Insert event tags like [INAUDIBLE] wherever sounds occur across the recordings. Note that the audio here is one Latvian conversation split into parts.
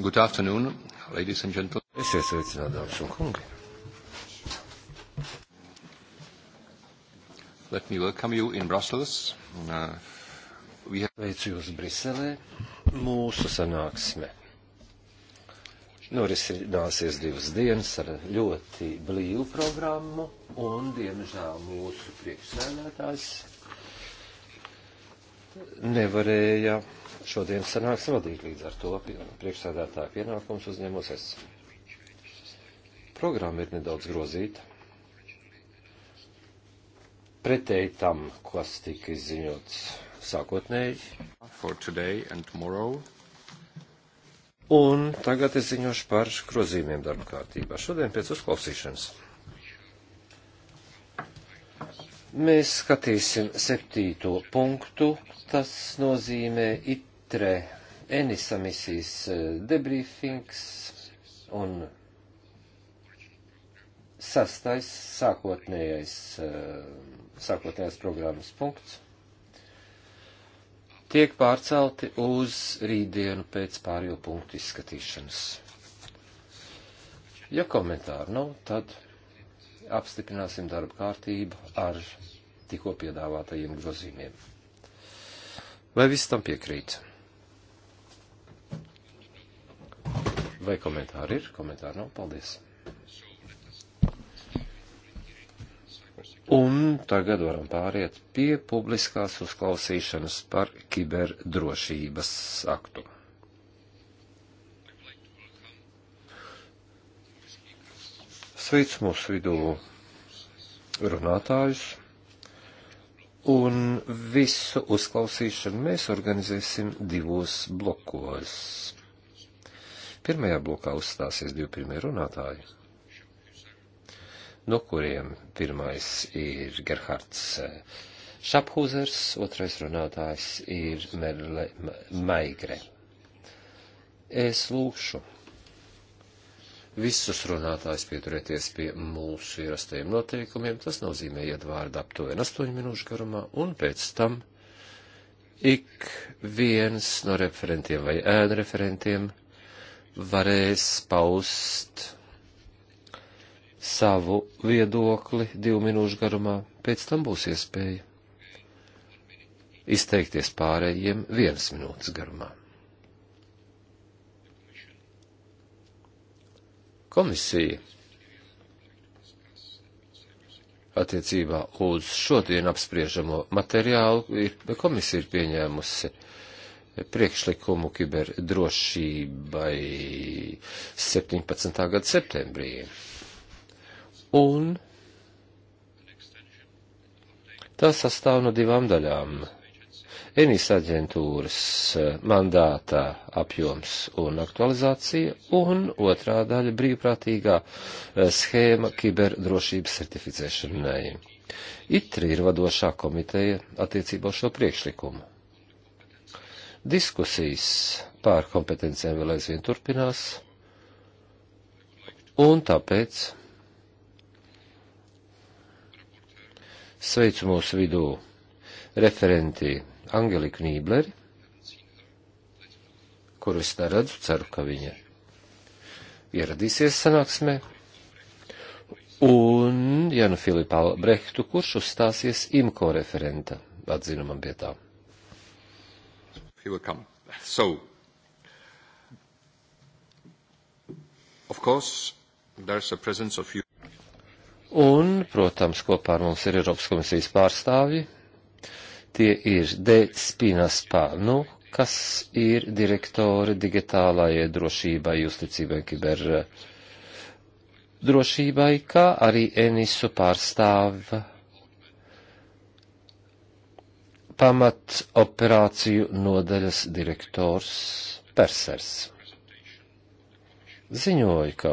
Good afternoon, ladies and gentlemen. Es iesveicinātu dāmas un kungi. Let me welcome you in Brussels. Uh, we have... Sveicu jūs Briselē. Mūsu sanāksme norisināsies divas dienas ar ļoti blīvu programmu un, diemžēl, mūsu priekšsēdētājs nevarēja šodien sanāks vadīt līdz ar to priekšsēdētāju pienākums uzņemos es. Programma ir nedaudz grozīta. Pretēji tam, kas tika izziņots sākotnēji. For today and tomorrow. Un tagad es ziņošu par grozījumiem darba kārtībā. Šodien pēc uzklausīšanas. Mēs skatīsim septīto punktu. Tas nozīmē it ITRE Enisa misijas eh, debriefings un sastais sākotnējais, eh, sākotnējais programmas punkts tiek pārcelti uz rītdienu pēc pārējo punktu izskatīšanas. Ja komentāru nav, tad apstiprināsim darba kārtību ar tikko piedāvātajiem grozījumiem. Vai viss tam piekrīt? Vai komentāri ir? Komentāri nav. Paldies. Un tagad varam pāriet pie publiskās uzklausīšanas par kiberdrošības aktu. Sveicu mūsu vidū runātājus, un visu uzklausīšanu mēs organizēsim divos blokos. Pirmajā blokā uzstāsies divi pirmie runātāji, no kuriem pirmais ir Gerhards Šaphūzers, eh, otrais runātājs ir Merle Maigre. Es lūkšu visus runātājus pieturēties pie mūsu ierastajiem noteikumiem. Tas nozīmē iet vārdu aptuveni 8 minūšu garumā, un pēc tam ik viens no referentiem vai ēnu referentiem varēs paust savu viedokli divu minūšu garumā, pēc tam būs iespēja izteikties pārējiem vienas minūtes garumā. Komisija attiecībā uz šodien apspriežamo materiālu ir, komisija ir pieņēmusi priekšlikumu kiberdrošībai 17. gada septembrī. Un tā sastāv no divām daļām. Enīs aģentūras eh, mandātā apjoms un aktualizācija, un otrā daļa brīvprātīgā eh, schēma kiberdrošības certificēšanai. ITRI ir vadošā komiteja attiecībā uz šo priekšlikumu. Diskusijas pār kompetencijām vēl aizvien turpinās, un tāpēc sveicu mūsu vidū referenti Angeliku Nībleri, kuru es neredzu, ceru, ka viņa ieradīsies sanāksmē, un Janu Filipu Brehtu, kurš uzstāsies IMCO referenta atzinumam vietām he will come. So, of course, there's a presence of you. Un, protams, kopā ar mums ir Eiropas komisijas pārstāvji. Tie ir De Spinas Pānu, kas ir direktori digitālajai drošībai, justicībai, kiber eh, drošībai, kā arī Enisu pārstāvja pamat operāciju nodaļas direktors Persers ziņoja, ka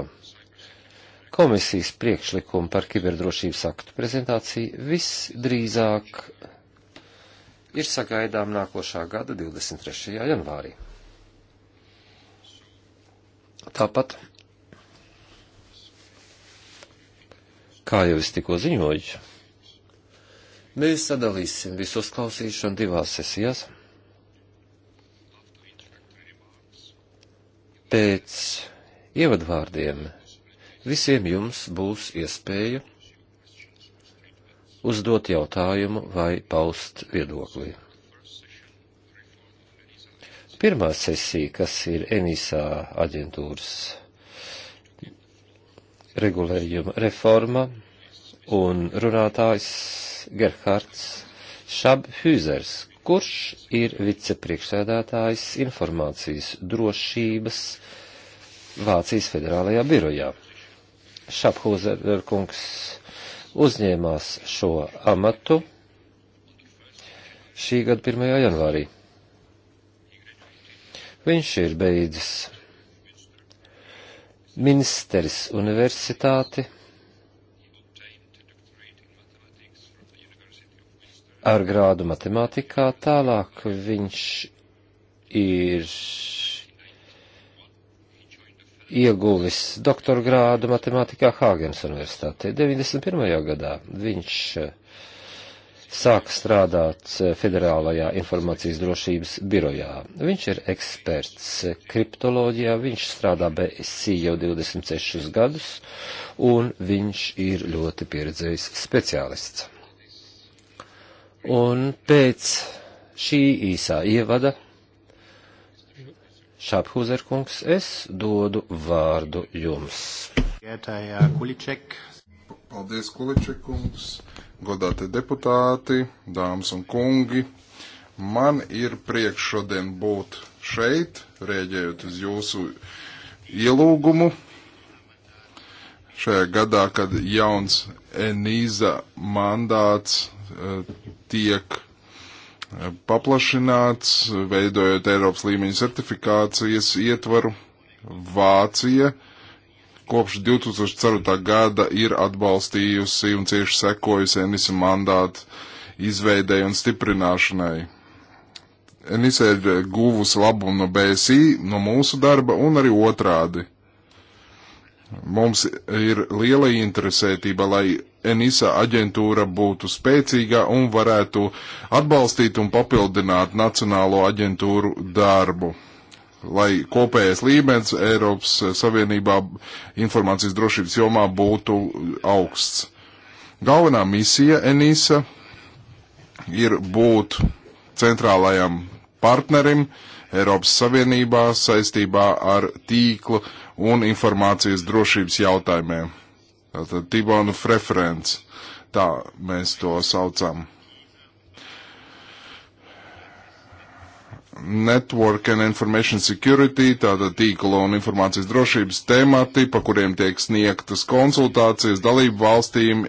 komisijas priekšlikumu par kiberdrošības aktu prezentāciju visdrīzāk ir sagaidām nākošā gada 23. janvārī. Tāpat, kā jau es tikko ziņoju, Mēs sadalīsim visu uzklausīšanu divās sesijās. Pēc ievadvārdiem visiem jums būs iespēja uzdot jautājumu vai paust viedoklī. Pirmā sesija, kas ir Enīsā aģentūras regulējuma reforma, un runātājs Gerhards Šabhüzers, kurš ir vicepriekšsēdētājs informācijas drošības Vācijas federālajā birojā. Šabhūzer kungs uzņēmās šo amatu šī gada 1. janvārī. Viņš ir beidzis Minsteris universitāti ar grādu matemātikā, tālāk viņš ir ieguvis doktora grādu matemātikā Hāgens universitātē. 91. gadā viņš eh, sāka strādāt eh, Federālajā informācijas drošības birojā. Viņš ir eksperts eh, kriptoloģijā, viņš strādā BSC jau 26 gadus, un viņš ir ļoti pieredzējis speciālists. Un pēc šī īsā ievada Šāphūzer kungs, es dodu vārdu jums. Paldies, Kuliček kungs, godāti deputāti, dāmas un kungi. Man ir prieks šodien būt šeit, rēģējot uz jūsu ielūgumu. Šajā gadā, kad jauns Enīza mandāts tiek paplašināts, veidojot Eiropas līmeņa certifikācijas ietvaru. Vācija kopš 2004. gada ir atbalstījusi un cieši sekojusi Enisa mandātu izveidēji un stiprināšanai. Enisa ir guvusi labumu no BSI, no mūsu darba un arī otrādi. Mums ir liela interesētība, lai ENISA aģentūra būtu spēcīga un varētu atbalstīt un papildināt Nacionālo aģentūru darbu, lai kopējais līmenis Eiropas Savienībā informācijas drošības jomā būtu augsts. Galvenā misija ENISA ir būt centrālajam partnerim Eiropas Savienībā saistībā ar tīklu un informācijas drošības jautājumiem Tātad Tibona referents, tā mēs to saucam. Network and Information Security, tātad tīkla un informācijas drošības temati, pa kuriem tiek sniegtas konsultācijas dalību valstīm,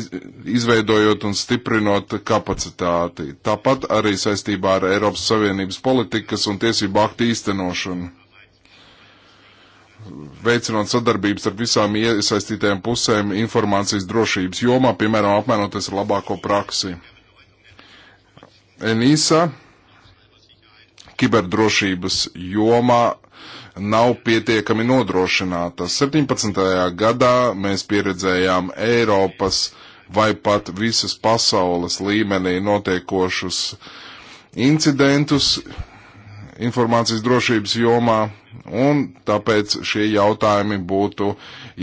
iz, izveidojot un stiprinot kapacitāti. Tāpat arī saistībā ar Eiropas Savienības politikas un tiesību aktu īstenošanu veicinot sadarbības ar visām iesaistītajām pusēm informācijas drošības jomā, piemēram, apmainoties ar labāko praksi. Enisa kiberdrošības jomā nav pietiekami nodrošināta. 17. gadā mēs pieredzējām Eiropas vai pat visas pasaules līmenī notiekošus incidentus, informācijas drošības jomā, un tāpēc šie jautājumi būtu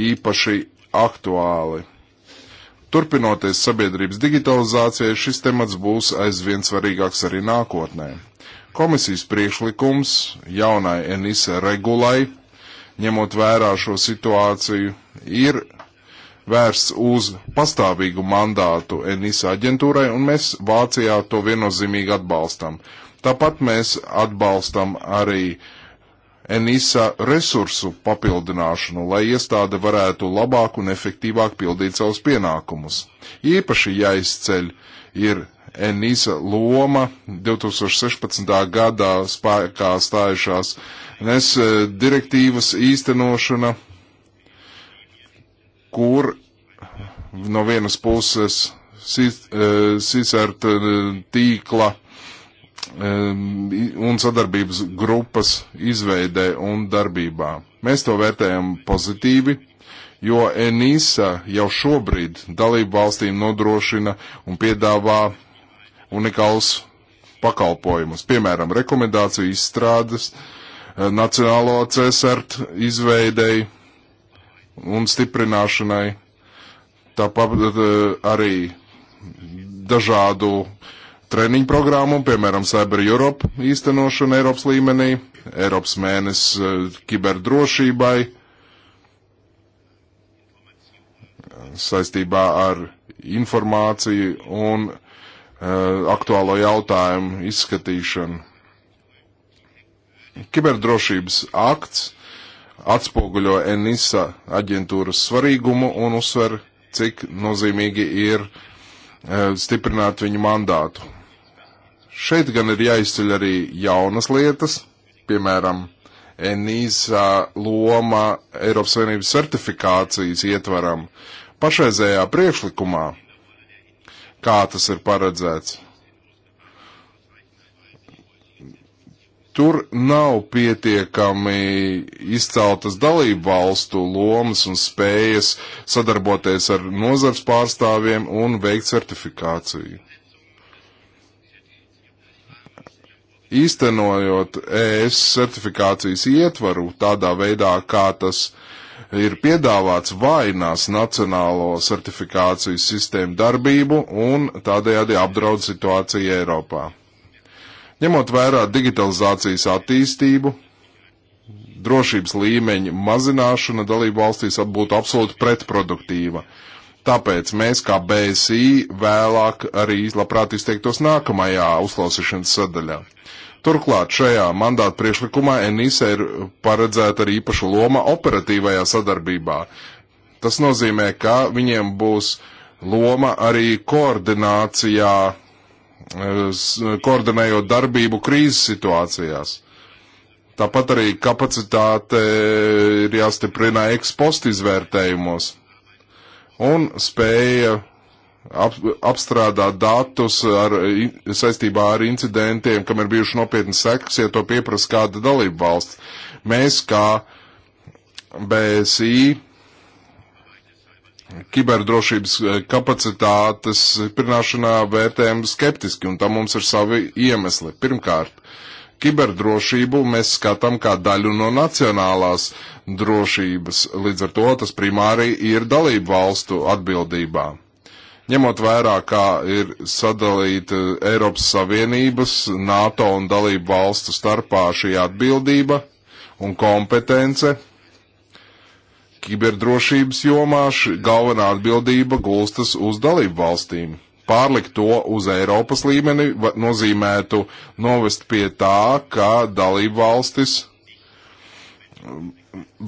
īpaši aktuāli. Turpinoties sabiedrības digitalizācijai, šis temats būs aizvien svarīgāks arī nākotnē. Komisijas priekšlikums jaunai NISA regulai, ņemot vērā šo situāciju, ir vērsts uz pastāvīgu mandātu NISA aģentūrai, un mēs Vācijā to viennozīmīgi atbalstam. Tāpat mēs atbalstam arī ENISA resursu papildināšanu, lai iestāde varētu labāk un efektīvāk pildīt savus pienākumus. Īpaši jāizceļ ir ENISA loma 2016. gadā spēkā stājušās NES e, direktīvas īstenošana, kur no vienas puses CISART e, e, tīkla un sadarbības grupas izveidē un darbībā. Mēs to vērtējam pozitīvi, jo ENISA jau šobrīd dalību valstīm nodrošina un piedāvā unikāls pakalpojumus, piemēram, rekomendāciju izstrādes, eh, nacionālo CSRT izveidei un stiprināšanai, tāpat eh, arī dažādu uh, treniņu programmu, piemēram, Cyber Europe īstenošanu Eiropas līmenī, Eiropas mēnesis eh, kiberdrošībai saistībā ar informāciju un uh, aktuālo jautājumu izskatīšanu. Kiberdrošības akts atspoguļo ENISA aģentūras svarīgumu un uzsver, cik nozīmīgi ir uh, stiprināt viņu mandātu. Šeit gan ir jāizceļ arī jaunas lietas, piemēram, Enīza loma Eiropas Savienības certifikācijas ietvaram pašreizējā priekšlikumā, kā tas ir paredzēts. Tur nav pietiekami izceltas dalību valstu lomas un spējas sadarboties ar nozars pārstāvjiem un veikt certifikāciju. īstenojot ES certifikācijas ietvaru tādā veidā, kā tas ir piedāvāts vainās nacionālo certifikācijas sistēmu darbību un tādējādi apdraud situāciju Eiropā. Ņemot vērā digitalizācijas attīstību, drošības līmeņa mazināšana dalību valstīs būtu absolūti pretproduktīva. Uh, Tāpēc mēs, kā BSI, vēlāk arī labprāt izteiktos nākamajā uzklausīšanas sadaļā. Turklāt šajā mandāta priekšlikumā NISA e ir paredzēta arī īpaša loma operatīvajā sadarbībā. Tas nozīmē, ka viņiem būs loma arī koordinācijā, koordinējot darbību krīzes situācijās. Tāpat arī kapacitāte ir jāstiprina ekspostu izvērtējumos un spēja ap, apstrādāt datus ar, saistībā ar incidentiem, kam ir bijuši nopietni sekas, ja to pieprasa kāda dalība valsts. Mēs kā BSI kiberdrošības eh, kapacitātes pirināšanā vērtējam skeptiski, un tam mums ir savi iemesli. Pirmkārt, Kiberdrošību mēs skatām kā daļu no nacionālās drošības, līdz ar to tas primāri ir dalību valstu atbildībā. Ņemot vērā, kā ir sadalīta Eiropas Savienības, NATO un dalību valstu starpā šī atbildība un kompetence, kiberdrošības jomā galvenā atbildība gulstas uz dalību valstīm. Pārlikt to uz Eiropas līmeni nozīmētu novest pie tā, ka dalību valstis um,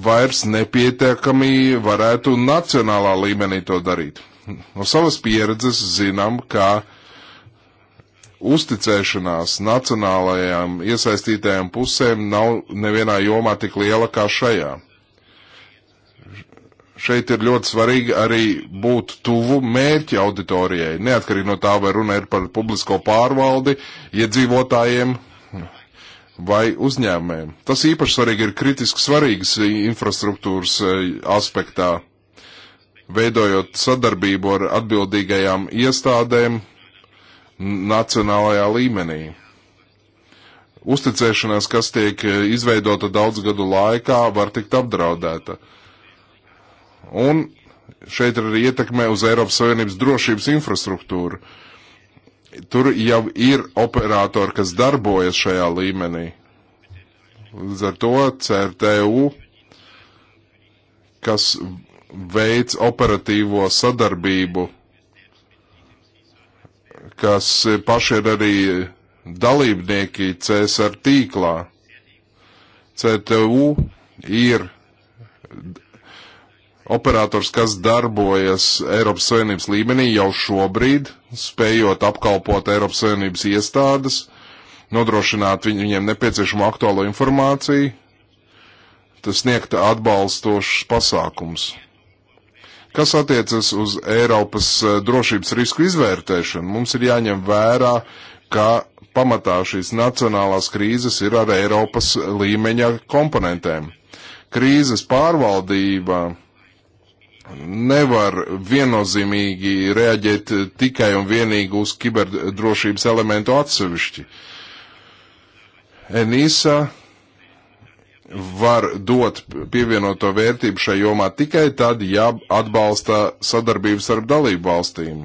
vairs nepietiekami varētu nacionālā līmenī to darīt. No savas pieredzes zinām, ka uzticēšanās nacionālajām iesaistītajām pusēm nav nevienā jomā tik liela kā šajā šeit ir ļoti svarīgi arī būt tuvu mērķa auditorijai, neatkarīgi no tā, vai runa ir par publisko pārvaldi, iedzīvotājiem vai uzņēmējiem. Tas īpaši svarīgi ir kritiski svarīgas infrastruktūras e, aspektā, veidojot sadarbību ar atbildīgajām iestādēm nacionālajā līmenī uzticēšanās, kas tiek e, izveidota daudz gadu laikā, var tikt apdraudēta. Un šeit ir arī ietekme uz Eiropas Savienības drošības infrastruktūru. Tur jau ir operatori, kas darbojas šajā līmenī. Līdz ar to CRTU, kas veids operatīvo sadarbību, kas paši ir arī dalībnieki CSR tīklā. CTU ir operators, kas darbojas Eiropas Savienības līmenī jau šobrīd, spējot apkalpot Eiropas Savienības iestādes, nodrošināt viņiem nepieciešamo aktuālo informāciju, tas sniegt atbalstošs pasākums. Kas attiecas uz Eiropas eh, drošības risku izvērtēšanu, mums ir jāņem vērā, ka pamatā šīs nacionālās krīzes ir ar Eiropas līmeņa komponentēm. Krīzes pārvaldība nevar viennozīmīgi reaģēt tikai un vienīgi uz kiberdrošības elementu atsevišķi. Enisa var dot pievienoto vērtību šai jomā tikai tad, ja atbalsta sadarbības ar dalību valstīm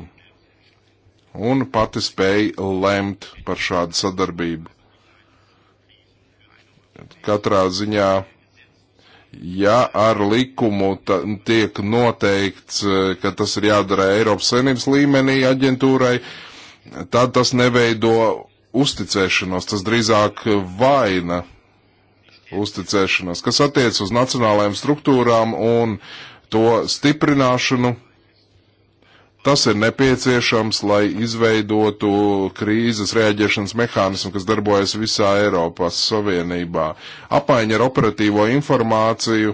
un pati spēja lemt par šādu sadarbību. Katrā ziņā ja ar likumu tiek noteikts, e, ka tas ir jādara Eiropas Savienības līmenī aģentūrai, tad tas neveido uzticēšanos, tas drīzāk vaina uzticēšanos, kas attiec uz nacionālajām struktūrām un to stiprināšanu Tas ir nepieciešams, lai izveidotu krīzes reaģēšanas mehānismu, kas darbojas visā Eiropas Savienībā. Apmaiņa ar operatīvo informāciju,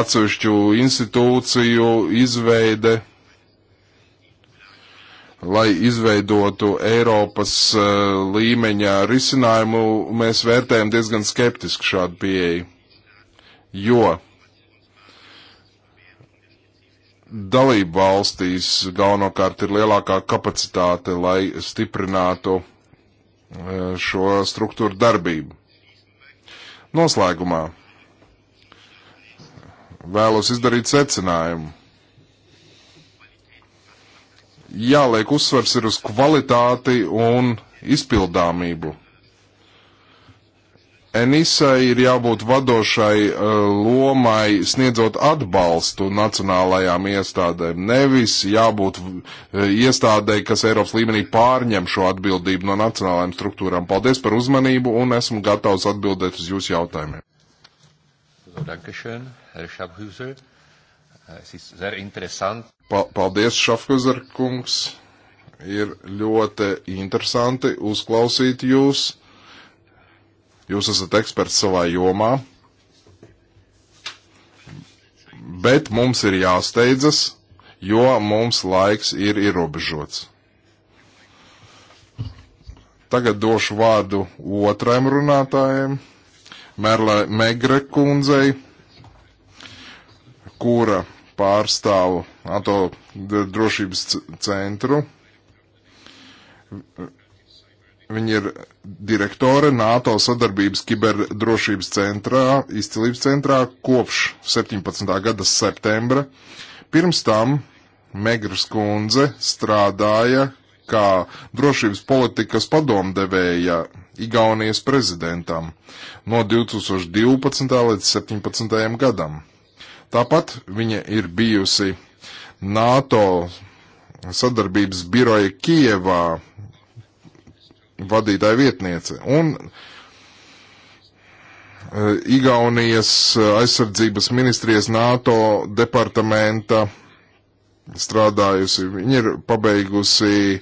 atsevišķu institūciju izveide, lai izveidotu Eiropas uh, līmeņa risinājumu, mēs vērtējam diezgan skeptiski šādu pieeju. Jo dalību valstīs galvenokārt ir lielākā kapacitāte, lai stiprinātu e, šo struktūru darbību. Noslēgumā vēlos izdarīt secinājumu. Jāliek uzsvars ir uz kvalitāti un izpildāmību Enisa ir jābūt vadošai eh, lomai sniedzot atbalstu nacionālajām iestādēm, nevis jābūt eh, iestādēji, kas Eiropas līmenī pārņem šo atbildību no nacionālajām struktūrām. Paldies par uzmanību un esmu gatavs atbildēt uz jūsu jautājumiem. Paldies, Šafhuzer kungs. Ir ļoti interesanti uzklausīt jūs. Jūs esat eksperts savā jomā, bet mums ir jāsteidzas, jo mums laiks ir ierobežots. Tagad došu vārdu otrajam runātājiem, Merle Megre kundzei, kura pārstāv NATO drošības centru Viņa ir direktore NATO sadarbības kiberdrošības centrā, izcilības centrā kopš 17. gada septembra. Pirms tam Megras kundze strādāja kā drošības politikas padomdevēja Igaunijas prezidentam no 2012. līdz 2017. gadam. Tāpat viņa ir bijusi NATO sadarbības biroja Kievā vadītāja vietniece. Un e, Igaunijas aizsardzības ministrijas NATO departamenta strādājusi. Viņa ir pabeigusi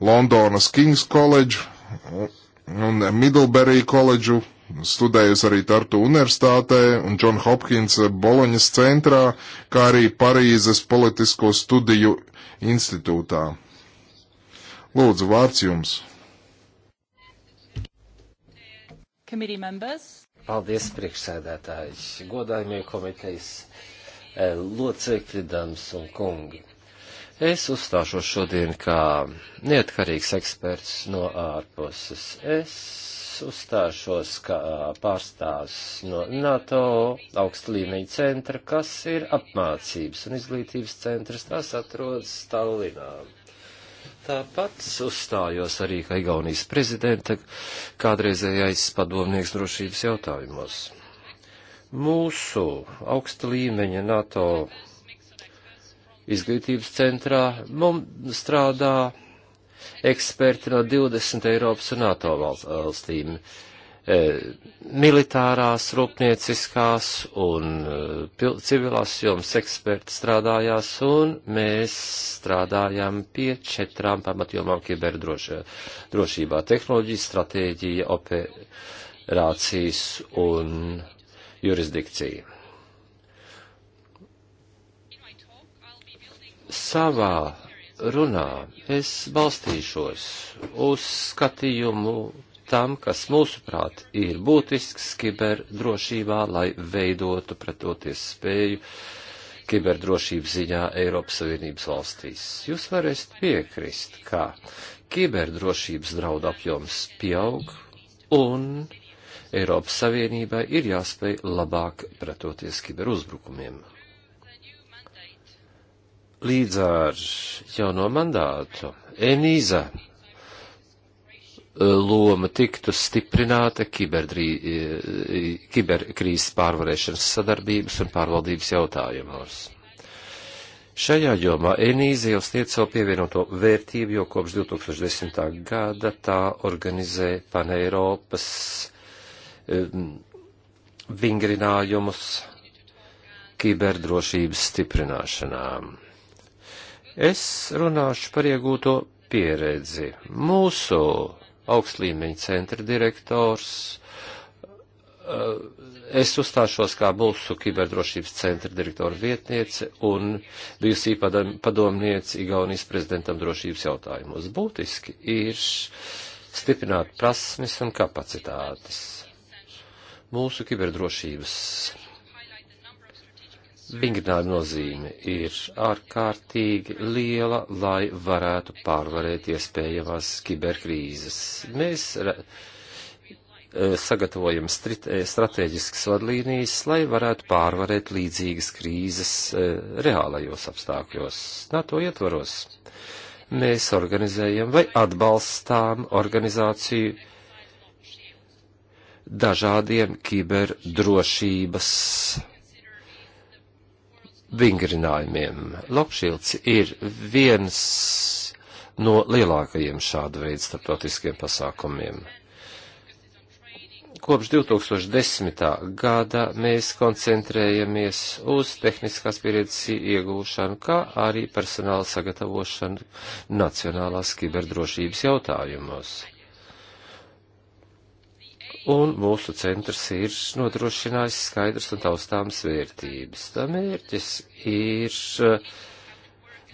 Londonas King's College un Middlebury College, studējusi arī Tartu Universitātē un John Hopkins Boloņas centrā, kā arī Parīzes Politisko studiju institūtā. Lūdzu, vārds jums! Paldies, priekšsēdētājs, godājumie komitejas eh, locekļi, dāmas un kungi. Es uzstāšos šodien kā neatkarīgs eksperts no ārpuses. Es uzstāšos kā pārstāvs no NATO augsta līmeņa centra, kas ir apmācības un izglītības centrs, tas atrodas Stalinā. Tāpat uzstājos arī kā Igaunijas prezidenta kādreizējais padomnieks drošības jautājumos. Mūsu augsta līmeņa NATO izglītības centrā mums strādā eksperti no 20 Eiropas un NATO valstīm. Valst E, militārās, rūpnieciskās un e, civilās jomas eksperti strādājās, un mēs strādājām pie četrām pamatjomām kiberdrošībā - tehnoloģija, stratēģija, operācijas un jurisdikcija. Savā runā es balstīšos uz skatījumu tam, kas mūsuprāt ir būtisks kiberdrošībā, lai veidotu pretoties spēju kiberdrošības ziņā Eiropas Savienības valstīs. Jūs varēsiet piekrist, ka kiberdrošības draudu apjoms pieaug un Eiropas Savienībai ir jāspēj labāk pretoties kiberuzbrukumiem. Līdz ar jauno mandātu Enīza Eh, loma tiktu stiprināta eh, kiberkrīzes pārvarēšanas sadarbības un pārvaldības jautājumos. Šajā jomā Enīze jau sniedz savu pievienoto vērtību, jo kopš 2010. gada tā organizē Paneiropas um, vingrinājumus kiberdrošības stiprināšanām. Es runāšu par iegūto pieredzi. Mūsu augstlīmeņa centra direktors. Eh, es uzstāšos kā mūsu kiberdrošības centra direktora vietniece un bijusī padomniece Igaunijas prezidentam drošības jautājumos. Būtiski ir stiprināt prasmes un kapacitātes. Mūsu kiberdrošības vingrinājuma nozīme ir ārkārtīgi liela, lai varētu pārvarēt iespējamās kiberkrīzes. Mēs e, sagatavojam e, strateģiskas vadlīnijas, lai varētu pārvarēt līdzīgas krīzes e, reālajos apstākļos. NATO ietvaros mēs organizējam vai atbalstām organizāciju dažādiem kiberdrošības vingrinājumiem. Lokšilds ir viens no lielākajiem šāda veida starptautiskiem pasākumiem. Kopš 2010. gada mēs koncentrējamies uz tehniskās pieredzes iegūšanu, kā arī personāla sagatavošanu nacionālās kiberdrošības jautājumos un mūsu centrs ir nodrošinājis skaidrs un taustāms vērtības. Tā mērķis ir eh,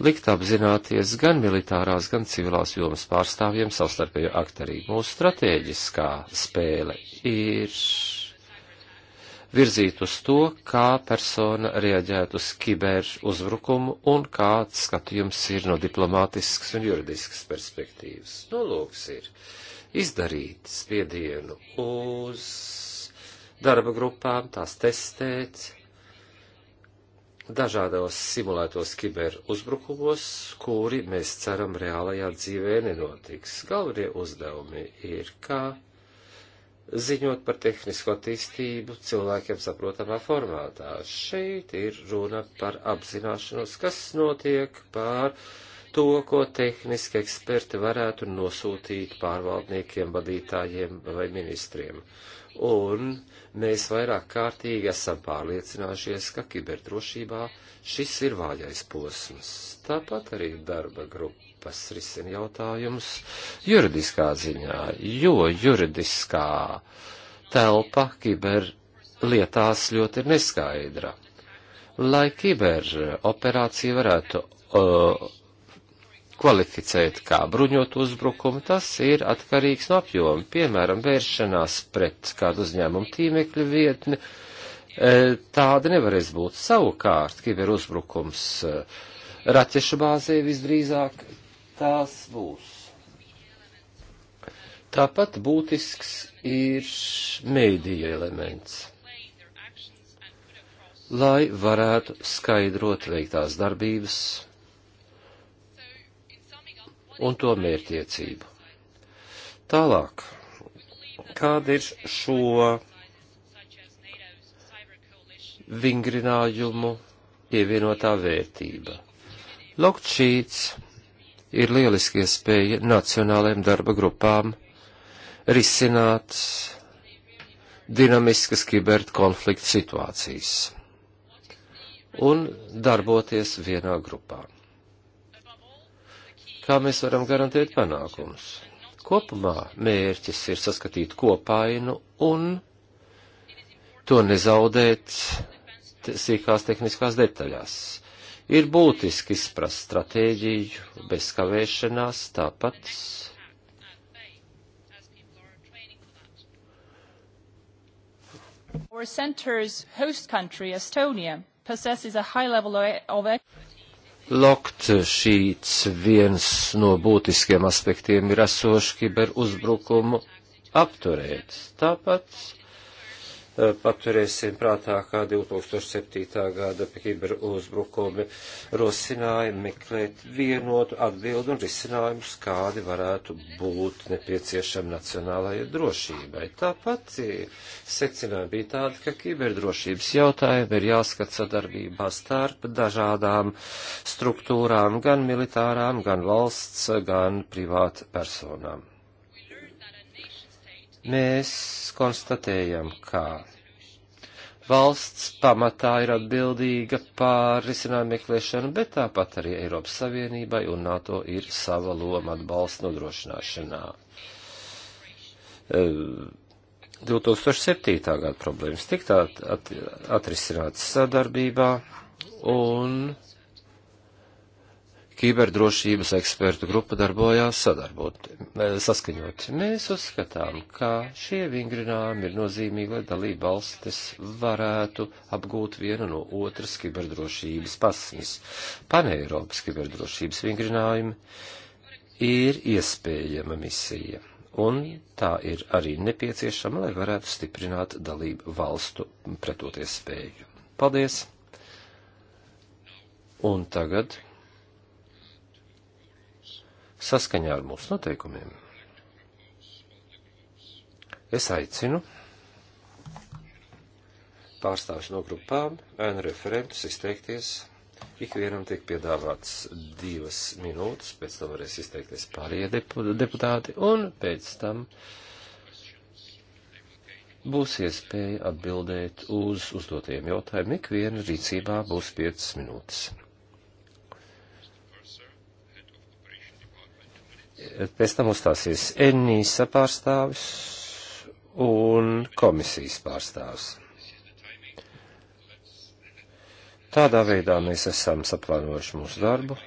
likt apzināties gan militārās, gan civilās jomas pārstāvjiem savstarpējo aktarību. Mūsu strateģiskā spēle ir virzīt uz to, kā persona reaģētu uz kiber uzbrukumu un kāds skatījums ir no diplomātisks un juridisks perspektīvas. Nolūks ir izdarīt spiedienu uz darba grupām, tās testēt dažādos simulētos kiberuzbrukumos, kuri, mēs ceram, reālajā dzīvē nenotiks. Galvenie uzdevumi ir, kā ziņot par tehnisko attīstību cilvēkiem saprotamā formātā. Šeit ir runa par apzināšanos, kas notiek, par uh, to, ko tehniski eksperti varētu nosūtīt pārvaldniekiem, vadītājiem vai ministriem. Un mēs vairāk kārtīgi esam pārliecinājušies, ka kiberdrošībā šis ir vājais posms. Tāpat arī darba grupas risina jautājums juridiskā ziņā, jo juridiskā telpa kiberlietās ļoti ir neskaidra. Lai kiberoperācija varētu uh, kvalificēt kā bruņotu uzbrukumu, tas ir atkarīgs no apjoma. Piemēram, vēršanās pret kādu uzņēmumu tīmekļa vietni, e, tāda nevarēs būt. Savukārt, kiberuzbrukums e, raķešu bāzē visdrīzāk tās būs. Tāpat būtisks ir mēdīja elements, lai varētu skaidrot veiktās darbības un to mērķiecību. Tālāk, kāda ir šo vingrinājumu pievienotā vērtība? Lokčīts ir lieliski iespēja nacionālajiem darba grupām risināt dinamiskas kiberkonflikta situācijas un darboties vienā grupā kā mēs varam garantēt panākumus. Kopumā mērķis ir saskatīt kopainu un to nezaudēt sīkās tehniskās detaļās. Ir būtiski izprast stratēģiju bez kavēšanās, tāpat Our center's host country, Estonia, possesses a high level of Lokt šīts viens no būtiskiem aspektiem ir esošu kiberuzbrukumu apturēt. Tāpat Eh, paturēsim prātā, kā 2007. gada kiberuzbrukumi rosināja meklēt vienotu atbildu un risinājumus, kādi varētu būt nepieciešami nacionālajai drošībai. Tāpat eh, secinājumi bija tādi, ka kiberdrošības jautājumi ir jāskat sadarbībā starp dažādām struktūrām, gan militārām, gan valsts, gan privātpersonām mēs konstatējam, ka valsts pamatā ir atbildīga pār risinājumu meklēšanu, bet tāpat arī Eiropas Savienībai un NATO ir sava loma atbalsta nodrošināšanā. 2007. Ehm, gada problēmas tika at, at, atrisinātas sadarbībā un kiberdrošības ekspertu grupa darbojās sadarbot, eh, saskaņot. Mēs uzskatām, ka šie vingrinājumi ir nozīmīgi, lai dalība valstis varētu apgūt vienu no otras kiberdrošības pasmas. Paneiropas kiberdrošības vingrinājumi ir iespējama misija, un tā ir arī nepieciešama, lai varētu stiprināt dalību valstu pretoties spēju. Paldies! Un tagad saskaņā ar mūsu noteikumiem. Es aicinu pārstāvis no grupām, ēnu referentus izteikties. Ikvienam tiek piedāvāts divas minūtes, pēc tam varēs izteikties pārējie deputāti, un pēc tam būs iespēja atbildēt uz uzdotajiem jautājumiem. Ikviena rīcībā būs piecas minūtes. pēc tam uzstāsies Enīsa pārstāvis un komisijas pārstāvis. Tādā veidā mēs esam saplānojuši mūsu darbu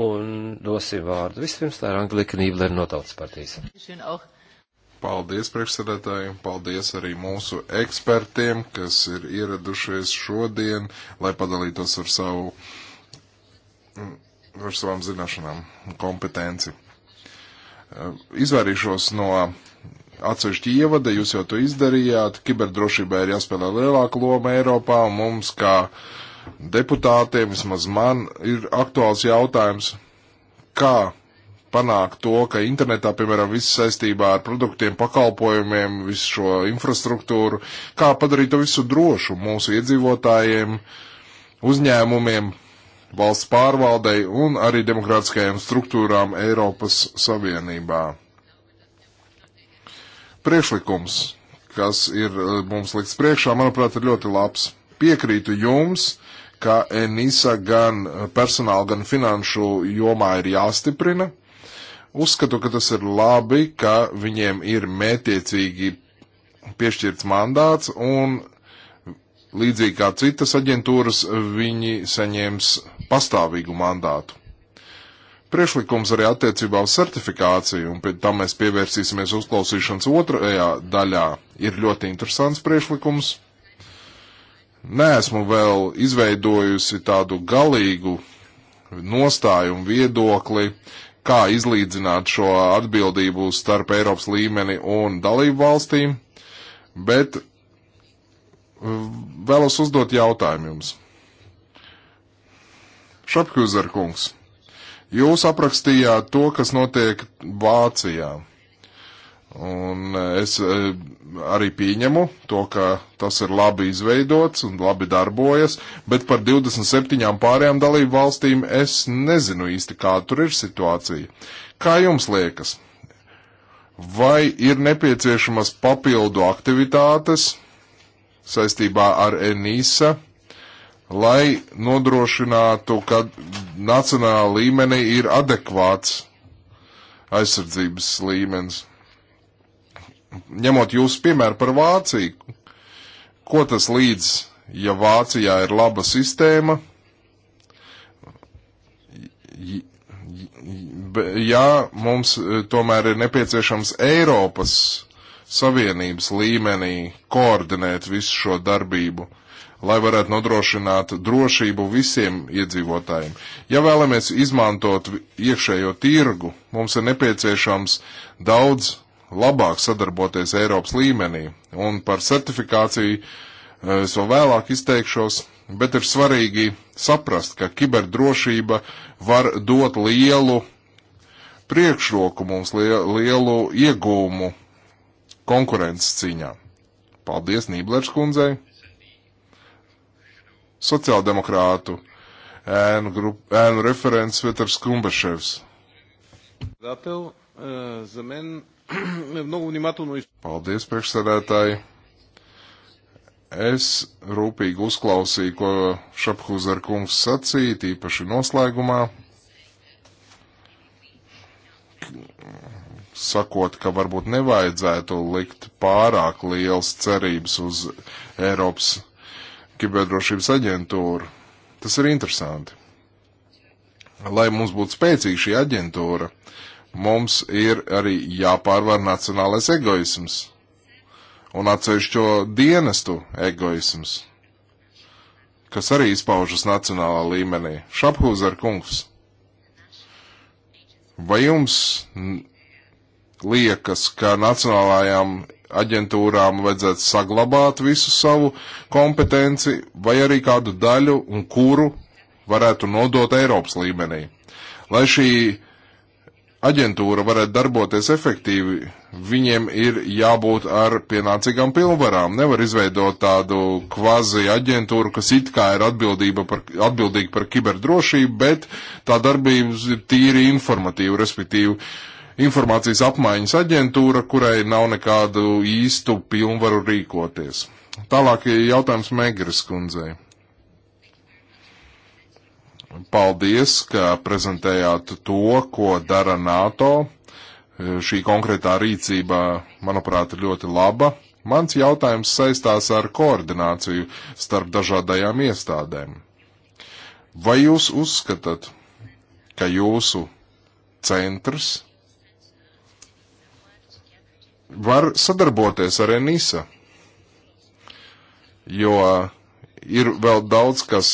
un dosim vārdu vispirms tā ir Anglika Nībler no Tautas partijas. Paldies priekšsēdētājiem, paldies arī mūsu ekspertiem, kas ir ieradušies šodien, lai padalītos ar savu, ar savām zināšanām un kompetenci. Ehm, izvairīšos no atsevišķa ievada, jūs jau to izdarījāt, kiberdrošībai ir jāspēlē lielāka loma Eiropā, un mums kā deputātiem, vismaz man, ir aktuāls jautājums, kā panākt to, ka internetā, piemēram, viss saistībā ar produktiem, pakalpojumiem, visu šo infrastruktūru, kā padarīt to visu drošu mūsu iedzīvotājiem, uzņēmumiem, valsts pārvaldei un arī demokrātiskajām struktūrām Eiropas Savienībā. Priekšlikums, kas ir eh, mums liks priekšā, manuprāt, ir ļoti labs. Piekrītu jums, ka ENISA gan personāla, gan finanšu jomā ir jāstiprina. Uzskatu, ka tas ir labi, ka viņiem ir mētiecīgi piešķirts mandāts un līdzīgi kā citas aģentūras, viņi saņems pastāvīgu mandātu. Priekšlikums arī attiecībā uz certifikāciju, un pēc tam mēs pievērsīsimies uzklausīšanas otrajā daļā, ir ļoti interesants priekšlikums. Nēsmu vēl izveidojusi tādu galīgu nostāju un viedokli, kā izlīdzināt šo atbildību starp Eiropas līmeni un dalību valstīm, bet Eh, vēlos uzdot jautājumu jums. Šapkūzer kungs, jūs aprakstījāt to, kas notiek Vācijā. Un eh, es eh, arī pieņemu to, ka tas ir labi izveidots un labi darbojas, bet par 27 pārējām dalību valstīm es nezinu īsti, kā tur ir situācija. Kā jums liekas? Vai ir nepieciešamas papildu aktivitātes, saistībā ar ENISA, lai nodrošinātu, ka nacionālā līmenī ir adekvāts aizsardzības līmenis. Ņemot jūsu piemēru par Vāciju, ko tas līdz, ja Vācijā ir laba sistēma, ja mums eh, tomēr ir nepieciešams Eiropas Savienības līmenī koordinēt visu šo darbību, lai varētu nodrošināt drošību visiem iedzīvotājiem. Ja vēlamies izmantot iekšējo tirgu, mums ir nepieciešams daudz labāk sadarboties Eiropas līmenī, un par certifikāciju eh, es vēl vēlāk izteikšos, bet ir svarīgi saprast, ka kiberdrošība var dot lielu priekšroku mums, lielu iegūmu konkurences cīņā. Paldies Nīblers kundzei. Sociāldemokrātu ēnu, grup, ēnu referents Veters Kumbaševs. Eh, [CLEARS THROAT] Paldies, priekšsēdētāji. Es rūpīgi uzklausīju, ko Šaphuzer kungs sacīja, tīpaši noslēgumā. sakot, ka varbūt nevajadzētu likt pārāk liels cerības uz Eiropas kiberdrošības aģentūru. Tas ir interesanti. Lai mums būtu spēcīga šī aģentūra, mums ir arī jāpārvar nacionālais egoisms un atsevišķo dienestu egoisms, kas arī izpaužas nacionālā līmenī. Šaphūzer kungs, vai jums liekas, ka nacionālajām aģentūrām vajadzētu saglabāt visu savu kompetenci vai arī kādu daļu un kuru varētu nodot Eiropas līmenī. Lai šī aģentūra varētu darboties efektīvi, viņiem ir jābūt ar pienācīgām pilnvarām. Nevar izveidot tādu kvazi aģentūru, kas it kā ir par, atbildīga par kiberdrošību, bet tā darbības ir tīri informatīva, respektīvi informācijas apmaiņas aģentūra, kurai nav nekādu īstu pilnvaru rīkoties. Tālāk jautājums Megris kundzei. Paldies, ka prezentējāt to, ko dara NATO. Šī konkrētā rīcība, manuprāt, ir ļoti laba. Mans jautājums saistās ar koordināciju starp dažādajām iestādēm. Vai jūs uzskatāt, ka jūsu centrs var sadarboties ar Enisa, jo ir vēl daudz, kas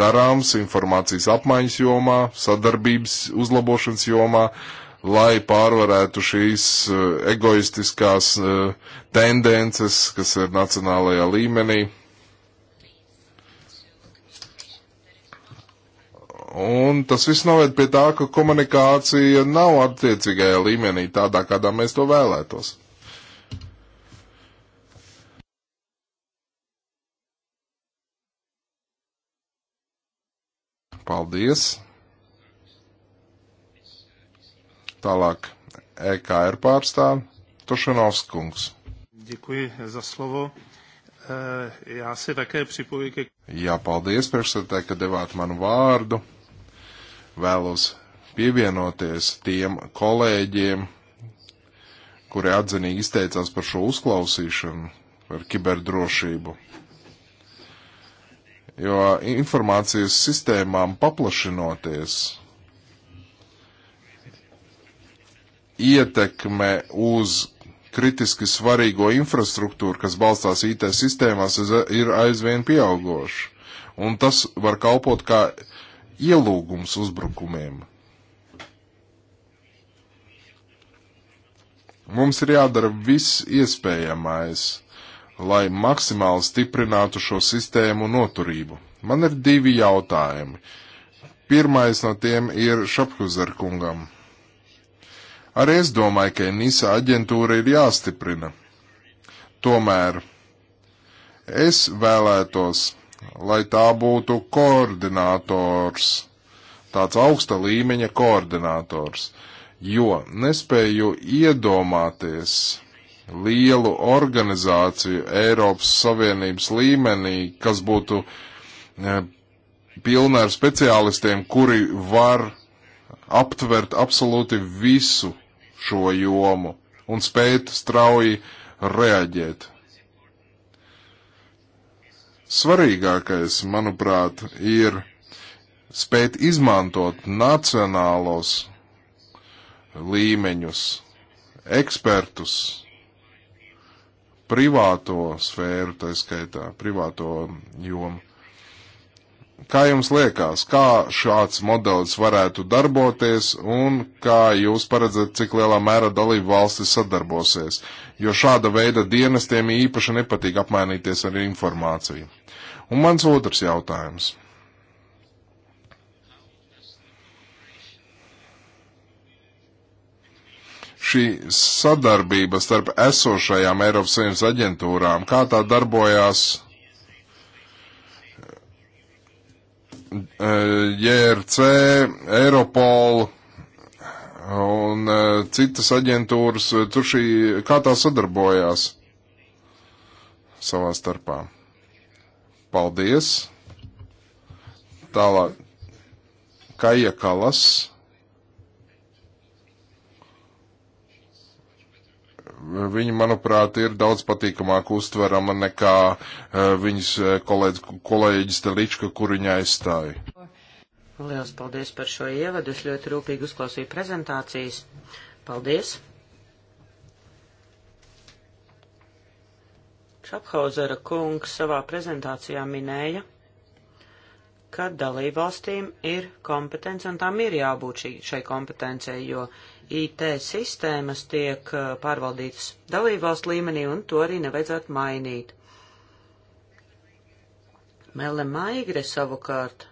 darāms informācijas apmaiņas jomā, sadarbības uzlabošanas jomā, lai pārvarētu šīs eh, egoistiskās eh, tendences, kas ir nacionālajā līmenī. Un tas viss noved pie tā, ka komunikācija nav attiecīgajā līmenī tādā, kādā mēs to vēlētos. Paldies. Tālāk EKR pārstāv Tošanovs kungs. Děkuji za slovo. E, já se také připojuji ke... Jā, paldies priekšsēdētāji, ka devāt manu vārdu vēlos pievienoties tiem kolēģiem, kuri atzinīgi izteicās par šo uzklausīšanu, par kiberdrošību. Jo informācijas sistēmām paplašinoties, ietekme uz kritiski svarīgo infrastruktūru, kas balstās IT sistēmās, ir aizvien pieaugoša. Un tas var kalpot kā ka ielūgums uzbrukumiem. Mums ir jādara viss iespējamais, lai maksimāli stiprinātu šo sistēmu noturību. Man ir divi jautājumi. Pirmais no tiem ir Šaphuzer kungam. Arī es domāju, ka NISA aģentūra ir jāstiprina. Tomēr es vēlētos lai tā būtu koordinators, tāds augsta līmeņa koordinators, jo nespēju iedomāties lielu organizāciju Eiropas Savienības līmenī, kas būtu e, pilna ar speciālistiem, kuri var aptvert absolūti visu šo jomu un spēt strauji reaģēt. Svarīgākais, manuprāt, ir spēt izmantot nacionālos līmeņus, ekspertus, privāto sfēru, tā skaitā, privāto jomu. Kā jums liekas, kā šāds modelis varētu darboties un kā jūs paredzat, cik lielā mērā dalību valstis sadarbosies? Jo šāda veida dienestiem īpaši nepatīk apmainīties ar informāciju. Un mans otrs jautājums. Šī sadarbība starp esošajām Eiropas Savienības aģentūrām, kā tā darbojās JRC, Eiropol un e, citas aģentūras, e, tur šī, kā tā sadarbojās savā starpā. Paldies! Tālāk, Kaija Kalas Viņa, manuprāt, ir daudz patīkamāk uztverama nekā eh, viņas eh, kolēģis, kolēģis Telička, kur viņa aizstāja. Lielas paldies par šo ievadu. Es ļoti rūpīgi uzklausīju prezentācijas. Paldies! Šaphauzera kungs savā prezentācijā minēja, ka dalībvalstīm ir kompetence un tām ir jābūt šī, šai kompetencijai, jo IT sistēmas tiek uh, pārvaldītas dalībvalstu līmenī, un to arī nevajadzētu mainīt. Mele Maigre savukārt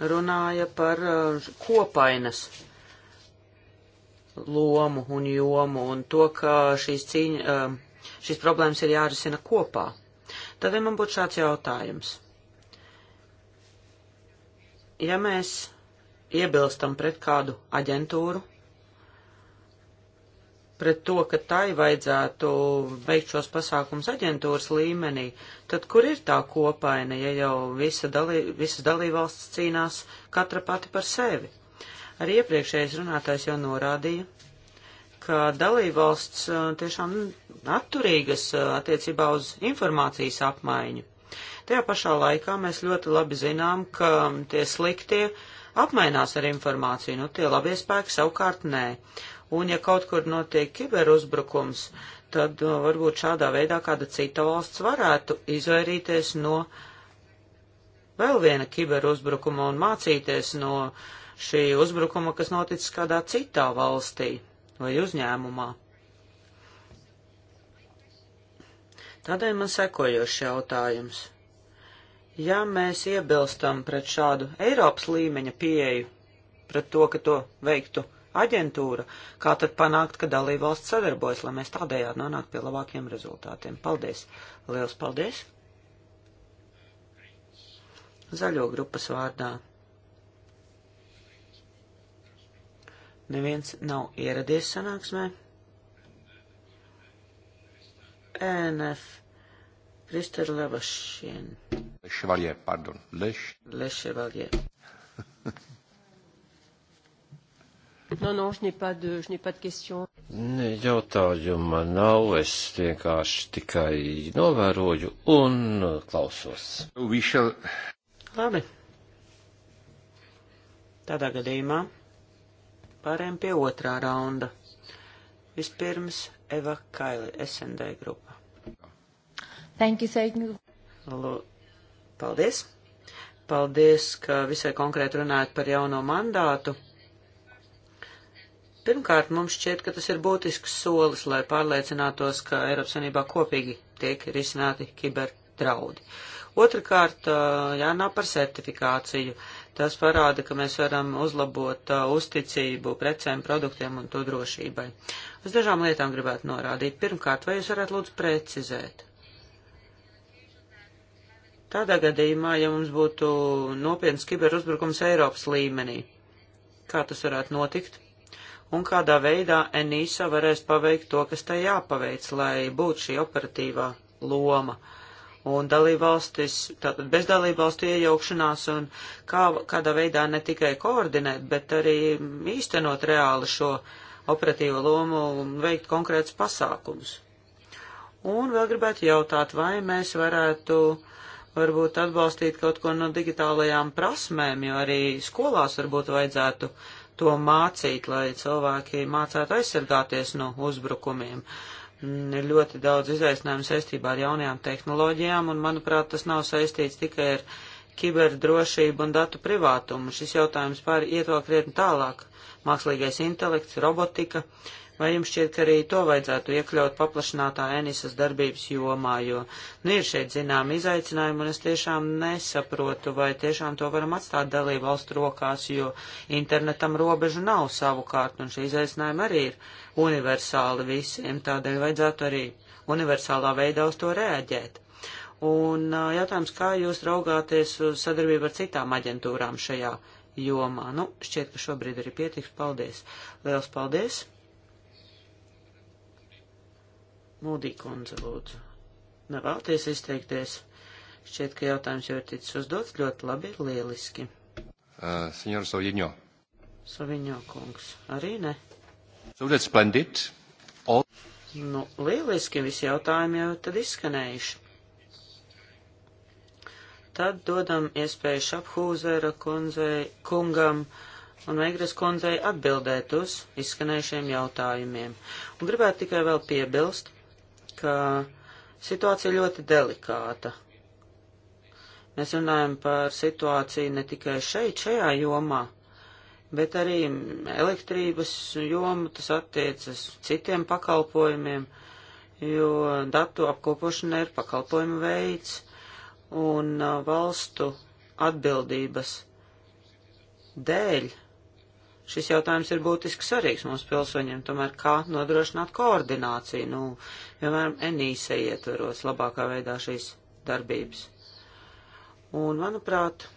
runāja par uh, kopainas lomu un jomu un to, ka šīs, cīņa, um, šīs problēmas ir jārisina kopā. Tad ja man būtu šāds jautājums. Ja mēs iebilstam pret kādu aģentūru, pret to, ka tai vajadzētu veikt šos pasākums aģentūras līmenī, tad kur ir tā kopaina, ja jau visa dalī, visas dalībvalstis cīnās katra pati par sevi? Arī iepriekšējais runātājs jau norādīja, ka dalībvalsts uh, tiešām atturīgas uh, attiecībā uz informācijas apmaiņu. Tajā pašā laikā mēs ļoti labi zinām, ka tie sliktie uh, apmainās ar informāciju, nu tie labie spēki savukārt nē. Un ja kaut kur notiek kiberuzbrukums, tad uh, varbūt šādā veidā kāda cita valsts varētu izvairīties no vēl viena kiberuzbrukuma un mācīties no šī uzbrukuma, kas noticis kādā citā valstī vai uzņēmumā. Tādēļ man sekojošs jautājums. Ja mēs iebilstam pret šādu Eiropas līmeņa pieeju, pret to, ka to veiktu aģentūra, kā tad panākt, ka dalībvalsts sadarbojas, lai mēs tādējādi nonāktu pie labākiem rezultātiem? Paldies! Liels paldies! Zaļo grupas vārdā. Neviens nav ieradies sanāksmē. ENF Kristel Levašien. Le Chevalier, pardon. Le, Le Chevalier. [LAUGHS] Non, non, je n'ai pas de, je n'ai pas de question. Ne, jautājuma nav, es vienkārši tikai novēroju un klausos. Shall... Labi. Tādā gadījumā pārējām pie otrā raunda. Vispirms Eva Kaili, SND grupa. Thank you, Seigneur. Paldies! Paldies, ka visai konkrēti runājat par jauno mandātu. Pirmkārt, mums šķiet, ka tas ir būtisks solis, lai pārliecinātos, ka Eiropas Savienībā kopīgi tiek risināti kiberdraudi. Otrakārt, jānāk par certifikāciju. Tas parāda, ka mēs varam uzlabot uzticību precēm, produktiem un to drošībai. Uz dažām lietām gribētu norādīt. Pirmkārt, vai jūs varētu lūdzu precizēt? Tādā gadījumā, ja mums būtu nopietns kiberuzbrukums Eiropas līmenī, kā tas varētu notikt? Un kādā veidā Enīsa varēs paveikt to, kas tai jāpaveic, lai būtu šī operatīvā loma? Un dalībvalstis, tātad bez dalībvalstu iejaukšanās un kā, kādā veidā ne tikai koordinēt, bet arī īstenot reāli šo operatīvo lomu un veikt konkrētus pasākumus. Un vēl gribētu jautāt, vai mēs varētu uh, varbūt atbalstīt kaut ko no digitālajām prasmēm, jo arī skolās varbūt vajadzētu to mācīt, lai cilvēki mācētu aizsargāties no uzbrukumiem. Mm, ir ļoti daudz izaicinājumu saistībā ar jaunajām tehnoloģijām, un, manuprāt, tas nav saistīts tikai ar kiberdrošību un datu privātumu. Šis jautājums pāriet vēl krietni tālāk. Mākslīgais intelekts, robotika. Uh, Vai jums šķiet, ka arī to vajadzētu iekļaut paplašinātā Enisas darbības jomā, jo nu, ir šeit zinām izaicinājumi, un es tiešām nesaprotu, vai tiešām to varam atstāt dalību valstu rokās, jo internetam robežu nav savukārt, un šie izaicinājumi arī ir universāli visiem, tādēļ vajadzētu arī universālā veidā uz to reaģēt. Un jautājums, kā jūs raugāties uz sadarbību ar citām aģentūrām šajā jomā? Nu, šķiet, ka šobrīd arī pietiks. Paldies! Liels paldies! Mūdī kundze, lūdzu. Nevēlties izteikties. Šķiet, ka jautājums jau ir ticis uzdots ļoti labi, lieliski. Uh, Senjora Saviņo. Saviņo kungs, arī ne. So that's splendid. All... Nu, lieliski visi jautājumi jau tad izskanējuši. Tad dodam iespēju Šaphūzera kundzei, kungam un Veigras kundzei atbildēt uz izskanējušiem jautājumiem. Un gribētu tikai vēl piebilst, ka situācija ļoti delikāta. Mēs runājam par situāciju ne tikai šeit, šajā jomā, bet arī elektrības jomu, tas attiecas citiem pakalpojumiem, jo datu apkopošana ir pakalpojuma veids un uh, valstu atbildības dēļ Šis jautājums ir būtiski svarīgs mūsu pilsoņiem, tomēr kā nodrošināt koordināciju, nu, piemēram, enīse ietveros labākā veidā šīs darbības. Un, manuprāt,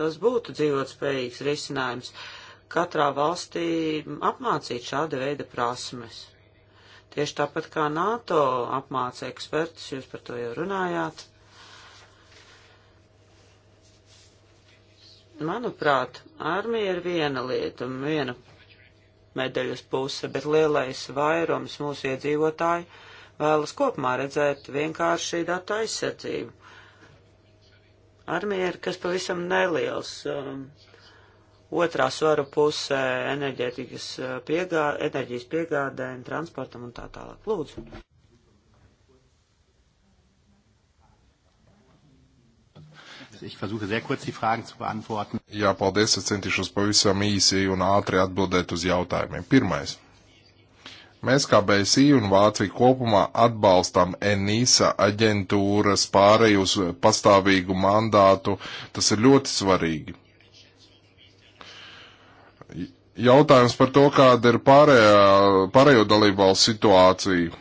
tas būtu dzīvotspējīgs risinājums katrā valstī apmācīt šāda veida prasmes. Tieši tāpat kā NATO apmāca ekspertus, jūs par to jau runājāt. Manuprāt, armija ir viena lieta un viena medaļas puse, bet lielais vairums mūsu iedzīvotāji vēlas kopumā redzēt vienkārši datu aizsardzību. Armija ir kas pavisam neliels. Um, otrā svara pusē enerģētikas uh, piegā, enerģijas piegādēm, transportam un tā tālāk. Lūdzu. Ich versuche sehr kurz die Fragen zu beantworten. Jā, paldies, es centīšos pavisam īsi un ātri atbildēt uz jautājumiem. Pirmais. Mēs kā BSI un Vācija kopumā atbalstam ENISA aģentūras pārēju uz pastāvīgu mandātu. Tas ir ļoti svarīgi. Jautājums par to, kāda ir pārējā, pārējo dalību valsts situācija.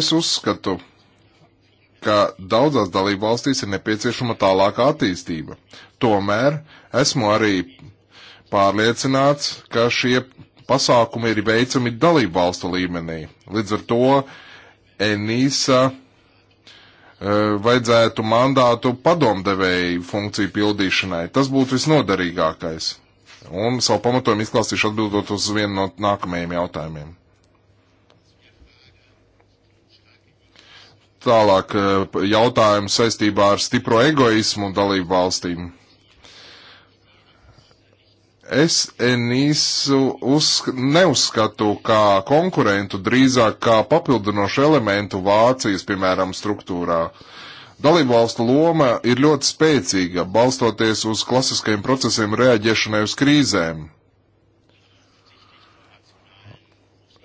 Es uzskatu, ka daudzās dalību valstīs ir nepieciešama tālāka attīstība. Tomēr esmu arī pārliecināts, ka šie pasākumi ir veicami dalību valstu līmenī. Līdz ar to Enīsa e, vajadzētu mandātu padomdevēju funkciju pildīšanai. Tas būtu visnoderīgākais. Un savu pamatojumu izklāstīšu atbildot uz vienu no nākamajiem jautājumiem. Tālāk eh, jautājums saistībā ar stipro egoismu dalību valstīm. Es Enīsu uzsk neuzskatu kā konkurentu, drīzāk kā papildinošu elementu Vācijas, piemēram, struktūrā. Dalību valstu loma ir ļoti spēcīga, balstoties uz klasiskajiem procesiem reaģēšanai uz krīzēm.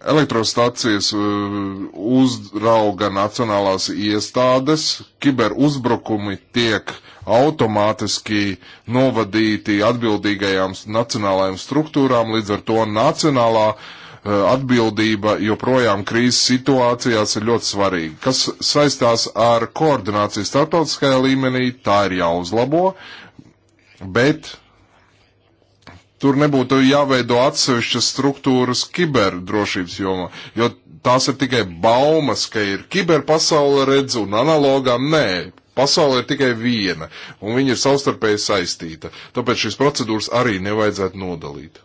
Elektrostacijas uh, uzrauga nacionālās iestādes, kiberuzbrukumi tiek automātiski novadīti atbildīgajām nacionālajām struktūrām, līdz ar to nacionālā uh, atbildība joprojām krīzes situācijās ir ļoti svarīga. Kas saistās ar koordināciju starptautiskajā līmenī, tā ir jāuzlabo, bet tur nebūtu jāveido atsevišķas struktūras kiberdrošības jomā, jo tās ir tikai baumas, ka ir kiberpasaule redz un analogā nē. Pasaule ir tikai viena, un viņa ir savstarpēji saistīta. Tāpēc šīs procedūras arī nevajadzētu nodalīt.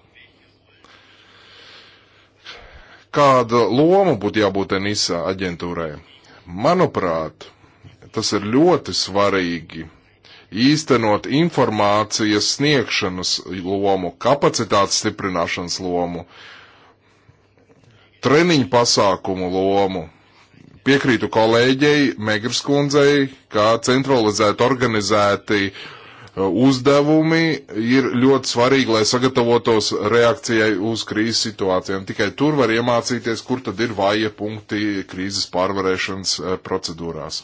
Kāda loma būtu jābūt NISA aģentūrai? Manuprāt, tas ir ļoti svarīgi īstenot informācijas sniegšanas lomu, kapacitātes stiprināšanas lomu, treniņu pasākumu lomu. Piekrītu kolēģei Megras kundzei, kā centralizēti organizēti uh, uzdevumi ir ļoti svarīgi, lai sagatavotos reakcijai uz krīzes situācijām. Tikai tur var iemācīties, kur tad ir vāja punkti krīzes pārvarēšanas uh, procedūrās.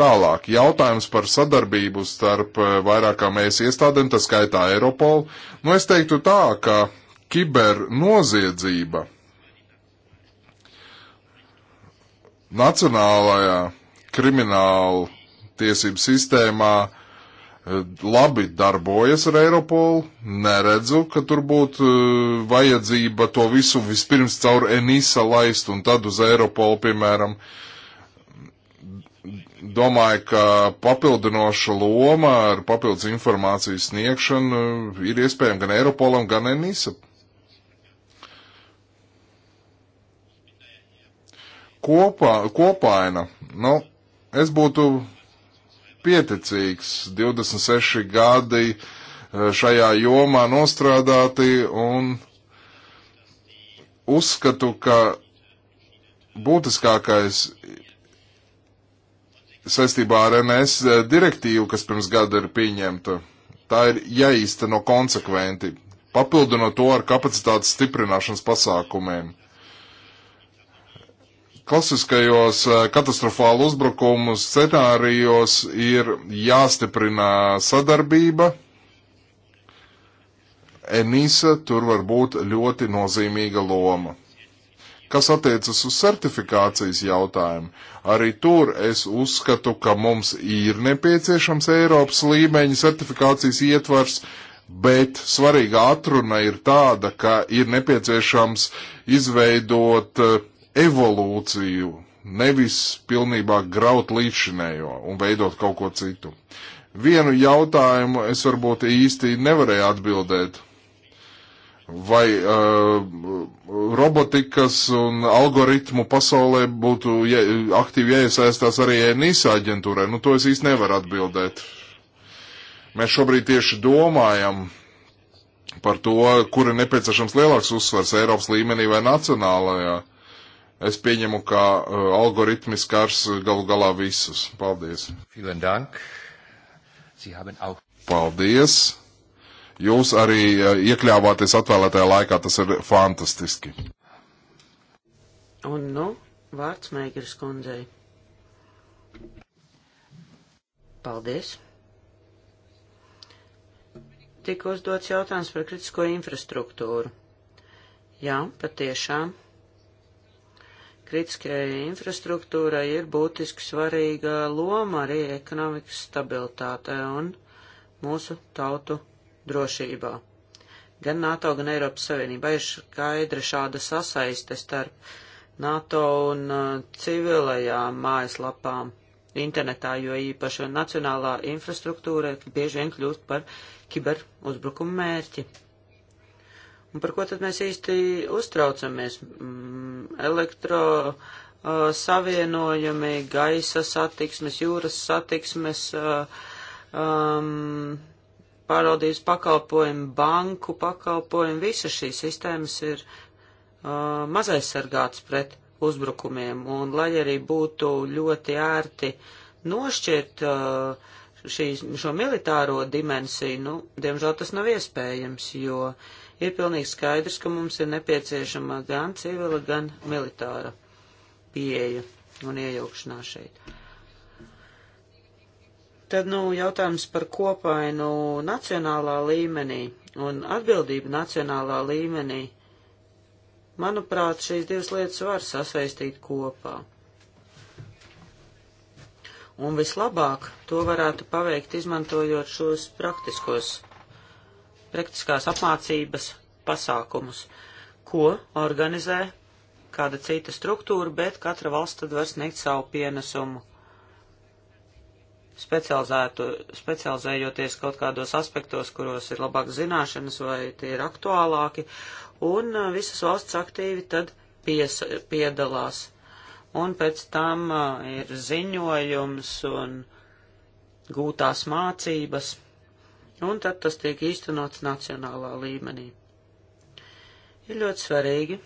Tālāk, jautājums par sadarbību starp eh, vairākām mēs iestādēm, tā skaitā Eiropolu. Nu, es teiktu tā, ka kibernoziedzība nacionālajā krimināla tiesību sistēmā eh, labi darbojas ar Eiropolu. Neredzu, ka tur būtu eh, vajadzība to visu vispirms caur Enisa laist un tad uz Eiropolu, piemēram. Uh, domāju, ka papildinoša loma ar papildus informācijas sniegšanu ir iespējama gan Eiropolam, gan Enisa. Kopā, kopaina. Nu, es būtu pieticīgs 26 gadi eh, šajā jomā nostrādāti un uzskatu, ka būtiskākais saistībā ar NS eh, direktīvu, kas pirms gada ir pieņemta. Tā ir jāīsteno konsekventi, papildinot to ar kapacitātes stiprināšanas pasākumiem. Klasiskajos eh, katastrofālu uzbrukumu scenārijos ir jāstiprina sadarbība. Enisa tur var būt ļoti nozīmīga loma. Kas attiecas uz certifikācijas jautājumu, arī tur es uzskatu, ka mums ir nepieciešams Eiropas līmeņa certifikācijas ietvars, bet svarīga atruna ir tāda, ka ir nepieciešams izveidot eh, evolūciju, nevis pilnībā graut līdzinējo un veidot kaut ko citu. Vienu jautājumu es varbūt īsti nevarēju atbildēt vai uh, robotikas un algoritmu pasaulē būtu ja, aktīvi jāiesaistās arī NISA aģentūrai? Nu, to es īsti nevaru atbildēt. Mēs šobrīd tieši domājam par to, kur ir nepieciešams lielāks uzsvars Eiropas līmenī vai nacionālajā. Es pieņemu, ka uh, algoritmis kārs galu galā visus. Paldies. Paldies. Jūs arī iekļāvāties atvēlētajā laikā, tas ir fantastiski. Un nu, vārds Meigras kundzei. Paldies. Tika uzdots jautājums par kritisko infrastruktūru. Jā, patiešām. Kritiskajai infrastruktūrai ir būtiski svarīga loma arī ekonomikas stabilitātē un mūsu tautu drošībā. Gan NATO, gan Eiropas Savienībā ir skaidra šāda sasaiste starp NATO un uh, civilajām mājaslapām internetā, jo īpaši nacionālā infrastruktūra bieži vien kļūst par kiberuzbrukumu mērķi. Un par ko tad mēs īsti uztraucamies? Mm, elektro uh, savienojumi, gaisa satiksmes, jūras satiksmes, uh, um, pārvaldības pakalpojumi, banku pakalpojumi, visas šīs sistēmas ir uh, mazaizsargātas pret uzbrukumiem, un lai arī būtu ļoti ērti nošķirt uh, šīs, šo militāro dimensiju, nu, diemžēl tas nav iespējams, jo ir pilnīgi skaidrs, ka mums ir nepieciešama gan civila, gan militāra pieeja un iejaukšanās šeit. Tad, nu, jautājums par kopainu nacionālā līmenī un atbildību nacionālā līmenī. Manuprāt, šīs divas lietas var sasaistīt kopā. Un vislabāk to varētu paveikt izmantojot šos praktiskos, praktiskās apmācības pasākumus, ko organizē kāda cita struktūra, bet katra valsts tad var sniegt savu pienesumu specializējoties kaut kādos aspektos, kuros ir labāk zināšanas vai tie ir aktuālāki, un uh, visas valsts aktīvi tad pies, piedalās. Un pēc tam uh, ir ziņojums un gūtās mācības, un tad tas tiek īstenots nacionālā līmenī. Ir ļoti svarīgi,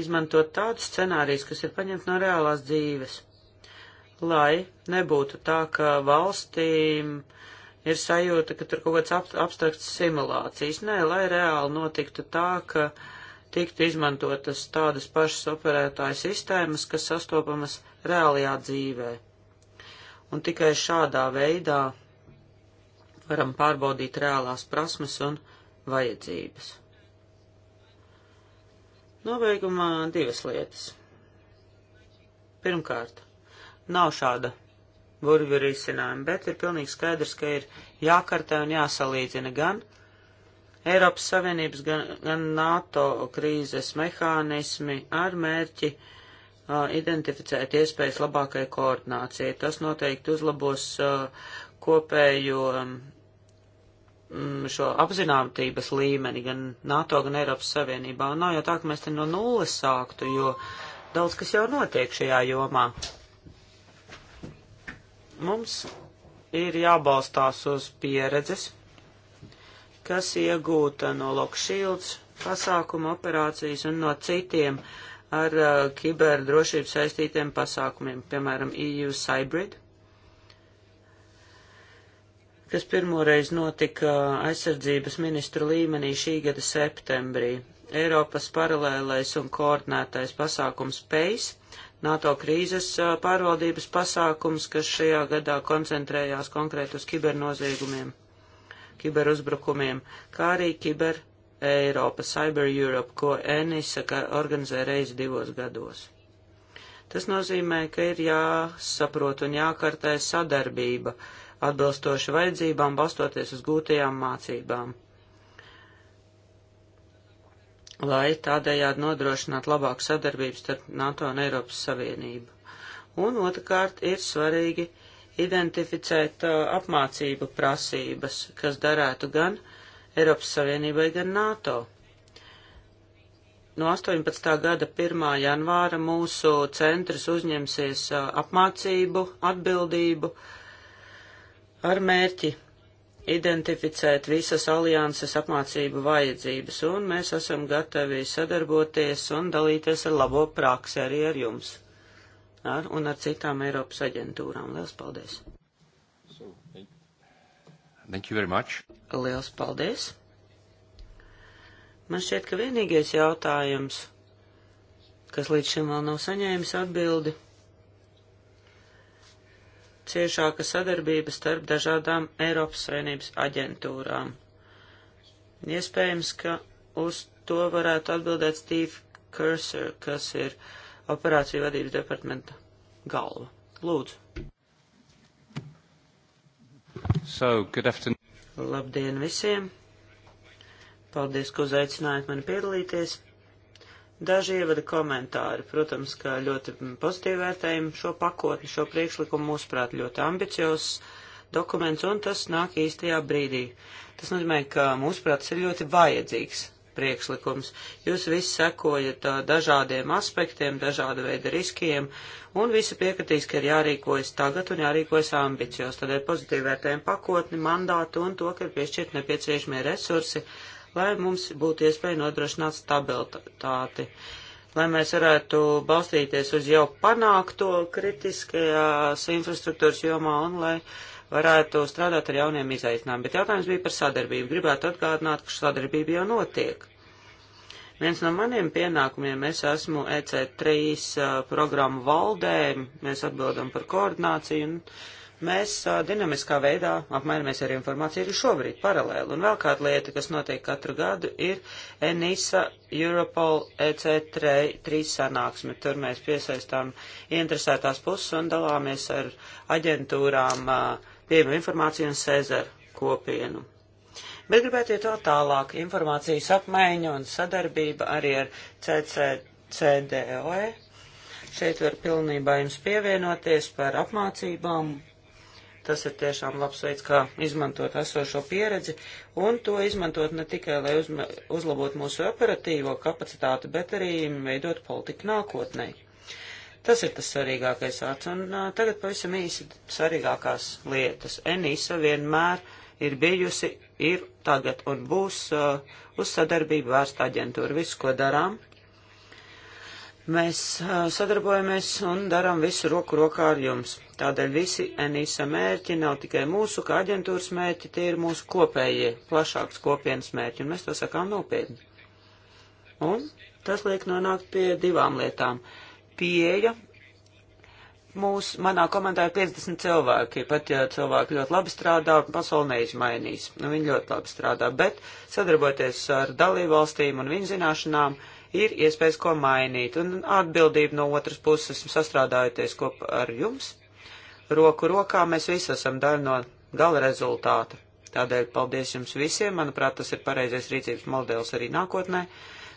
izmantot tādus scenārijus, kas ir paņemti no reālās dzīves, lai nebūtu tā, ka valstīm ir sajūta, ka tur kaut kāds abstrakts simulācijas. Nē, lai reāli notiktu tā, ka tiktu izmantotas tādas pašas operētāju sistēmas, kas sastopamas reālajā dzīvē. Un tikai šādā veidā varam pārbaudīt reālās prasmes un vajadzības. Nobeigumā divas lietas. Pirmkārt, nav šāda burvju risinājuma, bet ir pilnīgi skaidrs, ka ir jākartē un jāsalīdzina gan Eiropas Savienības, gan, gan NATO krīzes mehānismi ar mērķi uh, identificēt iespējas labākai koordinācijai. Tas noteikti uzlabos uh, kopējo um, Mm, šo apzinātības līmeni gan NATO, gan Eiropas Savienībā. Un nav jau tā, ka mēs te no nulles sāktu, jo daudz kas jau notiek šajā jomā. Mums ir jābalstās uz pieredzes, kas iegūta no Lokšīlds pasākuma operācijas un no citiem ar uh, kiberdrošību saistītiem pasākumiem, piemēram, EU Cybrid kas pirmoreiz notika aizsardzības ministru līmenī šī gada septembrī. Eiropas paralēlais un koordinētais pasākums PEIS, NATO krīzes pārvaldības pasākums, kas šajā gadā koncentrējās konkrēt uz kibernoziegumiem, kiberuzbrukumiem, kā arī kiber Eiropa, Cyber Europe, ko ENISA organizē reizi divos gados. Tas nozīmē, ka ir jāsaprot un jākartē sadarbība atbilstoši vajadzībām, balstoties uz gūtajām mācībām, lai tādējādi nodrošinātu labāku sadarbību starp NATO un Eiropas Savienību. Un otrkārt ir svarīgi identificēt uh, apmācību prasības, kas darētu gan Eiropas Savienībai, gan NATO. No 18. gada 1. janvāra mūsu centrs uzņemsies uh, apmācību, atbildību, uh, ar mērķi identificēt visas alianses apmācību vajadzības, un mēs esam gatavi sadarboties un dalīties ar labo praksi arī ar jums ar, un ar citām Eiropas aģentūrām. Lielas paldies! So, thank you very much. Lielas paldies! Man šķiet, ka vienīgais jautājums, kas līdz šim vēl nav saņēmis atbildi ciešāka sadarbība starp dažādām Eiropas Savienības aģentūrām. Iespējams, ka uz to varētu atbildēt Steve Cursor, kas ir operāciju vadības departamenta galva. Lūdzu. So, good afternoon. Labdien visiem! Paldies, ka uzaicinājāt mani piedalīties. Daži ievada komentāri, protams, ka ļoti pozitīvi vērtējam šo pakotni, šo priekšlikumu, mūsuprāt, ļoti ambiciozs dokuments, un tas nāk īstajā brīdī. Tas nozīmē, ka mūsuprāt, tas ir ļoti vajadzīgs priekšlikums. Jūs visi sekojat dažādiem aspektiem, dažāda veida riskiem, un visi piekritīs, ka ir jārīkojas tagad un jārīkojas ambiciozs. Tādēļ pozitīvi vērtējam pakotni, mandātu un to, ka ir piešķirt nepieciešamie resursi, lai mums būtu iespēja nodrošināt stabilitāti, lai mēs varētu balstīties uz jau panākto kritiskajās infrastruktūras jomā un lai varētu strādāt ar jauniem izaicinājumiem. Bet jautājums bija par sadarbību. Gribētu atgādināt, ka sadarbība jau notiek. Viens no maniem pienākumiem, es esmu EC3 uh, programmu valdē, mēs atbildam par koordināciju, un Mēs uh, dinamiskā veidā apmainamies ar informāciju arī šobrīd paralēli. Un vēl kāda lieta, kas notiek katru gadu, ir ENISA Europol EC3 sanāksme. Tur mēs piesaistām interesētās puses un dalāmies ar aģentūrām uh, pieejamu informāciju un Cezaru kopienu. Bet gribētu iet vēl tālāk. Informācijas apmaiņa un sadarbība arī ar CCCDOE. E. Šeit var pilnībā jums pievienoties par apmācībām Tas ir tiešām labs veids, kā izmantot esošo pieredzi un to izmantot ne tikai, lai uzma, uzlabotu mūsu operatīvo kapacitāti, bet arī veidot politiku nākotnē. Tas ir tas svarīgākais vārds. Un uh, tagad pavisam īsi svarīgākās lietas. Enisa vienmēr ir bijusi, ir tagad un būs uh, uz sadarbību vērsta aģentūra. Viss, ko darām, Mēs sadarbojamies un darām visu roku rokā ar jums. Tādēļ visi Enisa mērķi nav tikai mūsu kā aģentūras mērķi, tie ir mūsu kopējie, plašāks kopienas mērķi, un mēs to sakām nopietni. Un tas liek nonākt pie divām lietām. Pieeja. Mūs, manā komandā ir 50 cilvēki, pat ja cilvēki ļoti labi strādā, pasauli neizmainīs. Nu, viņi ļoti labi strādā, bet sadarboties ar dalībvalstīm un viņu zināšanām, uh, ir iespējas ko mainīt. Un atbildība no otras puses esmu sastrādājoties kopā ar jums. Roku rokā mēs visi esam daļa no gala rezultāta. Tādēļ paldies jums visiem. Manuprāt, tas ir pareizais rīcības modelis arī nākotnē.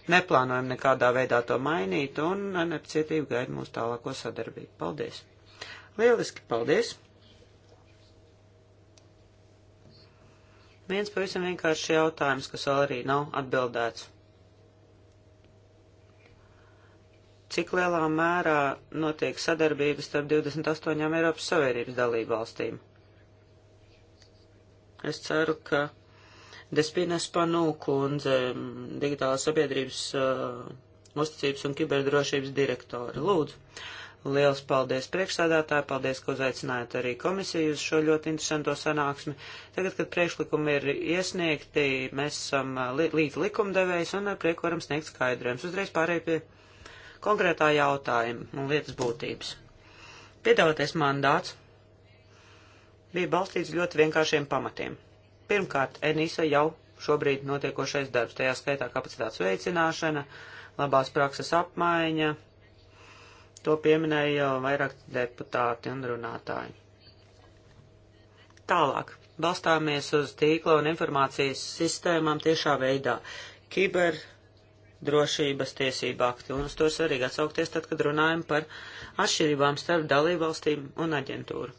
Neplānojam nekādā veidā to mainīt un nepacietību gaida mūsu tālāko sadarbību. Paldies! Lieliski, paldies! Viens pavisam vienkārši jautājums, kas vēl arī nav atbildēts. cik lielā mērā notiek sadarbības starp 28 Eiropas Savienības dalību valstīm. Es ceru, ka Despīnes Panūkundze, digitālās sabiedrības uh, uzticības un kiberdrošības direktori. Lūdzu, liels paldies priekšsādātāji, paldies, ka uzaicinājāt arī komisiju uz šo ļoti interesanto sanāksmi. Tagad, kad priekšlikumi ir iesniegti, mēs esam uh, līdz likumdevējs un ar prieku varam sniegt skaidrojums. Uzreiz pārēj pie konkrētā jautājuma un lietas būtības. Piedāvātais mandāts bija balstīts ļoti vienkāršiem pamatiem. Pirmkārt, Enisa jau šobrīd notiekošais darbs, tajā skaitā kapacitātes veicināšana, labās prakses apmaiņa, to pieminēja vairāk deputāti un runātāji. Tālāk, balstāmies uz tīkla un informācijas sistēmām tiešā veidā. Kiber drošības tiesību akti, un uz to ir svarīgi atsaukties tad, kad runājam par atšķirībām starp dalībvalstīm un aģentūru.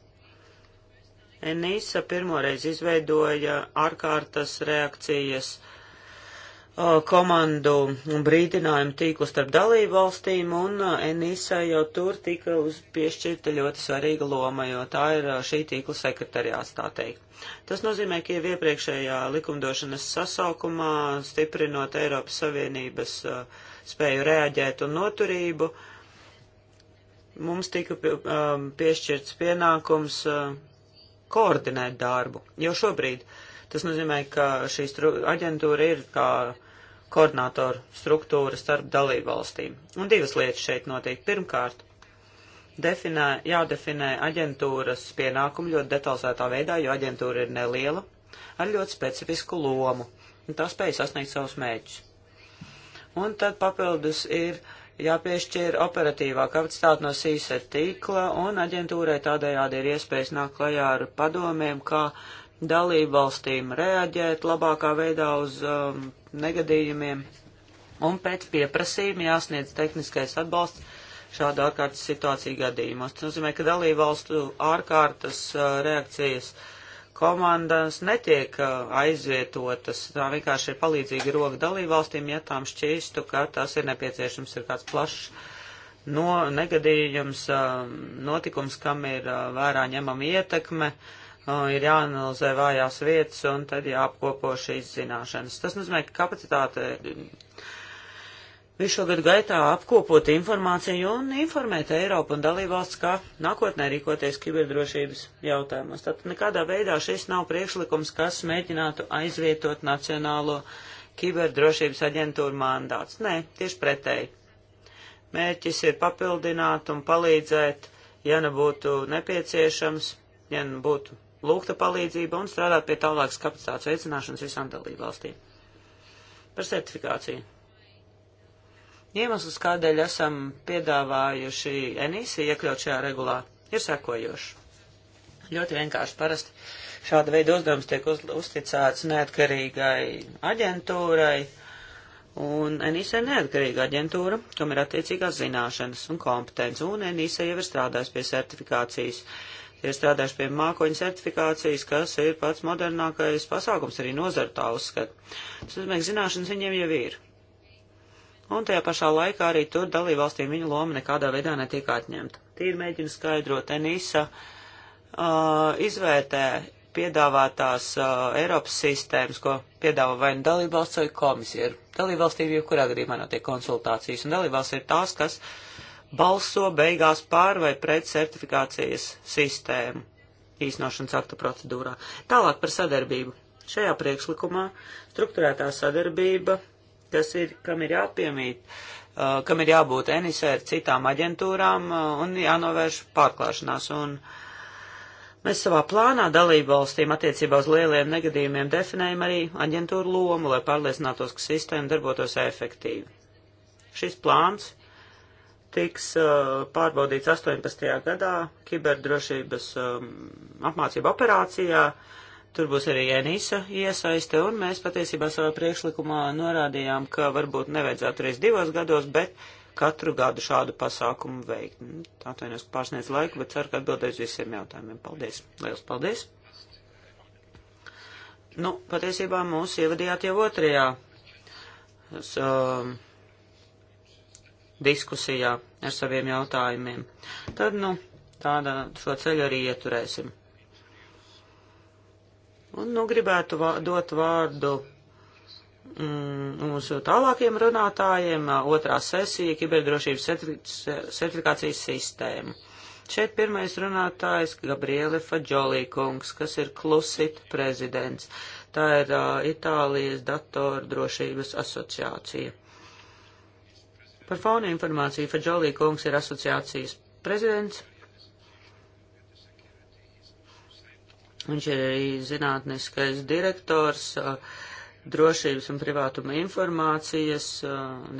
Enisa pirmoreiz izveidoja ārkārtas reakcijas uh, Uh, komandu brīdinājumu tīklu starp dalību valstīm, un uh, Enisa jau tur tika piešķirta ļoti svarīga loma, jo tā ir uh, šī tīkla sekretariāts, tā teikt. Tas nozīmē, ka jau iepriekšējā likumdošanas sasaukumā, stiprinot Eiropas Savienības spēju reaģēt un noturību, mums tika um, piešķirts pienākums koordinēt darbu, jo šobrīd. Tas nozīmē, ka šī aģentūra ir kā koordinātoru struktūra starp dalību valstīm. Un divas lietas šeit notiek. Pirmkārt, definē, jādefinē aģentūras pienākumi ļoti detalizētā veidā, jo aģentūra ir neliela, ar ļoti specifisku lomu, un tā spēja sasniegt savus mēģus. Un tad papildus ir jāpiešķir operatīvā kapacitāte no CISER tīkla, un aģentūrai tādējādi ir iespējas nākt klajā ar padomiem, kā dalību valstīm reaģēt labākā veidā uz um, negadījumiem, un pēc pieprasījuma jāsniedz tehniskais atbalsts šāda ārkārtas situācija gadījumos. Tas nozīmē, ka dalību valstu ārkārtas uh, reakcijas komandas netiek uh, aizvietotas, tā vienkārši ir palīdzīga roka dalību valstīm, ja tām šķīstu, ka tas ir nepieciešams, ir kāds plašs no negadījums, um, notikums, kam ir uh, vērā ņemama ietekme, Nu, ir jāanalizē vājās vietas un tad jāapkopo šīs zināšanas. Tas nozīmē, ka kapacitāte visu šo gadu gaitā apkopot informāciju un informēt Eiropu un dalībvalsts, kā nākotnē rīkoties kiberdrošības jautājumos. Tātad nekādā veidā šis nav priekšlikums, kas mēģinātu aizvietot nacionālo kiberdrošības aģentūru mandāts. Nē, tieši pretēji. Mērķis ir papildināt un palīdzēt, ja nebūtu nu nepieciešams, ja nebūtu nu lūgta palīdzība un strādāt pie tālākas kapacitātes veicināšanas visām dalībvalstīm. Par certifikāciju. Iemesls, kādēļ esam piedāvājuši enīsi iekļaut šajā regulā, ir sekojoši. Ļoti vienkārši parasti šāda veida uzdevums tiek uz, uzticēts neatkarīgai aģentūrai, un Enīsa ir neatkarīga aģentūra, kam ir attiecīgās zināšanas un kompetence, un Enīsa jau ir strādājis pie certifikācijas ir strādājuši pie mākoņu certifikācijas, kas ir pats modernākais pasākums, arī nozara tā uzskata. Tas nozīmē, ka zināšanas viņiem jau ir. Un tajā pašā laikā arī tur dalībvalstīm viņa loma nekādā veidā netiek atņemta. Tīri mēģinu skaidrot, Enisa uh, izvērtē piedāvātās uh, Eiropas sistēmas, ko piedāvā vai nu dalībvalsts vai komisija. Dalībvalstīm jebkurā gadījumā notiek konsultācijas, un dalībvalsts ir tās, kas uh, balso beigās pār vai pret certifikācijas sistēmu īstenošanas akta procedūrā. Tālāk par sadarbību. Šajā priekšlikumā struktūrētā sadarbība, kas ir, kam ir jāpiemīt, uh, kam ir jābūt NSA e, ar citām aģentūrām uh, un jānovērš pārklāšanās. Un mēs savā plānā dalību valstīm attiecībā uz lieliem negadījumiem definējam arī aģentūru lomu, lai pārliecinātos, ka sistēma darbotos efektīvi. Šis plāns tiks uh, pārbaudīts 18. gadā kiberdrošības um, apmācību operācijā. Tur būs arī Enisa iesaiste, un mēs patiesībā savā priekšlikumā norādījām, ka varbūt nevajadzētu reiz divos gados, bet katru gadu šādu pasākumu veikt. Nu, atvainojos, ka pārsniedz laiku, bet ceru, ka atbildēs visiem jautājumiem. Paldies! Liels paldies! Nu, patiesībā mūs ievadījāt jau otrajā. Es, um, uh, diskusijā ar saviem jautājumiem. Tad, nu, tādā šo ceļu arī ieturēsim. Un, nu, gribētu vā, dot vārdu mm, mūsu tālākiem runātājiem, otrā sesija, kiberdrošības certifikācijas sistēma. Šeit pirmais runātājs Gabriele Fadžolī kungs, kas ir Klusit prezidents. Tā ir uh, Itālijas datordrošības asociācija. Par fona informāciju Fadžolī kungs ir asociācijas prezidents. Viņš ir arī zinātniskais direktors uh, drošības un privātuma informācijas uh,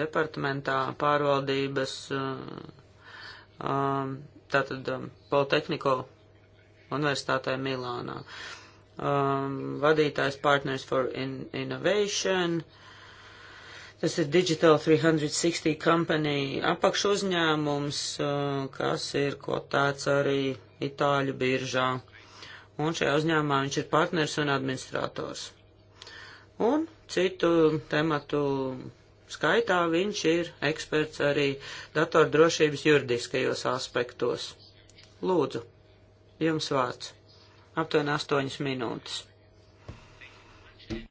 departamentā pārvaldības uh, um, tātad um, Politehniko universitātē Milānā. Um, vadītājs Partners for in Innovation, uh, Tas ir Digital 360 Company apakšu uzņēmums, kas ir kotēts arī Itāļu biržā. Un šajā uzņēmumā viņš ir partners un administrators. Un citu tematu skaitā viņš ir eksperts arī datordrošības juridiskajos aspektos. Lūdzu, jums vārds. Aptuveni astoņas minūtes.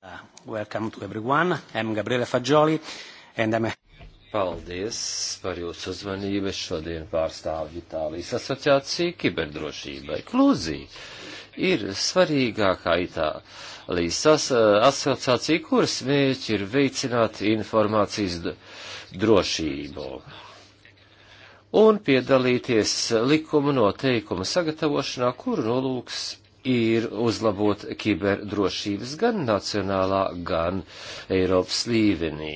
Uh, welcome to everyone. I'm Gabriele Fagioli and I'm a... Paldies par jūsu uzmanību. Es šodien pārstāvu Itālijas asociāciju kiberdrošībai. Klūzī ir svarīgākā Itālijas as uh, asociācija, kuras mērķi ir veicināt informācijas drošību un piedalīties likuma noteikuma sagatavošanā, kuru nolūks ir uzlabot kiberdrošības gan nacionālā, gan Eiropas līmenī.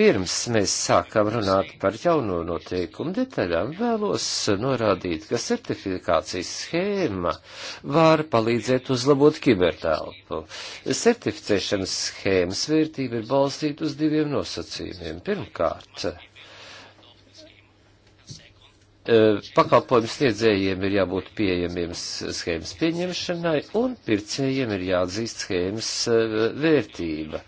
Pirms mēs sākam runāt par jauno noteikumu detaļām, vēlos norādīt, ka certifikācijas schēma var palīdzēt uzlabot kibertelpu. Certificēšanas schēmas vērtība ir balstīta uz diviem nosacījumiem. Pirmkārt, E, pakalpojumu sniedzējiem ir jābūt pieejamiem schēmas pieņemšanai, un pircējiem ir jāatzīst schēmas e, vērtība.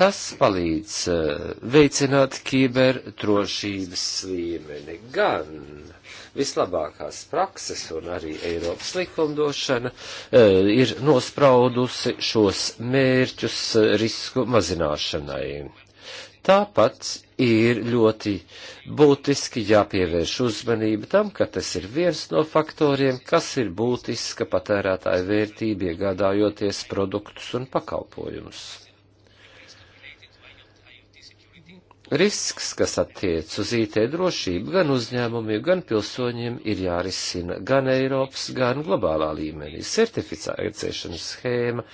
Tas palīdz e, veicināt kiberdrošības līmeni gan vislabākās prakses un arī Eiropas likumdošana ir nospraudusi šos mērķus risku mazināšanai. Tāpat ir ļoti būtiski jāpievērš uzmanība tam, ka tas ir viens no faktoriem, kas ir būtiska patērētāja vērtība iegādājoties produktus un pakalpojumus. Risks, kas attiec uz IT drošību gan uzņēmumiem, gan pilsoņiem, ir jārisina gan Eiropas, gan globālā līmenī. Certificēšanas schēma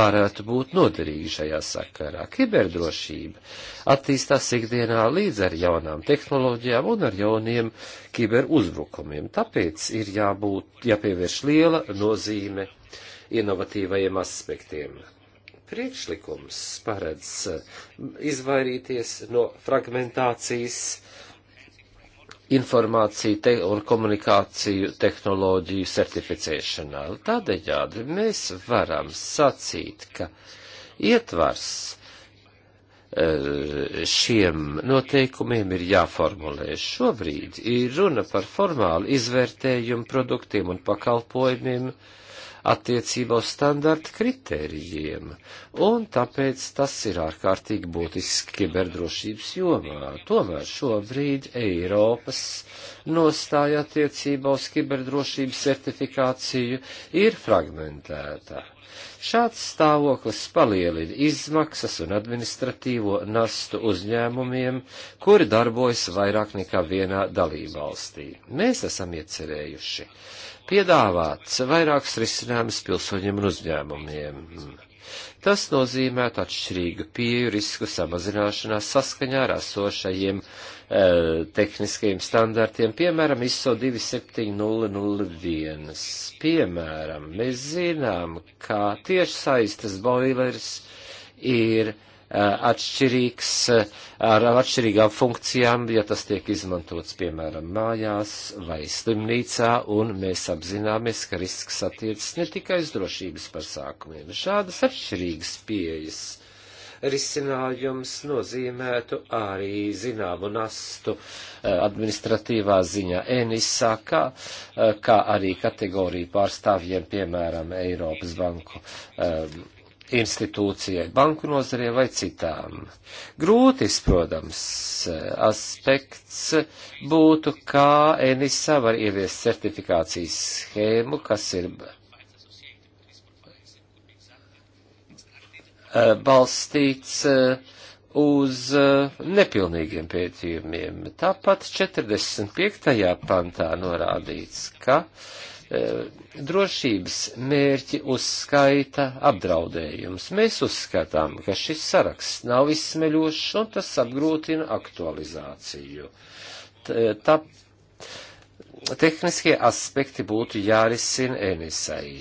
varētu būt noderīga šajā sakarā. Kiberdrošība attīstās ikdienā līdz ar jaunām tehnoloģijām un ar jauniem kiberuzbrukumiem. Tāpēc ir jābūt, jāpievērš liela nozīme inovatīvajiem aspektiem priekšlikums paredz eh, izvairīties no fragmentācijas informāciju te un komunikāciju tehnoloģiju certificēšanā. Tādējādi mēs varam sacīt, ka ietvars eh, šiem noteikumiem ir jāformulē. Šobrīd ir runa par formālu izvērtējumu produktiem un pakalpojumiem, uh, attiecībā uz standarta kritērijiem, un tāpēc tas ir ārkārtīgi būtisks kiberdrošības jomā. Tomēr šobrīd Eiropas nostāja attiecībā uz kiberdrošības certifikāciju ir fragmentēta. Šāds stāvoklis palielina izmaksas un administratīvo nastu uzņēmumiem, kuri darbojas vairāk nekā vienā dalībvalstī. Mēs esam iecerējuši piedāvāts vairāks risinājums pilsoņiem un uzņēmumiem. Tas nozīmētu atšķirīgu pieju risku samazināšanā saskaņā ar esošajiem e, tehniskajiem standartiem, piemēram, ISO 27001. Piemēram, mēs zinām, kā tieši saistas boilers ir Eh, atšķirīgs, eh, ar atšķirīgām funkcijām, ja tas tiek izmantots, piemēram, mājās vai slimnīcā, un mēs apzināmies, ka risks attiecas ne tikai uz drošības pasākumiem. Šādas atšķirīgas pieejas risinājums nozīmētu arī zināmu nastu eh, administratīvā ziņā ENISA, kā, kā arī kategoriju pārstāvjiem, piemēram, Eiropas banku um, institūcijai, banku nozarē vai citām. Grūtis, protams, aspekts būtu, kā Enisa var ieviest certifikācijas schēmu, kas ir eh, balstīts eh, uz eh, nepilnīgiem pētījumiem. Tāpat 45. pantā norādīts, ka uh, E, drošības mērķi uzskaita apdraudējumus. Mēs uzskatām, ka šis saraksts nav izsmeļošs un tas apgrūtina aktualizāciju. E, tā tehniskie aspekti būtu jārisina Enisai.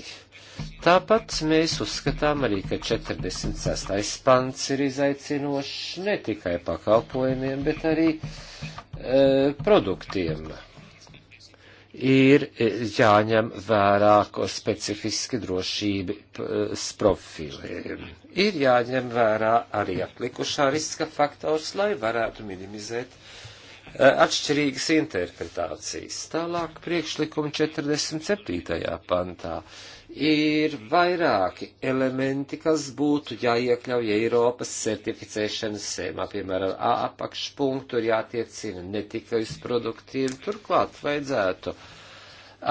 Tāpat mēs uzskatām arī, ka 46. pants ir izaicinošs ne tikai pakalpojumiem, bet arī e, produktiem ir e, jāņem vērā specifiski drošības profili. Ir jāņem vērā arī atlikušā riska faktors, lai varētu minimizēt e, atšķirīgas interpretācijas. Tālāk priekšlikumi 47. pantā ir vairāki elementi, kas būtu jāiekļauj Eiropas certificēšanas sēmā. Piemēram, A apakšpunktu ir jātiecina ne tikai uz produktiem, turklāt vajadzētu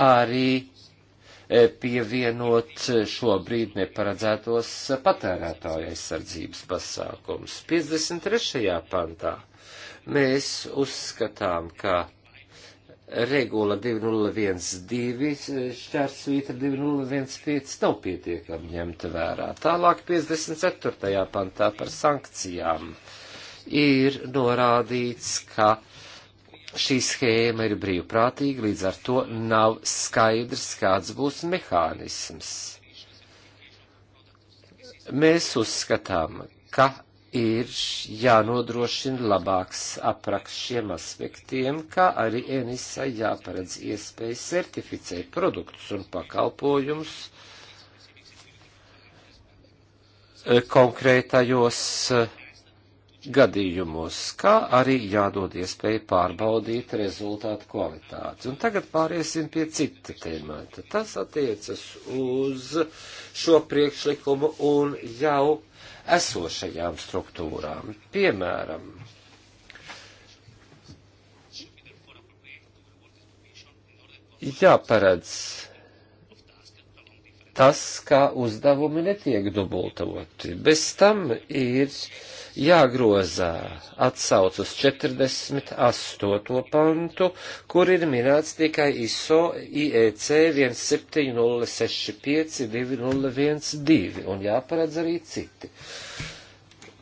arī e, pievienot šobrīd neparedzētos patērētāju aizsardzības pasākums. 53. pantā mēs uzskatām, ka regula 2012, šķērsvīta 2015 nav pietiekami ņemta vērā. Tālāk 54. pantā par sankcijām ir norādīts, ka šī schēma ir brīvprātīga, līdz ar to nav skaidrs, kāds būs mehānisms. Mēs uzskatām, ka ir jānodrošina labāks apraks šiem aspektiem, kā arī ENISA jāparedz iespēju certificēt produktus un pakalpojumus e, konkrētajos e, gadījumos, kā arī jādod iespēju pārbaudīt rezultātu kvalitāti. Un tagad pāriesim pie cita tēmata. Tas attiecas uz šo priekšlikumu un jau esošajām struktūrām. Piemēram, jāparedz tas, kā uzdevumi netiek dubultoti. Bez tam ir jāgrozā atsauc uz 48. pantu, kur ir minēts tikai ISO IEC 17065-2012 un jāparedz arī citi,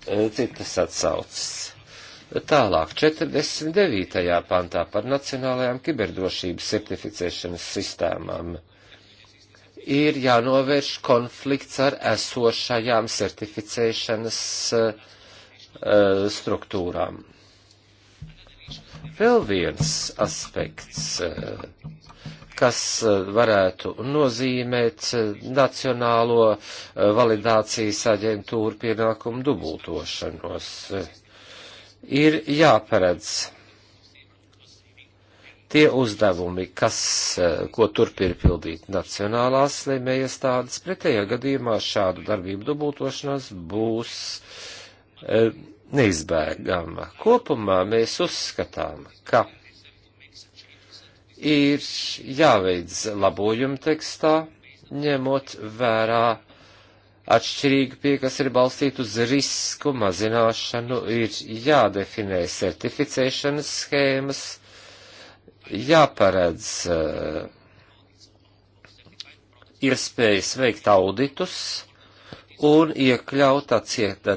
e, citas atsaucas. Tālāk, 49. pantā par nacionālajām kiberdrošības certificēšanas sistēmām ir jānovērš konflikts ar esošajām certificēšanas uh, Eh, struktūrām. Vēl viens aspekts, eh, kas eh, varētu nozīmēt Nacionālo validācijas aģentūru pienākumu dubultošanos, ir jāparedz tie uzdevumi, kas, ko turpina pildīt nacionālās slimējas tādas, pretējā gadījumā šādu darbību dubultošanās būs uh, E, neizbēgama. Kopumā mēs uzskatām, ka ir jāveic labojumi tekstā, ņemot vērā atšķirīga pieeja, kas ir balstīta uz risku mazināšanu, ir jādefinē certificēšanas schēmas, jāparedz uh, iespējas veikt auditus, un iekļaut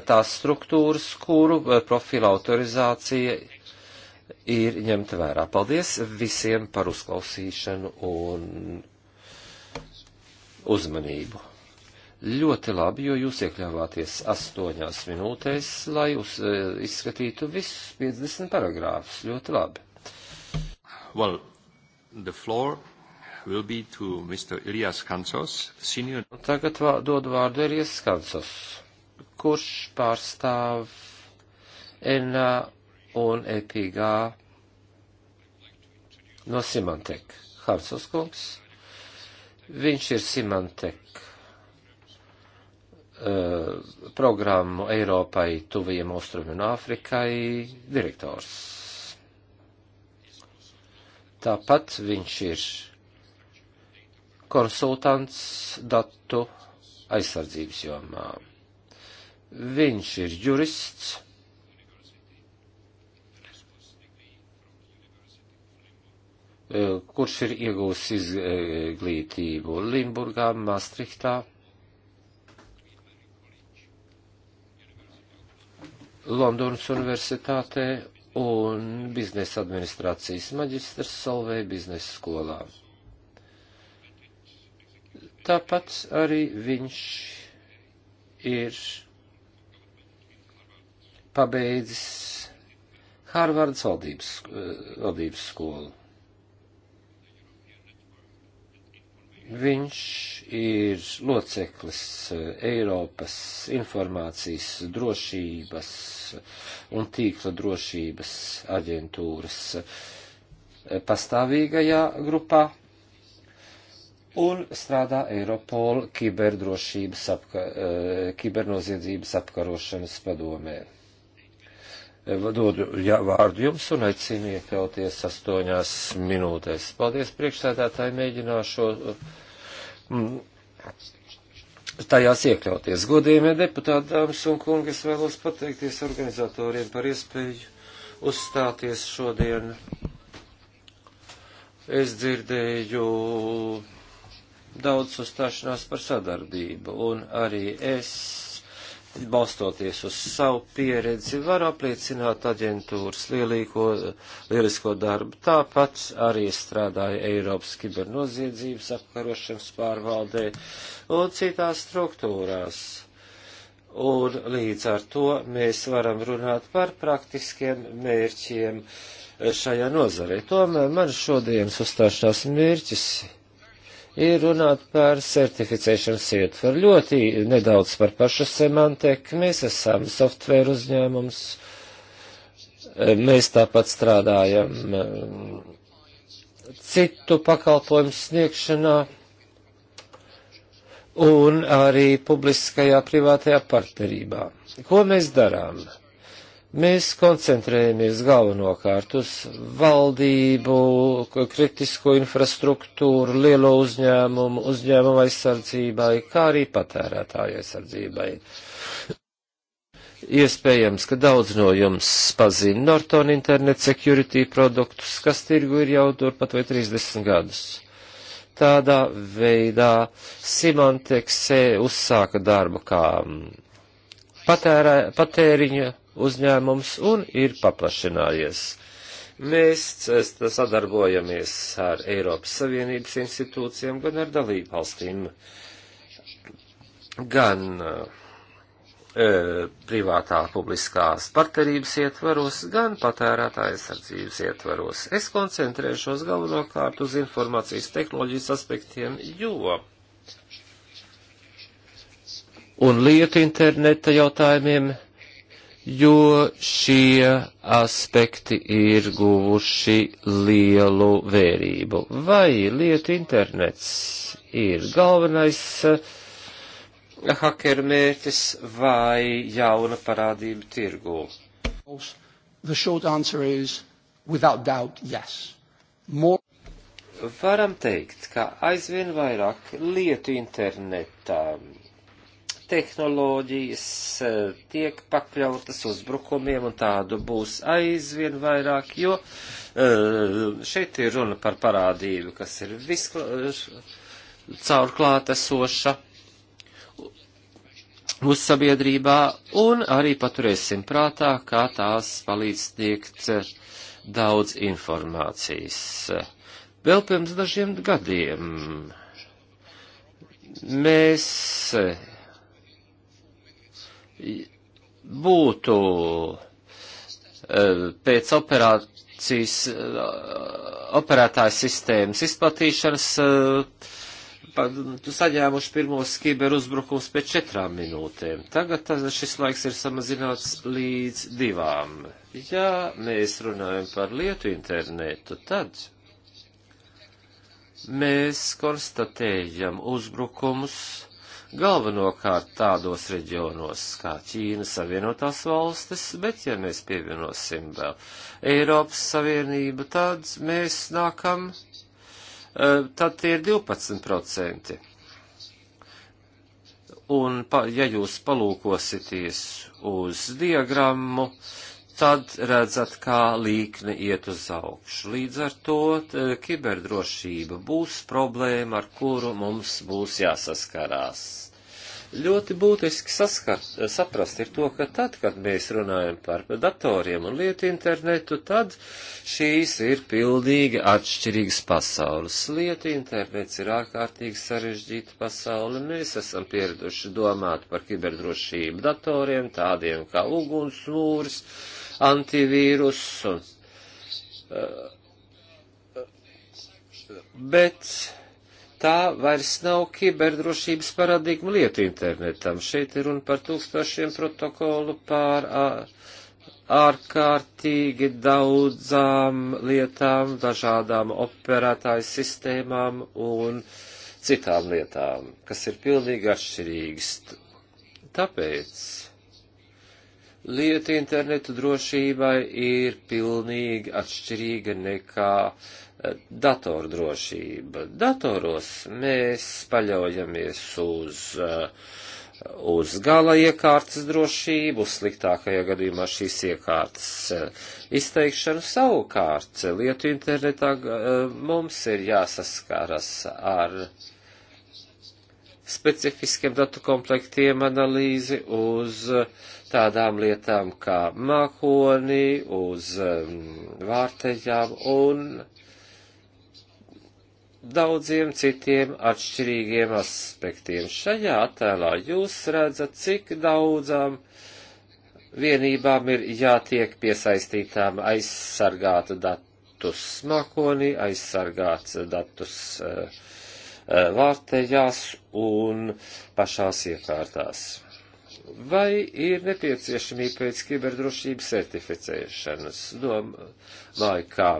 tās struktūras, kuru eh, profila autorizācija ir ņemta vērā. Paldies visiem par uzklausīšanu un uzmanību. Ļoti labi, jo jūs iekļāvāties astoņās minūtēs, lai jūs eh, izskatītu visus 50 paragrāfus. Ļoti labi. Well, the floor will be to Mr. Ilias Kansos, senior... Tagad vā, dodu vārdu Ilias Kansos, kurš pārstāv ENA un EPIGA no Simantek. Hansos kungs, viņš ir Simantek uh, eh, programmu Eiropai, Tuvajiem Austrumiem un Āfrikai direktors. Tāpat viņš ir konsultants datu aizsardzības jomā. Viņš ir jurists. E, kurš ir iegūs izglītību Limburgā, Maastrichtā, Londonas universitātē un biznesa administrācijas maģistrs Solvei biznesa skolā. Tāpat arī viņš ir pabeidzis Harvardas valdības, eh, valdības skolu. Viņš ir loceklis eh, Eiropas informācijas drošības un tīkla drošības aģentūras eh, pastāvīgajā grupā un strādā Eiropola kiberdrošības apka, eh, kibernoziedzības apkarošanas padomē. Eh, Dodu ja, vārdu jums un aicinu iekļauties astoņās minūtēs. Paldies priekšsēdētāji, mēģināšu mm, tajās iekļauties. Godījumie deputāti, dāmas un kungi, es vēlos pateikties organizatoriem par iespēju uzstāties šodien. Es dzirdēju daudz uzstāšanās par sadarbību, un arī es, balstoties uz savu pieredzi, varu apliecināt aģentūras lielīko, lielisko darbu. Tāpat arī strādāju Eiropas kibernoziedzības apkarošanas pārvaldē un citās struktūrās. Un līdz ar to mēs varam runāt par praktiskiem mērķiem šajā nozarē. Tomēr man šodienas uzstāšanās mērķis ir ir runāt par certificēšanas ietvaru. Ļoti nedaudz par pašu semantiku. Mēs esam softvēru uzņēmums. Mēs tāpat strādājam eh, citu pakalpojumu sniegšanā un arī publiskajā privātajā partnerībā. Ko mēs darām? Mēs koncentrējamies galvenokārt uz valdību, kritisko infrastruktūru, lielo uzņēmumu, uzņēmumu aizsardzībai, kā arī patērētāju aizsardzībai. Iespējams, ka daudz no jums pazina Norton Internet Security produktus, kas tirgu ir jau turpat vai 30 gadus. Tādā veidā Simantekse uzsāka darbu kā patērē, patēriņa uzņēmums un ir paplašinājies. Mēs sadarbojamies ar Eiropas Savienības institūcijām, gan ar dalību valstīm, gan uh, privātā publiskās partnerības ietvaros, gan patērētāja aizsardzības ietvaros. Es koncentrēšos galvenokārt uz informācijas tehnoloģijas aspektiem, jo un lietu interneta jautājumiem jo šie aspekti ir guvuši lielu vērību. Vai lietu internets ir galvenais eh, hakeru mērķis vai jauna parādība tirgū? Yes. More... Varam teikt, ka aizvien vairāk lietu internetā tehnoloģijas e, tiek pakļautas uzbrukumiem, un tādu būs aizvien vairāk, jo e, šeit ir runa par parādību, kas ir viscaurklāta e, soša mūsu sabiedrībā, un arī paturēsim prātā, kā tās palīdz sniegt daudz informācijas. Vēl pirms dažiem gadiem mēs būtu e, pēc operācijas, e, operētāja sistēmas izplatīšanas e, saņēmuši pirmos kiberuzbrukums pēc četrām minūtēm. Tagad šis laiks ir samazināts līdz divām. Ja mēs runājam par lietu internetu, tad mēs konstatējam uzbrukumus galvenokārt tādos reģionos kā Ķīna, Savienotās valstis, bet ja mēs pievienosim vēl Eiropas Savienību, tad mēs nākam, eh, tad tie ir 12%. Un, ja jūs palūkosities uz diagrammu, tad redzat, kā līkne iet uz augšu. Līdz ar to eh, kiberdrošība būs problēma, ar kuru mums būs jāsaskarās ļoti būtiski saskart, saprast ir to, ka tad, kad mēs runājam par datoriem un lietu internetu, tad šīs ir pilnīgi atšķirīgas pasaules. Lietu internets ir ārkārtīgi sarežģīta pasaule. Mēs esam pieraduši domāt par kiberdrošību datoriem, tādiem kā ugunsmūrs, antivīrus un. Uh, bet tā vairs nav kiberdrošības paradigma lieta internetam. Šeit ir runa par tūkstošiem protokolu pār ārkārtīgi daudzām lietām, dažādām operētāju sistēmām un citām lietām, kas ir pilnīgi atšķirīgas. Tāpēc lieta internetu drošībai ir pilnīgi atšķirīga nekā uh, datordrošība. Datoros mēs paļaujamies uz, uh, uz gala iekārtas drošību, sliktākajā gadījumā šīs iekārtas uh, izteikšanu savukārt. Lietu internetā uh, mums ir jāsaskaras ar specifiskiem datu komplektiem analīzi uz tādām lietām kā mākoni, uz um, vārtejām un daudziem citiem atšķirīgiem aspektiem. Šajā attēlā jūs redzat, cik daudzām vienībām ir jātiek piesaistītām aizsargātu datus smakoni, aizsargāts datus uh, vārtējās un pašās iekārtās. Vai ir nepieciešamība pēc kiberdrošības certificēšanas? Domāju, kā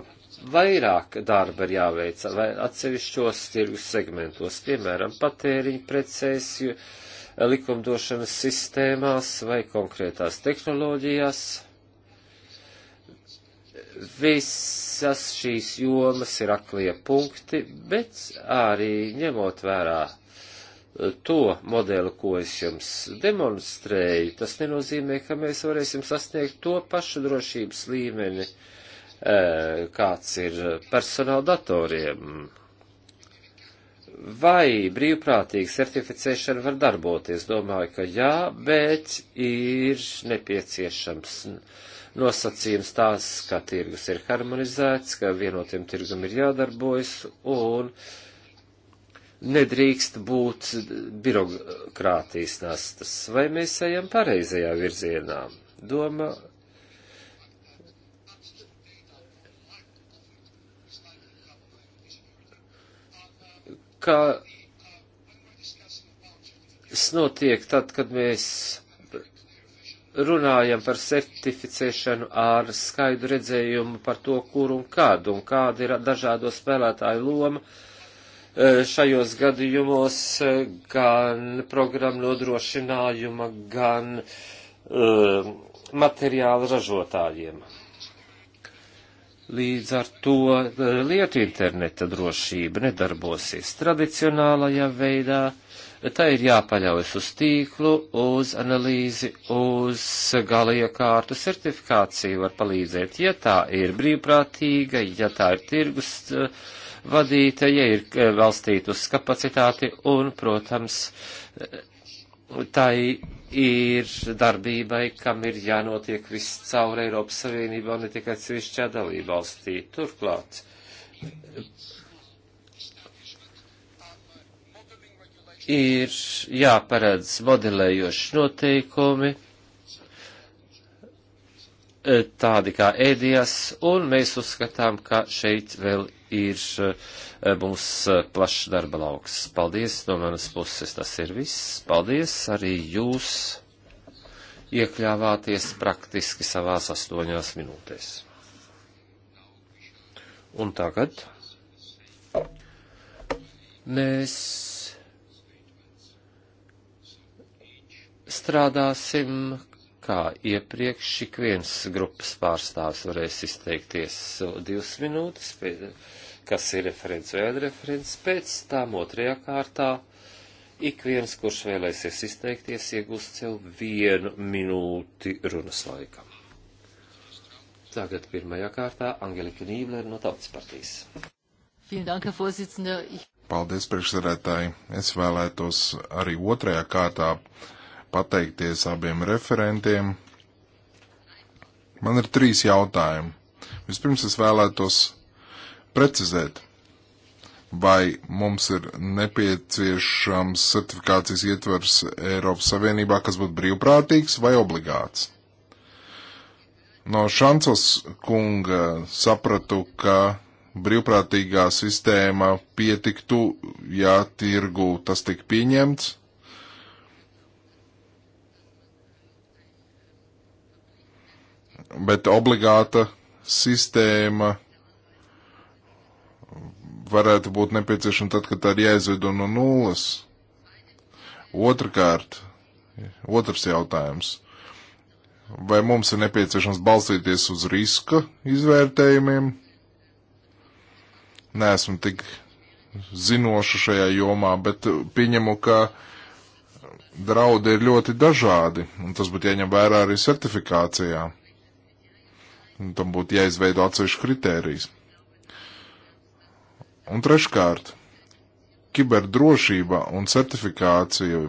vairāk darba ir jāveic vai atsevišķos tirgus segmentos, piemēram, patēriņu precēs, eh, likumdošanas sistēmās vai konkrētās tehnoloģijās. Visas šīs jomas ir aklie punkti, bet arī ņemot vērā eh, to modeli, ko es jums demonstrēju, tas nenozīmē, ka mēs varēsim sasniegt to pašu drošības līmeni, uh, Eh, kāds ir personāla datoriem. Vai brīvprātīgi certificēšana var darboties? Domāju, ka jā, bet ir nepieciešams nosacījums tās, ka tirgus ir harmonizēts, ka vienotiem tirgum ir jādarbojas un nedrīkst būt birokrātijas nastas. Vai mēs ejam pareizajā virzienā? Domāju kas notiek tad, kad mēs runājam par certificēšanu ar skaidru redzējumu par to, kur un kad un kāda ir dažādo spēlētāju loma. E, šajos gadījumos e, gan programmu nodrošinājuma, gan uh, materiāla ražotājiem. Līdz ar to eh, lietu interneta drošība nedarbosies tradicionālajā veidā, tā ir jāpaļaujas uz tīklu, uz analīzi, uz galīja kārtu certifikāciju var palīdzēt, ja tā ir brīvprātīga, ja tā ir tirgus eh, vadīta, ja ir valstīta eh, uz kapacitāti un, protams, tai ir darbībai, kam ir jānotiek viss cauri Eiropas Savienībā, ne tikai atsevišķā dalība valstī. Turklāt, ir jāparedz modelējoši noteikumi Eh, tādi kā ēdijas, un mēs uzskatām, ka šeit vēl ir mums eh, eh, plašs darba lauks. Paldies no manas puses, tas ir viss. Paldies arī jūs iekļāvāties praktiski savās astoņās minūtēs. Un tagad mēs strādāsim kā iepriekš ik viens grupas pārstāvis varēs izteikties divas minūtes, kas ir referents vai referents, pēc tam otrajā kārtā ik viens, kurš vēlēsies izteikties, iegūst sev vienu minūti runas laikam. Tagad pirmajā kārtā Angelika Nībler no Tautas partijas. Paldies, priekšsarētāji. Es vēlētos arī otrajā kārtā pateikties abiem referentiem. Man ir trīs jautājumi. Vispirms es vēlētos precizēt, vai mums ir nepieciešams certifikācijas ietvers Eiropas Savienībā, kas būtu brīvprātīgs vai obligāts. No Šancos kunga sapratu, ka brīvprātīgā sistēma pietiktu, ja tirgu tas tik pieņemts, bet obligāta sistēma varētu būt nepieciešama tad, kad tā ir jāizvedo no nulles. Otrakārt, otrs jautājums. Vai mums ir nepieciešams balstīties uz riska izvērtējumiem? Nesmu tik zinošu šajā jomā, bet pieņemu, ka draudi ir ļoti dažādi, un tas būtu jāņem vērā arī certifikācijā. Un tam būtu jāizveido atsevišķi kritērijas. Un treškārt, kiberdrošība un certifikācija,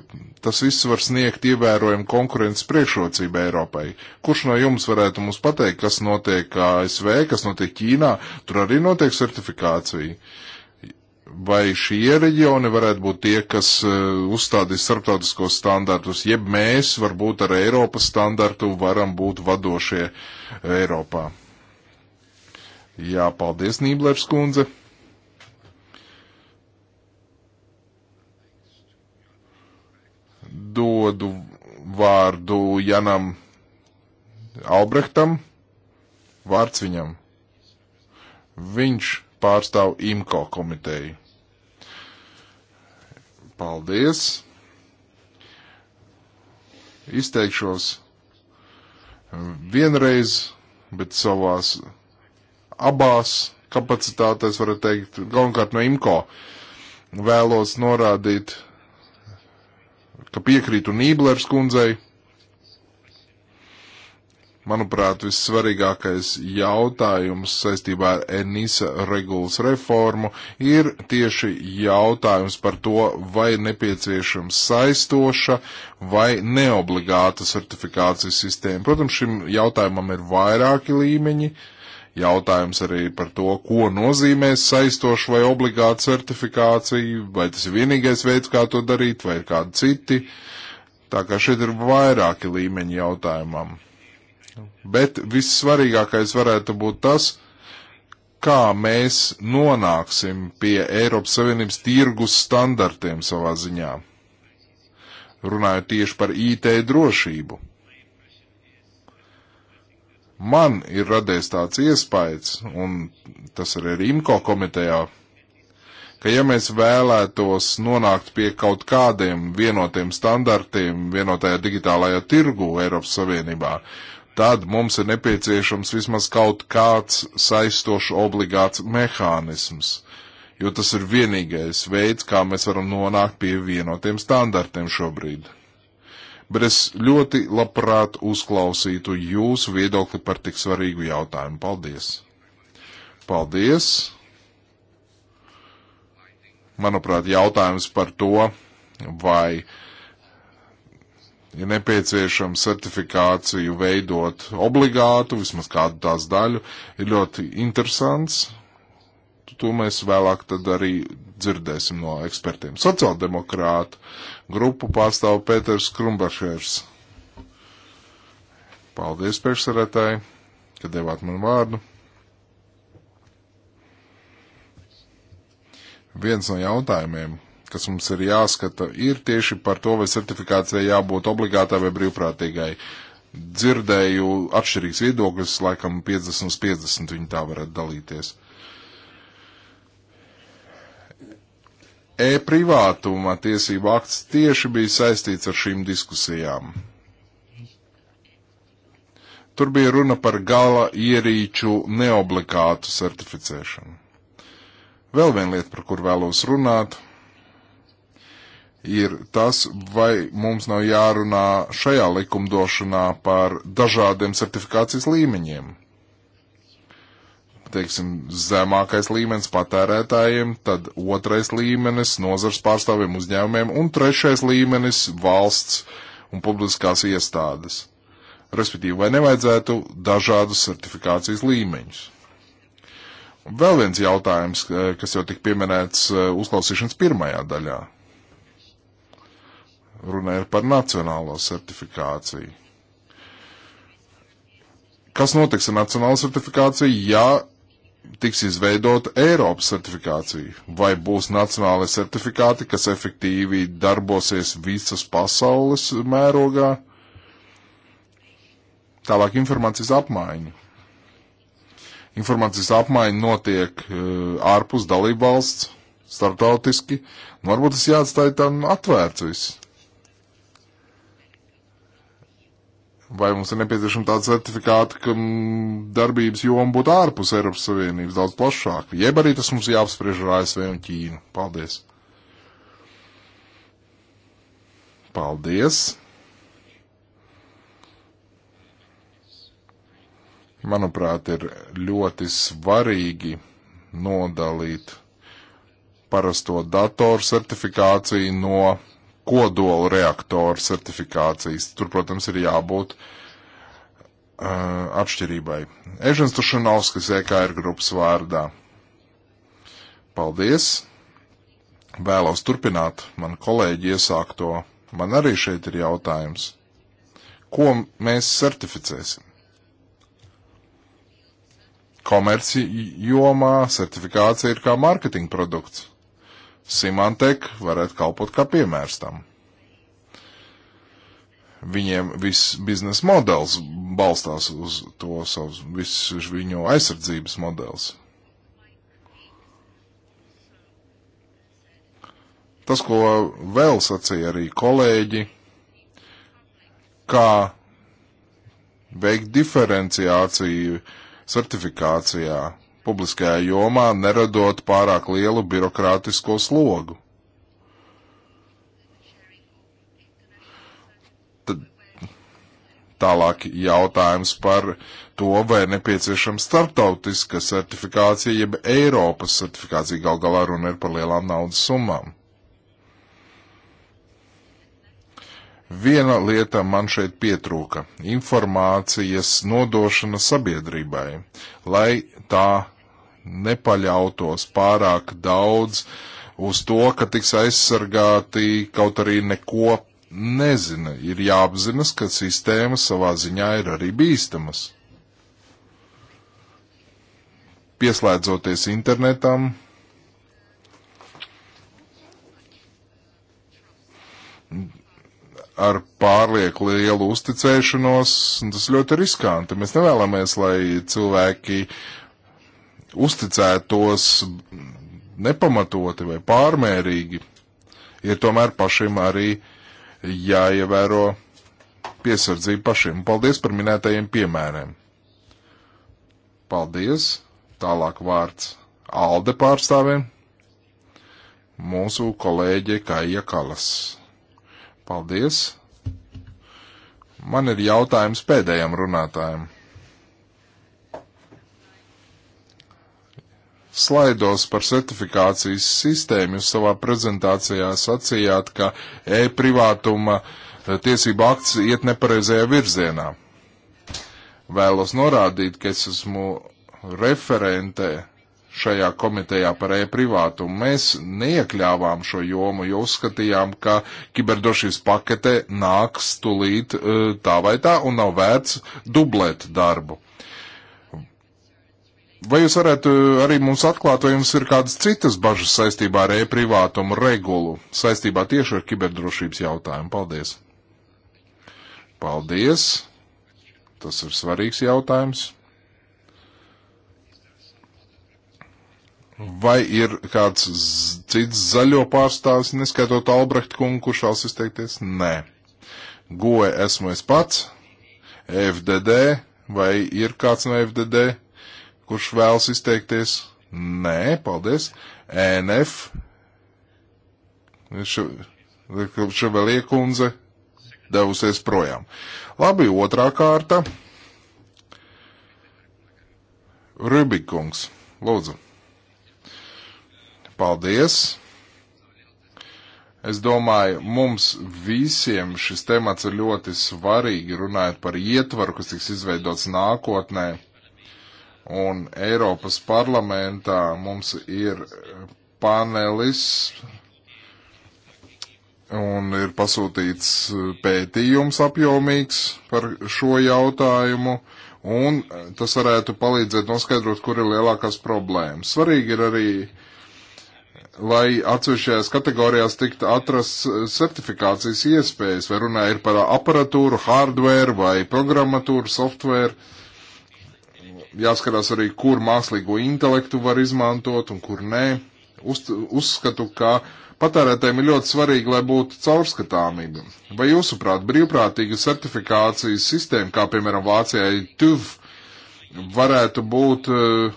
tas viss var sniegt ievērojumu konkurences priekšrocību Eiropai. Kurš no jums varētu mums pateikt, kas notiek ASV, kas notiek Ķīnā, tur arī notiek certifikācija. Uh, vai šie reģioni varētu būt tie, kas eh, uzstādīs starptautiskos standartus, jeb mēs varbūt ar Eiropas standartu varam būt vadošie Eiropā. Jā, paldies, Nīblers kundze. Dodu vārdu Janam Albrehtam. Vārds viņam. Viņš pārstāv IMCO komiteju. Paldies! Izteikšos um, vienreiz, bet savās abās kapacitātēs, varētu teikt, galvenokārt no IMCO, vēlos norādīt, ka piekrītu Nīblers kundzei manuprāt, vissvarīgākais jautājums saistībā ar Enisa regulas reformu ir tieši jautājums par to, vai ir nepieciešams saistoša vai neobligāta certifikācijas sistēma. Protams, šim jautājumam ir vairāki līmeņi. Jautājums arī par to, ko nozīmē saistoša vai obligāta certifikācija, vai tas ir vienīgais veids, kā to darīt, vai ir kādi citi. Tā kā šeit ir vairāki līmeņi jautājumam. Bet vissvarīgākais varētu būt tas, kā mēs nonāksim pie Eiropas Savienības tirgus standartiem savā ziņā. Runājot tieši par IT drošību. Man ir radies tāds iespējas, un tas arī ir IMCO komitejā, ka ja mēs vēlētos nonākt pie kaut kādiem vienotiem standartiem vienotajā digitālajā tirgu Eiropas Savienībā, uh, tad mums ir nepieciešams vismaz kaut kāds saistošs obligāts mehānisms, jo tas ir vienīgais veids, kā mēs varam nonākt pie vienotiem standartiem šobrīd. Bet es ļoti labprāt uzklausītu jūsu viedokli par tik svarīgu jautājumu. Paldies! Paldies! Manuprāt, jautājums par to, vai uh, ja nepieciešams certifikāciju veidot obligātu, vismaz kādu tās daļu, ir ļoti interesants. To mēs vēlāk tad arī dzirdēsim no ekspertiem. Sociāldemokrātu grupu pārstāv Pēters Krumbašērs. Paldies, priekšsarētāji, ka devāt man vārdu. Viens no jautājumiem, kas mums ir jāskata, ir tieši par to, vai certifikācijai jābūt obligātai vai brīvprātīgai. Dzirdēju atšķirīgs viedokļus, laikam 50 uz 50 viņi tā varētu dalīties. E-privātuma tiesība akts tieši bija saistīts ar šīm diskusijām. Tur bija runa par gala ierīču neobligātu certificēšanu. Vēl viena lieta, par kur vēlos runāt, ir tas, vai mums nav jārunā šajā likumdošanā par dažādiem certifikācijas līmeņiem. Teiksim, zemākais līmenis patērētājiem, tad otrais līmenis nozars pārstāvjiem uzņēmumiem un trešais līmenis valsts un publiskās iestādes respektīvi, vai nevajadzētu dažādus certifikācijas līmeņus. Vēl viens jautājums, eh, kas jau tik pieminēts eh, uzklausīšanas pirmajā daļā. Runa ir par nacionālo certifikāciju. Kas notiks ar nacionālo certifikāciju, ja tiks izveidota Eiropas certifikācija? Vai būs nacionālai certifikāti, kas efektīvi darbosies visas pasaules mērogā? Tālāk informācijas apmaiņa. Informācijas apmaiņa notiek uh, ārpus dalībvalsts, starptautiski. Nu, varbūt tas jāatstāja tam atvērts viss. Vai mums ir nepieciešama tāda certifikāta, ka mm, darbības joma būtu ārpus Eiropas Savienības daudz plašāka? Jeb arī tas mums jāapspriež ar ASV un Ķīnu. Paldies! Paldies! Manuprāt, ir ļoti svarīgi nodalīt parasto datoru certifikāciju no kodola reaktoru certifikācijas. Tur, protams, ir jābūt uh, atšķirībai. Ežens Tušanovskis, EKR grupas vārdā. Paldies! Vēlos turpināt man kolēģi iesākto. Man arī šeit ir jautājums. Ko mēs certificēsim? Komerci jomā certifikācija ir kā mārketinga produkts Simantek varētu kalpot kā piemērs tam. Viņiem viss biznesa modelis balstās uz to savus, viss viņu aizsardzības modelis. Tas, ko vēl sacīja arī kolēģi, kā veikt diferenciāciju certifikācijā publiskajā jomā, neradot pārāk lielu birokrātisko slogu. Tad tālāk jautājums par to, vai nepieciešama starptautiska certifikācija, jeb Eiropas certifikācija gal galā runa ir par lielām naudas summām. Viena lieta man šeit pietrūka - informācijas nodošana sabiedrībai, lai tā nepaļautos pārāk daudz uz to, ka tiks aizsargāti, kaut arī neko nezina. Ir jāapzinas, ka sistēmas savā ziņā ir arī bīstamas. Pieslēdzoties internetam, ar pārlieku lielu uzticēšanos, un tas ļoti riskanti. Mēs nevēlamies, lai cilvēki uzticētos nepamatoti vai pārmērīgi, ir tomēr pašiem arī jāievēro piesardzību pašiem. Paldies par minētajiem piemēriem. Paldies. Tālāk vārds Alde pārstāvēm. Mūsu kolēģe Kaija Kalas. Paldies. Man ir jautājums pēdējam runātājam. slaidos par certifikācijas sistēmu. Jūs savā prezentācijā sacījāt, ka e-privātuma e, tiesība akts iet nepareizajā virzienā. Vēlos norādīt, ka es esmu referente šajā komitejā par e-privātumu. Mēs neiekļāvām šo jomu, jo uzskatījām, ka kiberdrošības pakete nāks tulīt e, tā vai tā un nav vērts dublēt darbu. Vai jūs varētu arī mums atklāt, vai jums ir kādas citas bažas saistībā ar e-privātumu regulu, saistībā tieši ar kiberdrošības jautājumu? Paldies! Paldies! Tas ir svarīgs jautājums. Vai ir kāds cits zaļo pārstāvis, neskaitot Albrecht kungu, kurš vēlas izteikties? Nē. Goe esmu es pats, FDD, vai ir kāds no FDD? Kurš vēlas izteikties? Nē, paldies. NF. Ševelie kundze devusies projām. Labi, otrā kārta. Rubikungs, lūdzu. Paldies. Es domāju, mums visiem šis temats ir ļoti svarīgi runājot par ietvaru, kas tiks izveidots nākotnē Un Eiropas parlamentā mums ir panelis un ir pasūtīts pētījums apjomīgs par šo jautājumu, un tas varētu palīdzēt noskaidrot, kur ir lielākās problēmas. Svarīgi ir arī, lai atsevišķajās kategorijās tiktu atrasts certifikācijas iespējas, vai runā ir par aparatūru, hardware vai programmatūru, software. Uh, jāskarās arī, kur mākslīgo intelektu var izmantot un kur nē. Uz, uzskatu, ka patērētēm ir ļoti svarīgi, lai būtu caurskatāmība. Vai jūsuprāt, brīvprātīga certifikācijas sistēma, kā piemēram Vācijai TUV, varētu būt uh,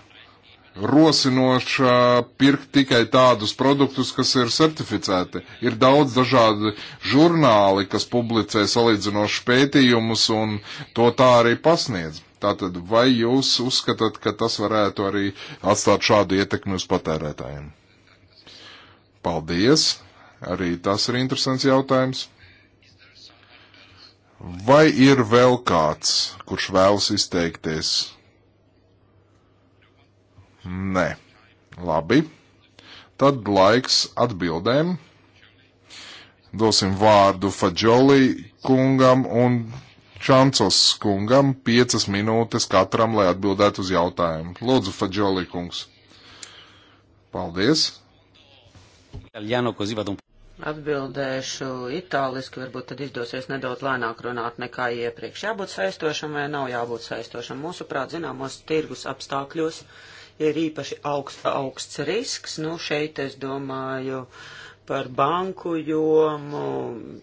rosinoša pirkt tikai tādus produktus, kas ir certificēti. Ir daudz dažādi žurnāli, kas publicē salīdzinošu pētījumus, un to tā arī pasniedz. Tātad, vai jūs uzskatāt, ka tas varētu arī atstāt šādu ietekmi uz patērētājiem? Paldies! Arī tas ir interesants jautājums. Vai ir vēl kāds, kurš vēlas izteikties? Nē. Labi. Tad laiks atbildēm. Dosim vārdu Fadžolī kungam un Čancos kungam piecas minūtes katram, lai atbildētu uz jautājumu. Lūdzu, Fadžolī kungs. Paldies. Atbildēšu itāliski, varbūt tad izdosies nedaudz lēnāk runāt nekā iepriekš. Jābūt saistošam vai nav jābūt saistošam? Mūsuprāt, zināmos tirgus apstākļos ir īpaši augst, augsts risks. Nu, šeit es domāju par banku jomu,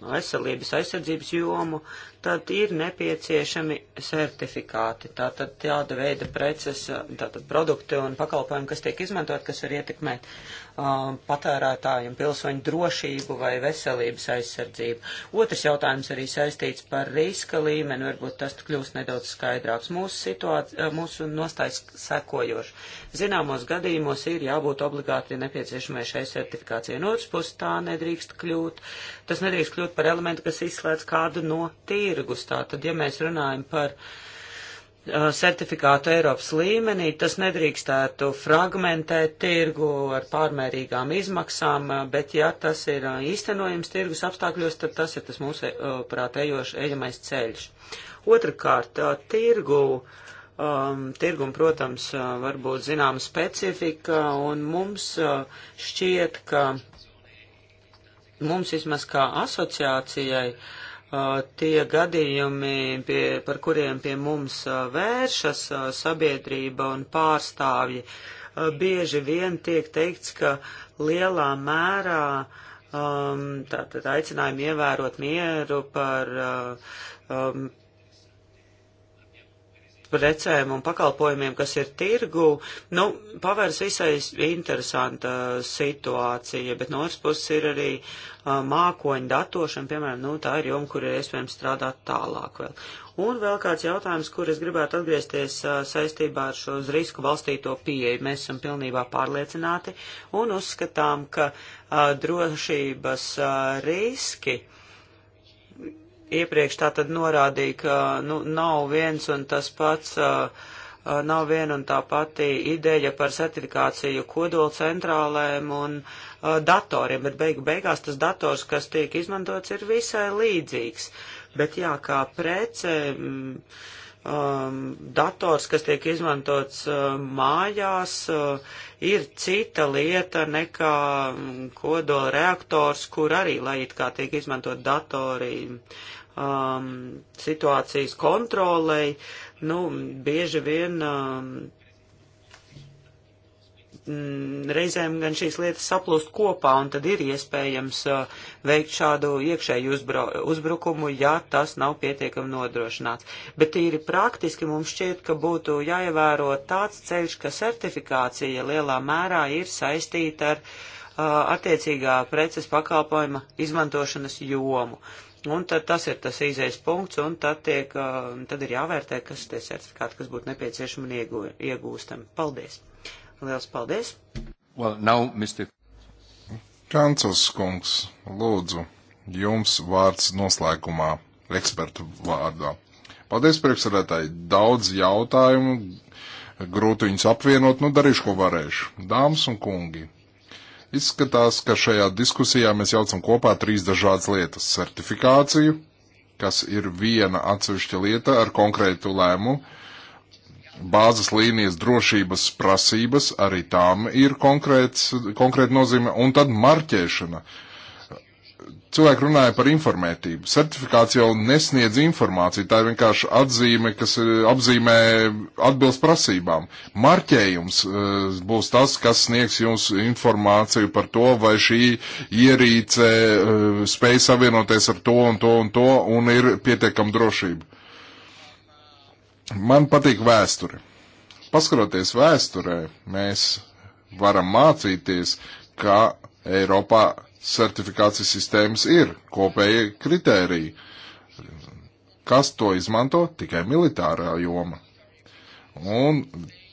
veselības aizsardzības jomu, tad ir nepieciešami sertifikāti. Tātad tāda veida preces, tātad produkti un pakalpojumi, kas tiek izmantot, kas var ietekmēt um, uh, patērētājiem pilsoņu drošību vai veselības aizsardzību. Otrs jautājums arī saistīts par riska līmeni, varbūt tas kļūst nedaudz skaidrāks. Mūsu, uh, mūsu nostājas sekojoši. Zināmos gadījumos ir jābūt obligāti nepieciešamai šai sertifikācijai. No otras puses tā nedrīkst kļūt, tas nedrīkst kļūt par elementu, kas izslēdz kādu no tīkliem tirgus. Tātad, ja mēs runājam par uh, certifikātu Eiropas līmenī, tas nedrīkstētu fragmentēt tirgu ar pārmērīgām izmaksām, uh, bet ja tas ir uh, īstenojums tirgus apstākļos, tad tas ir tas mūsu uh, prāt ejošs ejamais ceļš. Otrakārt, uh, tirgu um, tirgum, protams, uh, varbūt zināma specifika, un mums uh, šķiet, ka mums vismaz kā asociācijai tie gadījumi, pie, par kuriem pie mums vēršas sabiedrība un pārstāvji, bieži vien tiek teikts, ka lielā mērā um, tātad aicinājumi ievērot mieru par um, precēm un pakalpojumiem, kas ir tirgu, nu, pavērs visai interesanta situācija, bet no otras puses ir arī uh, mākoņu datošana, piemēram, nu, tā ir joma, kur ir iespējams strādāt tālāk vēl. Un vēl kāds jautājums, kur es gribētu atgriezties uh, saistībā ar šo uz risku balstīto pieeju. Mēs esam pilnībā pārliecināti un uzskatām, ka uh, drošības uh, riski iepriekš tā tad norādīja, ka nu, nav viens un tas pats, nav viena un tā pati ideja par certifikāciju kodola centrālēm un datoriem, bet beigu beigās tas dators, kas tiek izmantots, ir visai līdzīgs. Bet jā, kā prece. Mm, um, dators, kas tiek izmantots uh, mājās, uh, ir cita lieta nekā um, kodola reaktors, kur arī, lai it kā tiek izmantot datori um, situācijas kontrolei, nu, bieži vien um, mm, reizēm gan šīs lietas saplūst kopā, un tad ir iespējams uh, veikt šādu iekšēju uzbru, uzbrukumu, ja tas nav pietiekami nodrošināts. Bet tīri praktiski mums šķiet, ka būtu jāievēro tāds ceļš, ka certifikācija lielā mērā ir saistīta ar uh, attiecīgā preces pakalpojuma izmantošanas jomu. Un tad tas ir tas īzais punkts, un tad, tiek, uh, tad ir jāvērtē, kas tie certifikāti, kas būtu nepieciešami un iegūstami. Paldies! Lielas paldies! Well, now, Mr. Kancels kungs, lūdzu, jums vārds noslēgumā, ekspertu vārdā. Paldies, priekšsēdētāji, daudz jautājumu, grūti viņus apvienot, nu darīšu, ko varēšu. Dāmas un kungi, izskatās, ka šajā diskusijā mēs jaucam kopā trīs dažādas lietas - certifikāciju, kas ir viena atsevišķa lieta ar konkrētu lēmumu, bāzes līnijas drošības prasības, arī tām ir konkrēts, konkrēta nozīme, un tad marķēšana. Cilvēki runāja par informētību. Certifikācija jau nesniedz informāciju, tā ir vienkārši atzīme, kas eh, apzīmē atbilst prasībām. Marķējums eh, būs tas, kas sniegs jums informāciju par to, vai šī ierīce eh, spēj savienoties ar to un to un to, un ir pietiekama drošība Man patīk vēsture. Paskaroties vēsturē, mēs varam mācīties, ka Eiropā certifikācijas sistēmas ir kopēji kritēriji. Kas to izmanto? Tikai militārā joma. Un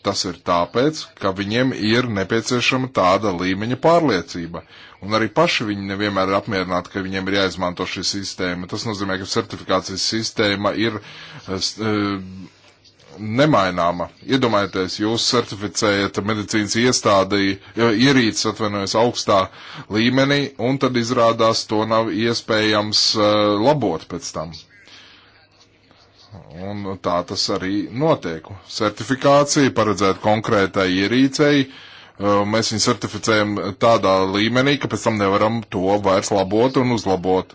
tas ir tāpēc, ka viņiem ir nepieciešama tāda līmeņa pārliecība. Un arī paši viņi nevienmēr ir apmierināti, ka viņiem ir jāizmanto šī sistēma. Tas nozīmē, ka certifikācijas sistēma ir. Es, eh, uh, eh, nemaināma. Iedomājieties, jūs certificējat medicīnas iestādi, ierīces atvainojas augstā līmenī, un tad izrādās to nav iespējams uh, labot pēc tam. Un tā tas arī notiek. Certifikācija paredzēta konkrētai ierīcei. Uh, mēs viņu certificējam tādā līmenī, ka pēc tam nevaram to vairs labot un uzlabot.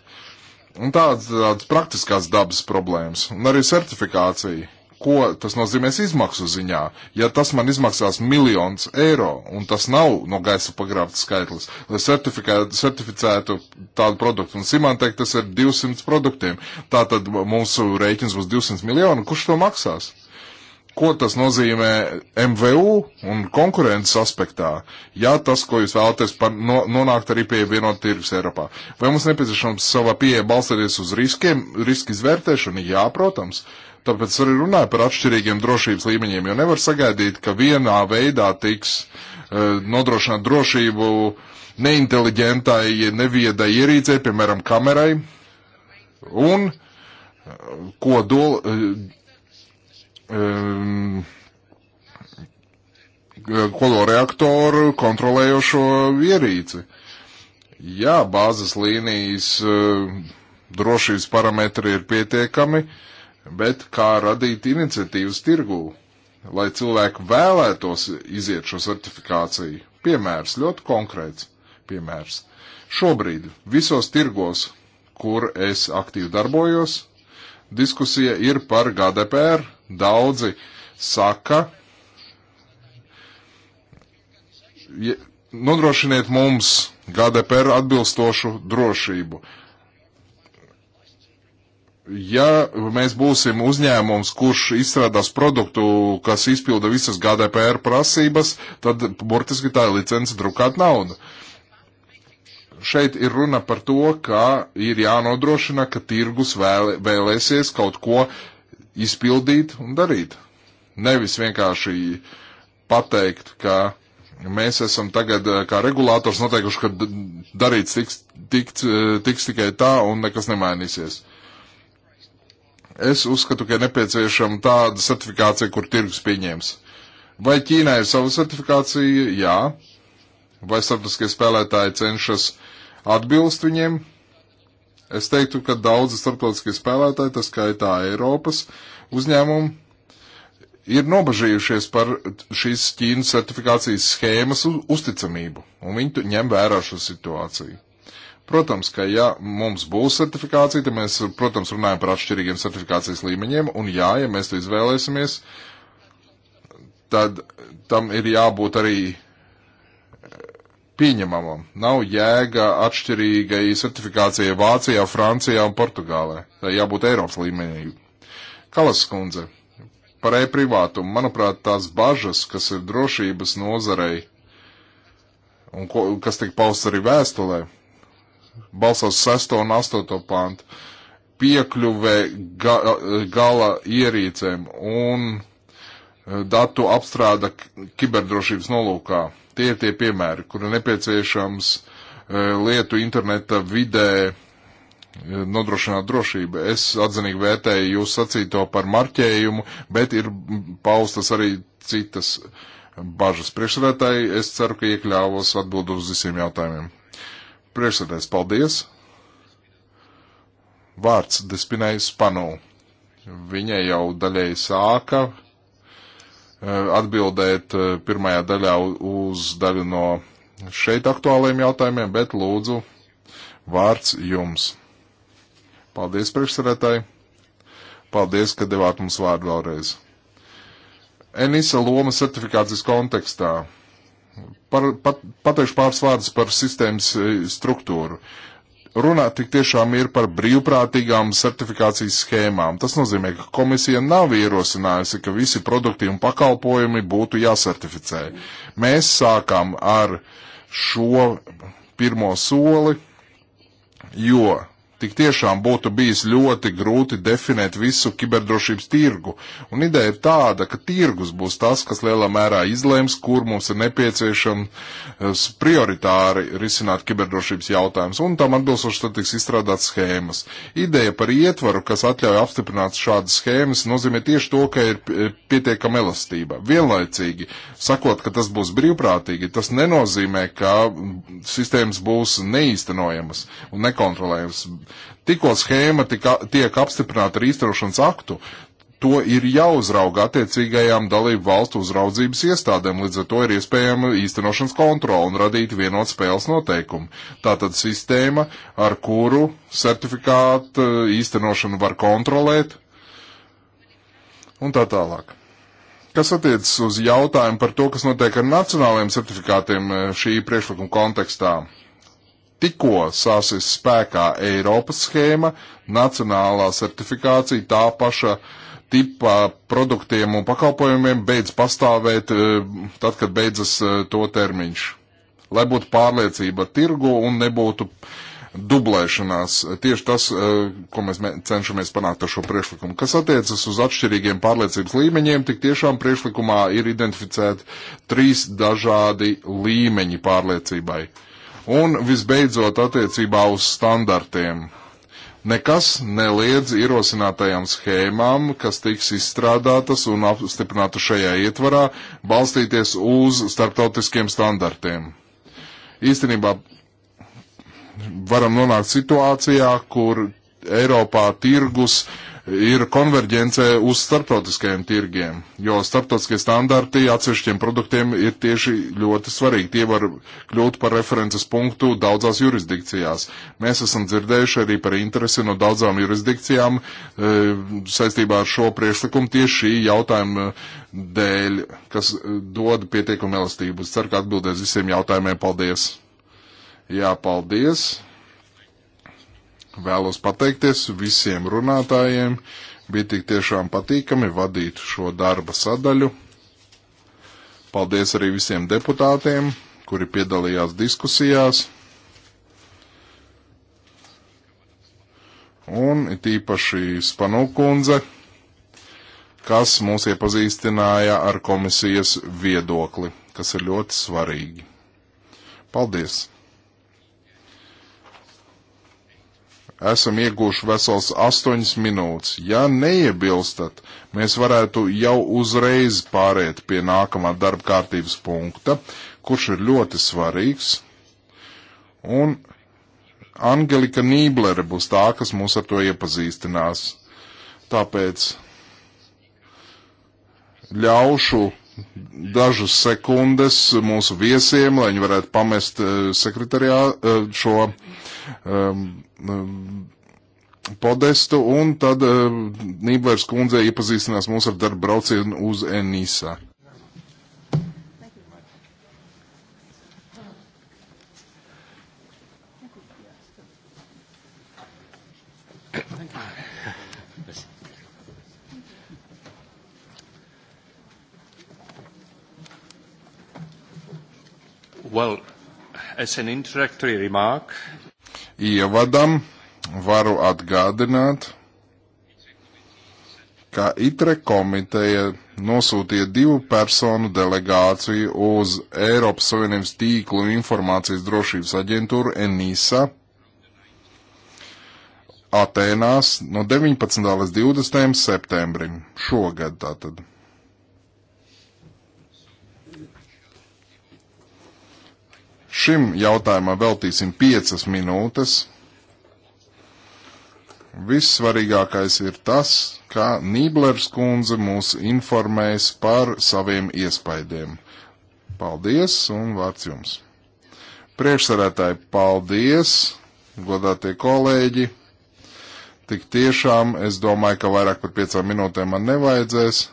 Un tāds, tāds praktiskās dabas problēmas. Un arī certifikācija ko tas nozīmēs izmaksu ziņā. Ja tas man izmaksās miljons eiro, un tas nav no gaisa pagrābts skaitlis, lai certificētu tādu produktu, un Simon teikt, tas ir 200 produktiem, tā tad mūsu rēķins būs 200 miljoni, kurš to maksās? Ko tas nozīmē MVU un konkurences aspektā, ja tas, ko jūs vēlaties, par, no, nonākt arī pie vienot tirgus Eiropā? Vai mums nepieciešams savā pieeja balstoties uz riskiem, riski izvērtēšanu? Jā, protams. Uh, Tāpēc arī runāju par atšķirīgiem drošības līmeņiem, jo nevar sagaidīt, ka vienā veidā tiks uh, nodrošināt drošību neinteliģentai, neviedai ierīcei, piemēram, kamerai un eh, kodol. Uh, eh, um, koloreaktoru kontrolējošo ierīci. Jā, bāzes līnijas drošības parametri ir pietiekami, uh, bet kā radīt iniciatīvas tirgū, lai cilvēki vēlētos iziet šo certifikāciju. Piemērs, ļoti konkrēts piemērs. Šobrīd visos tirgos, kur es aktīvi darbojos, diskusija ir par GDPR. Daudzi saka, ja, nodrošiniet mums GDPR atbilstošu drošību ja mēs būsim uzņēmums, kurš izstrādās produktu, kas izpilda visas GDPR prasības, tad burtiski tā ir licence drukāt naudu. Šeit ir runa par to, ka ir jānodrošina, ka tirgus vēl, vēlēsies kaut ko izpildīt un darīt. Nevis vienkārši pateikt, ka mēs esam tagad eh, kā regulātors noteikuši, ka darīts tiks, tiks, eh, tiks tikai tā un nekas nemainīsies. Es uzskatu, ka ir nepieciešama tāda certifikācija, kur tirgus pieņems. Vai Ķīnai ir sava certifikācija? Jā. Vai starptautiskie spēlētāji cenšas atbilst viņiem? Es teiktu, ka daudzi starptautiskie spēlētāji, tas skaitā Eiropas uzņēmumu, ir nobažījušies par šīs Ķīnas certifikācijas schēmas uzticamību, un viņi ņem vērā šo situāciju. Protams, ka ja mums būs certifikācija, tad mēs, protams, runājam par atšķirīgiem certifikācijas līmeņiem, un jā, ja mēs to izvēlēsimies, tad tam ir jābūt arī pieņemamam. Nav jēga atšķirīgai certifikācijai Vācijā, Francijā un Portugālē. Tā jābūt Eiropas līmenī. Kalas kundze, par e-privātumu, manuprāt, tās bažas, kas ir drošības nozarei un ko, kas tika pausts arī vēstulē, balsos 6. un 8. pantu piekļuvē ga, gala ierīcēm un e, datu apstrāda kiberdrošības nolūkā. Tie ir tie piemēri, kuri nepieciešams e, lietu interneta vidē e, nodrošināt drošību. Es atzinīgi vērtēju jūs sacīto par marķējumu, bet ir paustas arī citas bažas. Priekšsēdētāji, es ceru, ka iekļāvos atbildu uz visiem jautājumiem. Priekšsēdētājs, paldies! Vārds Despinai Spanu. Viņa jau daļai sāka eh, atbildēt eh, pirmajā daļā uz daļu no šeit aktuāliem jautājumiem, bet lūdzu vārds jums. Paldies, priekšsarētāji! Paldies, ka devāt mums vārdu vēlreiz. Enisa loma certifikācijas kontekstā. Par, pat, pateikšu pāris vārdus par sistēmas e, struktūru. Runā tik tiešām ir par brīvprātīgām certifikācijas schēmām. Tas nozīmē, ka komisija nav ierosinājusi, ka visi produkti un pakalpojumi būtu jāsertificē. Mēs sākam ar šo pirmo soli, jo Tik tiešām būtu bijis ļoti grūti definēt visu kiberdrošības tirgu. Un ideja ir tāda, ka tirgus būs tas, kas lielā mērā izlems, kur mums ir nepieciešams eh, prioritāri risināt kiberdrošības jautājumus. Un tam atbilstoši tad tiks izstrādāts schēmas. Ideja par ietvaru, kas atļauj apstiprināt šādas schēmas, nozīmē tieši to, ka ir pietiekama elastība. Vienlaicīgi, sakot, ka tas būs brīvprātīgi, tas nenozīmē, ka sistēmas būs neīstenojamas un nekontrolējamas. Tikko schēma tika, tiek apstiprināta ar īstenošanas aktu, to ir jāuzrauga attiecīgajām dalību valstu uzraudzības iestādēm, līdz ar to ir iespējama īstenošanas kontrola un radīt vienot spēles noteikumi. Tātad sistēma, ar kuru certifikātu eh, īstenošanu var kontrolēt un tā tālāk. Kas attiecas uz jautājumu par to, kas notiek ar nacionālajiem certifikātiem eh, šī priekšlikuma kontekstā? tikko sāksies spēkā Eiropas schēma, nacionālā certifikācija tā paša tipa produktiem un pakalpojumiem beidz pastāvēt eh, tad, kad beidzas eh, to termiņš. Lai būtu pārliecība tirgu un nebūtu dublēšanās. Tieši tas, eh, ko mēs cenšamies panākt ar šo priekšlikumu. Kas attiecas uz atšķirīgiem pārliecības līmeņiem, tik tiešām priekšlikumā ir identificēti trīs dažādi līmeņi pārliecībai. Uh, Un visbeidzot attiecībā uz standartiem. Nekas neliedz ierosinātajām schēmām, kas tiks izstrādātas un apstiprināta šajā ietvarā, balstīties uz starptautiskiem standartiem. Īstenībā varam nonākt situācijā, kur Eiropā tirgus uh, ir konverģence uz starptautiskajiem tirgiem, jo starptautiskie standarti atsevišķiem produktiem ir tieši ļoti svarīgi. Tie var kļūt par references punktu daudzās jurisdikcijās. Mēs esam dzirdējuši arī par interesi no daudzām jurisdikcijām e, saistībā ar šo priekšlikumu tieši šī jautājuma dēļ, kas dod pietiekumu elastību. Es ceru, ka atbildēs visiem jautājumiem. Paldies! Jā, paldies! Vēlos pateikties visiem runātājiem. Bija tik tiešām patīkami vadīt šo darba sadaļu. Paldies arī visiem deputātiem, kuri piedalījās diskusijās. Un it īpaši Spanukundze, kas mūs iepazīstināja ar komisijas viedokli, kas ir ļoti svarīgi. Paldies! esam iegūši vesels astoņas minūtes. Ja neiebilstat, mēs varētu jau uzreiz pāriet pie nākamā darba kārtības punkta, kurš ir ļoti svarīgs. Un Angelika Nīblere būs tā, kas mūs ar to iepazīstinās. Tāpēc ļaušu dažas sekundes mūsu viesiem, lai viņi varētu pamest eh, sekretariā eh, šo uh, Um, um, podestu, un tad um, Nībērs kundze iepazīstinās mūs ar darbu braucienu uz Enīsā. Well, as an introductory remark, ievadam varu atgādināt, ka ITRE komiteja nosūtīja divu personu delegāciju uz Eiropas Savienības tīklu informācijas drošības aģentūru ENISA Atēnās no 19. līdz 20. septembrim šogad tātad. Šim jautājumam veltīsim piecas minūtes. Vissvarīgākais ir tas, ka Nīblers kundze mūs informēs par saviem iespaidiem. Paldies un vārds jums. Priekšsarētāji, paldies, godātie kolēģi. Tik tiešām es domāju, ka vairāk par piecām minūtēm man nevajadzēs.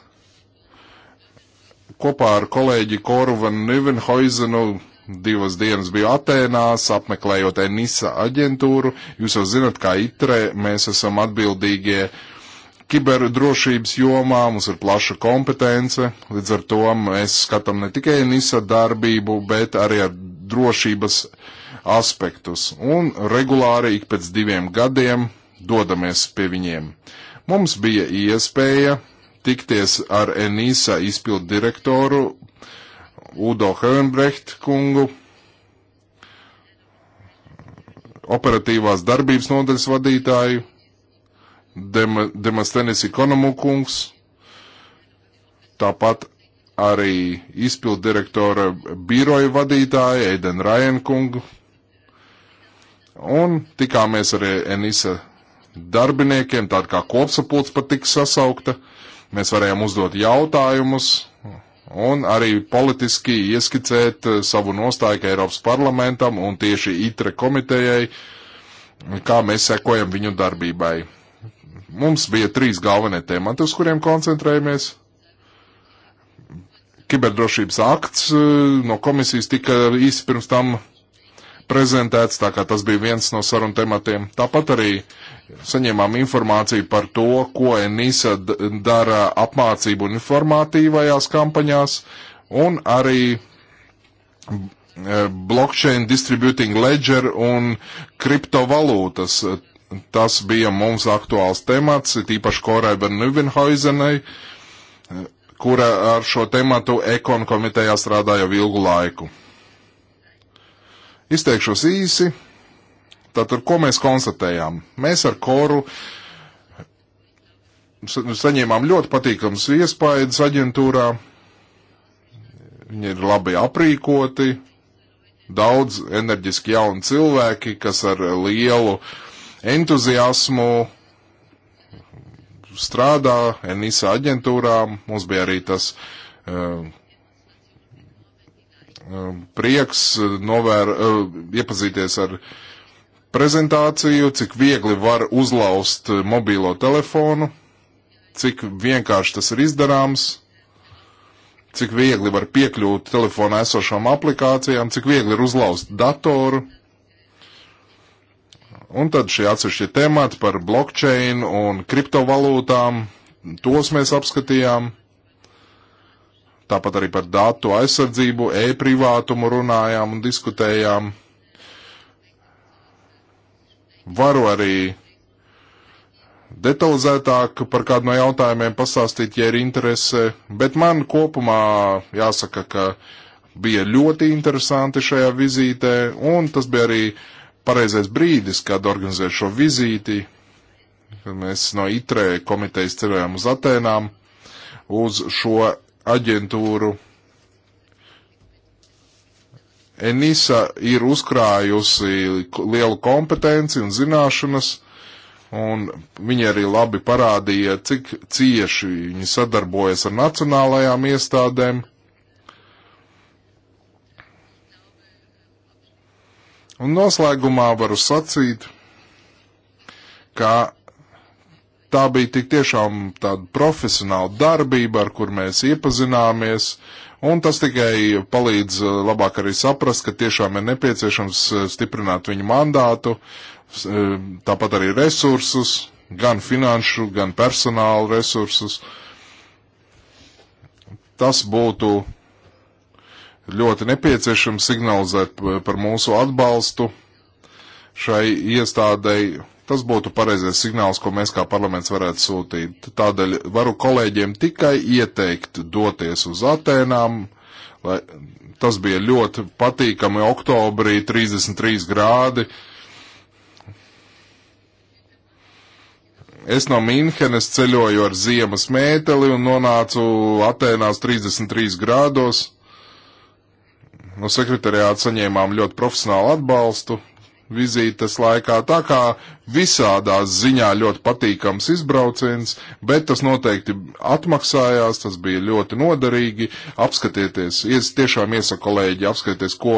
Kopā ar kolēģi Koru van Nivenhoizenu divas dienas biju Atēnās, apmeklējot Enisa aģentūru. Jūs jau zinat, kā ITRE mēs esam atbildīgie kiberdrošības jomā, mums ir plaša kompetence, līdz ar to mēs skatām ne tikai Enisa darbību, bet arī ar drošības aspektus. Un regulāri ik pēc diviem gadiem dodamies pie viņiem. Mums bija iespēja tikties ar Enisa izpildu direktoru uh, Udo Hörenbrecht kungu, operatīvās darbības nodaļas vadītāju, Dem Demastenis Ekonomu kungs, tāpat arī izpildu direktora biroja vadītāja Eiden Rajenkungu. Un tikāmies arī Enisa darbiniekiem, tāda kā kopsapulce pat tika sasaukta. Mēs varējām uzdot jautājumus, un arī politiski ieskicēt eh, savu nostāju ka Eiropas parlamentam un tieši ITRE komitejai, kā mēs sekojam viņu darbībai. Mums bija trīs galvenie temati, uz kuriem koncentrējamies. Kiberdrošības akts eh, no komisijas tika īsi pirms tam prezentēts, tā kā tas bija viens no sarunu tematiem. Tāpat arī saņēmām informāciju par to, ko Enisa dara apmācību un informatīvajās kampaņās, un arī eh, blockchain, distributing ledger un kriptovalūtas. Tas bija mums aktuāls temats, tīpaši Korai van Nuvenhoizenai, eh, kura ar šo tematu ekon komitejā strādā jau ilgu laiku. Izteikšos īsi. Tātad, ko mēs konstatējām? Mēs ar koru saņēmām ļoti patīkams iespaidas aģentūrā. Viņi ir labi aprīkoti, daudz enerģiski jauni cilvēki, kas ar lielu entuziasmu strādā NISA aģentūrā. Mums bija arī tas uh, Um, prieks uh, novēr, uh, iepazīties ar prezentāciju, cik viegli var uzlaust uh, mobīlo telefonu, cik vienkārši tas ir izdarāms, cik viegli var piekļūt telefonā esošām aplikācijām, cik viegli ir uzlaust datoru. Un tad šie atsevišķi temati par blockchain un kriptovalūtām, tos mēs apskatījām. Tāpat arī par datu aizsardzību, e-privātumu runājām un diskutējām. Varu arī detalizētāk par kādu no jautājumiem pastāstīt, ja ir interese, bet man kopumā jāsaka, ka bija ļoti interesanti šajā vizītē, un tas bija arī pareizais brīdis, kad organizēt šo vizīti, kad mēs no ITRE komitejas ceļojām uz Atēnām, uz šo aģentūru. Enisa ir uzkrājusi lielu kompetenci un zināšanas, un viņi arī labi parādīja, cik cieši viņi sadarbojas ar nacionālajām iestādēm. Un noslēgumā varu sacīt, ka tā bija tik tiešām tāda profesionāla darbība, ar kur mēs iepazināmies, un tas tikai palīdz eh, labāk arī saprast, ka tiešām ir nepieciešams eh, stiprināt viņu mandātu, eh, tāpat arī resursus, gan finanšu, gan personālu resursus. Tas būtu ļoti nepieciešams signalizēt par mūsu atbalstu šai iestādēji Tas būtu pareizais signāls, ko mēs kā parlaments varētu sūtīt. Tādēļ varu kolēģiem tikai ieteikt doties uz Atēnām. Lai, tas bija ļoti patīkami oktobrī, 33 grādi. Es no Mīnhenes ceļoju ar ziemas mēteli un nonācu Atēnās 33 grādos. No sekretariāta saņēmām ļoti profesionālu atbalstu vizītes laikā. Tā kā visādā ziņā ļoti patīkams izbrauciens, bet tas noteikti atmaksājās, tas bija ļoti noderīgi. Apskatieties, es tiešām iesaku kolēģi apskatieties, ko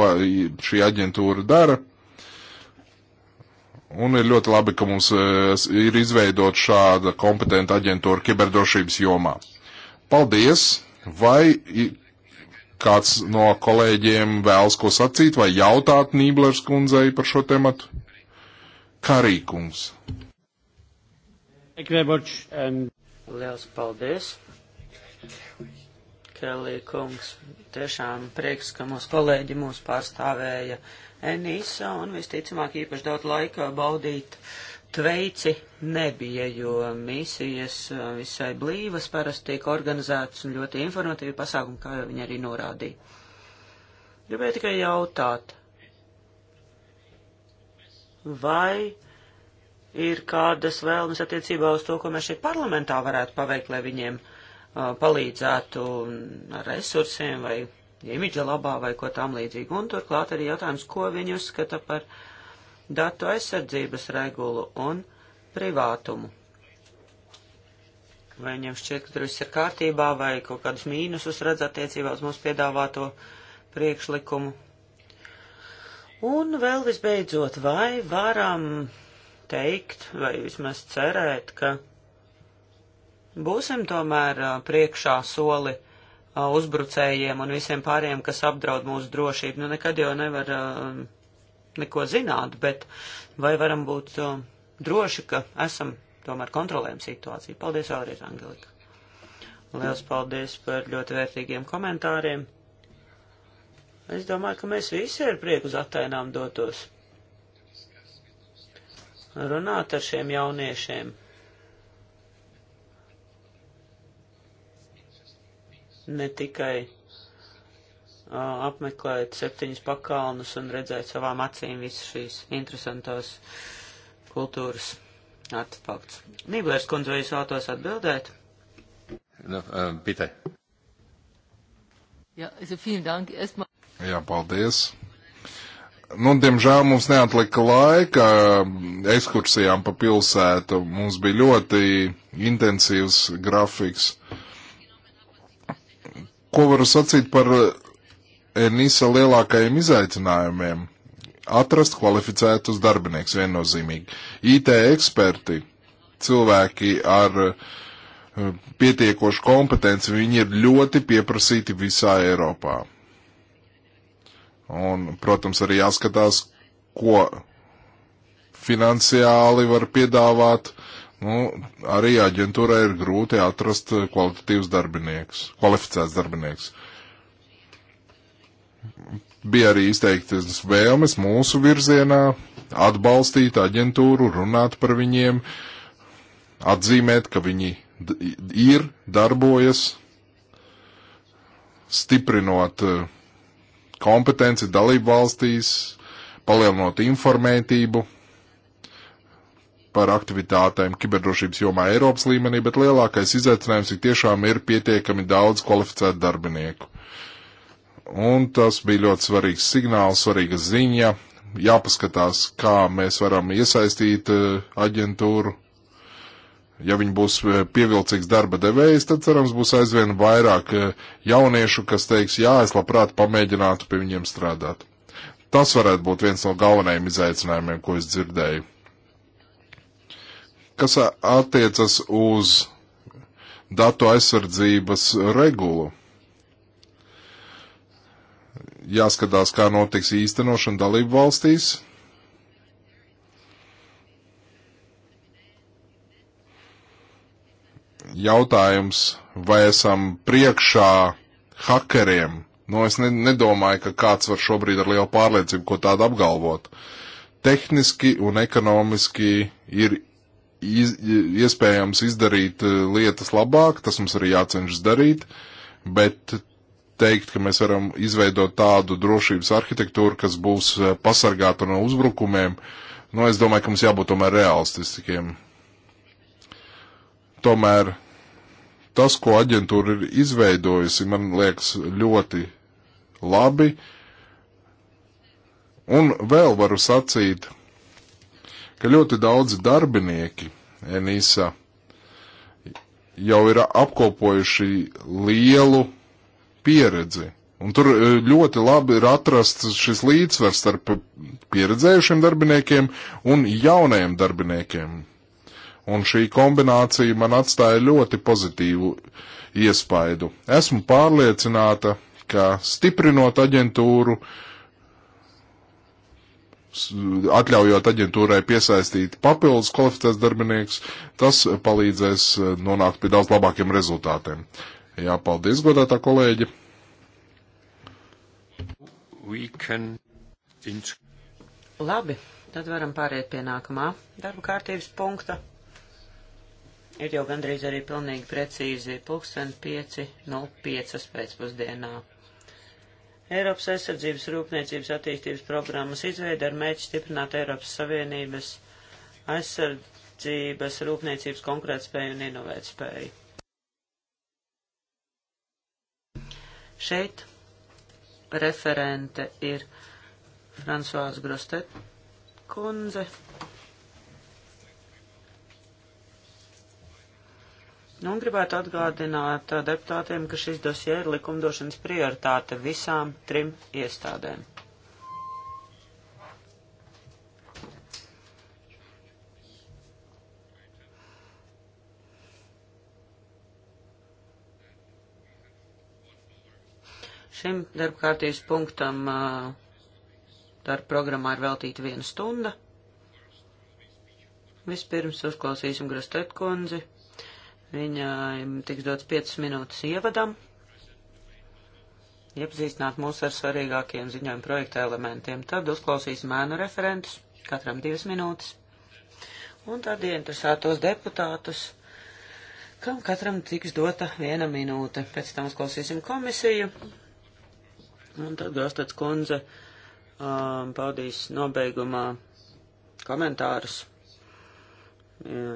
šī aģentūra dara. Un ir ļoti labi, ka mums e, ir izveidot šāda kompetenta aģentūra kiberdrošības jomā. Paldies! Vai kāds no kolēģiem vēlas ko sacīt vai jautāt Nīblers kundzei par šo tematu? Karīkums. Liels paldies. Kelī kungs, tiešām prieks, ka mūsu kolēģi mūs pārstāvēja Enisa un visticamāk īpaši daudz laika baudīt uh, Tveici nebija, jo misijas uh, visai blīvas parasti tiek organizētas un ļoti informatīvi pasākumi, kā jau viņi arī norādīja. Gribēju tikai jautāt, vai ir kādas vēlmes attiecībā uz to, ko mēs šeit parlamentā varētu paveikt, lai viņiem uh, palīdzētu ar resursiem vai imidža labā vai ko tam līdzīgu. Un turklāt arī jautājums, ko viņi uzskata par datu aizsardzības regulu un privātumu. Vai viņiem šķiet, ka tur viss ir kārtībā, vai kaut kādus mīnusus redz attiecībā uz mūsu piedāvāto priekšlikumu? Un vēl visbeidzot, vai varam teikt, vai vismaz cerēt, ka būsim tomēr priekšā soli uzbrucējiem un visiem pāriem, kas apdraud mūsu drošību. Nu, nekad jau nevar uh, neko zināt, bet vai varam būt uh, droši, ka esam tomēr kontrolējam situāciju. Paldies vēlreiz, Angelika. Liels paldies par ļoti vērtīgiem komentāriem. Es domāju, ka mēs visi ar prieku uz attēnām dotos. Runāt ar šiem jauniešiem. Ne tikai apmeklēt septiņus pakalnus un redzēt savām acīm visas šīs interesantās kultūras artefakts. Nīblērs kundze, vai jūs vēlatos atbildēt? Nu, um, Pitē. Jā, Jā, paldies. Nu, diemžēl mums neatlika laika ekskursijām pa pilsētu. Mums bija ļoti intensīvs grafiks. Ko varu sacīt par Nisa lielākajiem izaicinājumiem - atrast kvalificētus darbinieks viennozīmīgi. IT eksperti, cilvēki ar eh, pietiekošu kompetenci, viņi ir ļoti pieprasīti visā Eiropā. Un, protams, arī jāskatās, ko finansiāli var piedāvāt. Nu, arī aģentūrai ir grūti atrast kvalitatīvs darbinieks, kvalificēts darbinieks bija arī izteiktas vēlmes mūsu virzienā atbalstīt aģentūru, runāt par viņiem, atzīmēt, ka viņi ir, darbojas, stiprinot eh, kompetenci dalību valstīs, palielinot informētību par aktivitātēm kiberdrošības jomā Eiropas līmenī, bet lielākais izaicinājums ir tiešām ir pietiekami daudz kvalificētu darbinieku. Uh, Un tas bija ļoti svarīgs signāls, svarīga ziņa. Jāpaskatās, kā mēs varam iesaistīt eh, aģentūru. Ja viņi būs eh, pievilcīgs darba devējs, tad cerams būs aizvien vairāk eh, jauniešu, kas teiks, jā, es labprāt pamēģinātu pie viņiem strādāt. Tas varētu būt viens no galvenajiem izaicinājumiem, ko es dzirdēju. Kas attiecas uz datu aizsardzības regulu? jāskatās, kā notiks īstenošana dalību valstīs. Jautājums, vai esam priekšā hakeriem? Nu, es ne, nedomāju, ka kāds var šobrīd ar lielu pārliecību ko tādu apgalvot. Tehniski un ekonomiski ir iz, iespējams izdarīt eh, lietas labāk, tas mums arī jācenšas darīt, bet teikt, ka mēs varam izveidot tādu drošības arhitektūru, kas būs eh, pasargāta no uzbrukumiem. Nu, es domāju, ka mums jābūt tomēr realististikiem. Tomēr tas, ko aģentūra ir izveidojusi, man liekas ļoti labi. Un vēl varu sacīt, ka ļoti daudzi darbinieki Enisa jau ir apkopojuši lielu pieredzi. Un tur e, ļoti labi ir atrasts šis līdzsvars starp pieredzējušiem darbiniekiem un jaunajiem darbiniekiem. Un šī kombinācija man atstāja ļoti pozitīvu iespaidu. Esmu pārliecināta, ka stiprinot aģentūru, atļaujot aģentūrai piesaistīt papildus kvalificēts darbinieks, tas palīdzēs e, nonākt pie daudz labākiem rezultātiem. Jā, paldies, godātā kolēģi. Can... Labi, tad varam pāriet pie nākamā darba kārtības punkta. Ir jau gandrīz arī pilnīgi precīzi pulksten 5.05 nu, pēcpusdienā. Eiropas aizsardzības rūpniecības attīstības programmas izveida ar mēģi stiprināt Eiropas Savienības aizsardzības rūpniecības konkrētspēju un inovētspēju. Šeit referente ir Fransuāz Grostet kundze. Nu, un gribētu atgādināt deputātiem, ka šis dosie ir likumdošanas prioritāte visām trim iestādēm. Šim darbkārtības punktam darba programmā ir veltīta viena stunda. Vispirms uzklausīsim Grastet kundzi. Viņai tiks dots 5 minūtes ievadam, iepazīstināt mūs ar svarīgākiem ziņojumu projekta elementiem. Tad uzklausīsim mēnu referentus, katram 2 minūtes. Un tad ieinteresētos deputātus, kam katram tiks dota viena minūte. Pēc tam uzklausīsim komisiju, Un tad Grostets kundze um, paudīs nobeigumā komentārus,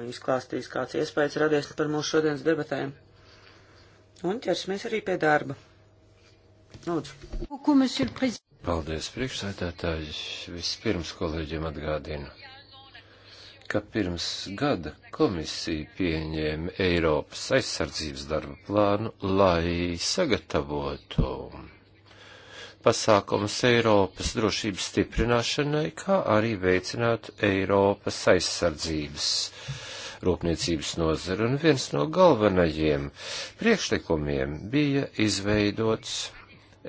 izklāstīs, kāds iespējas radies par mūsu šodienas debatēm. Un ķersimies arī pie darba. Lūdzu. Paldies, priekšsēdētāji. Vispirms kolēģiem atgādinu, ka pirms gada komisija pieņēma Eiropas aizsardzības darba plānu, lai sagatavotu pasākumus Eiropas drošības stiprināšanai, kā arī veicināt Eiropas aizsardzības rūpniecības nozaru. Un viens no galvenajiem priekšlikumiem bija izveidots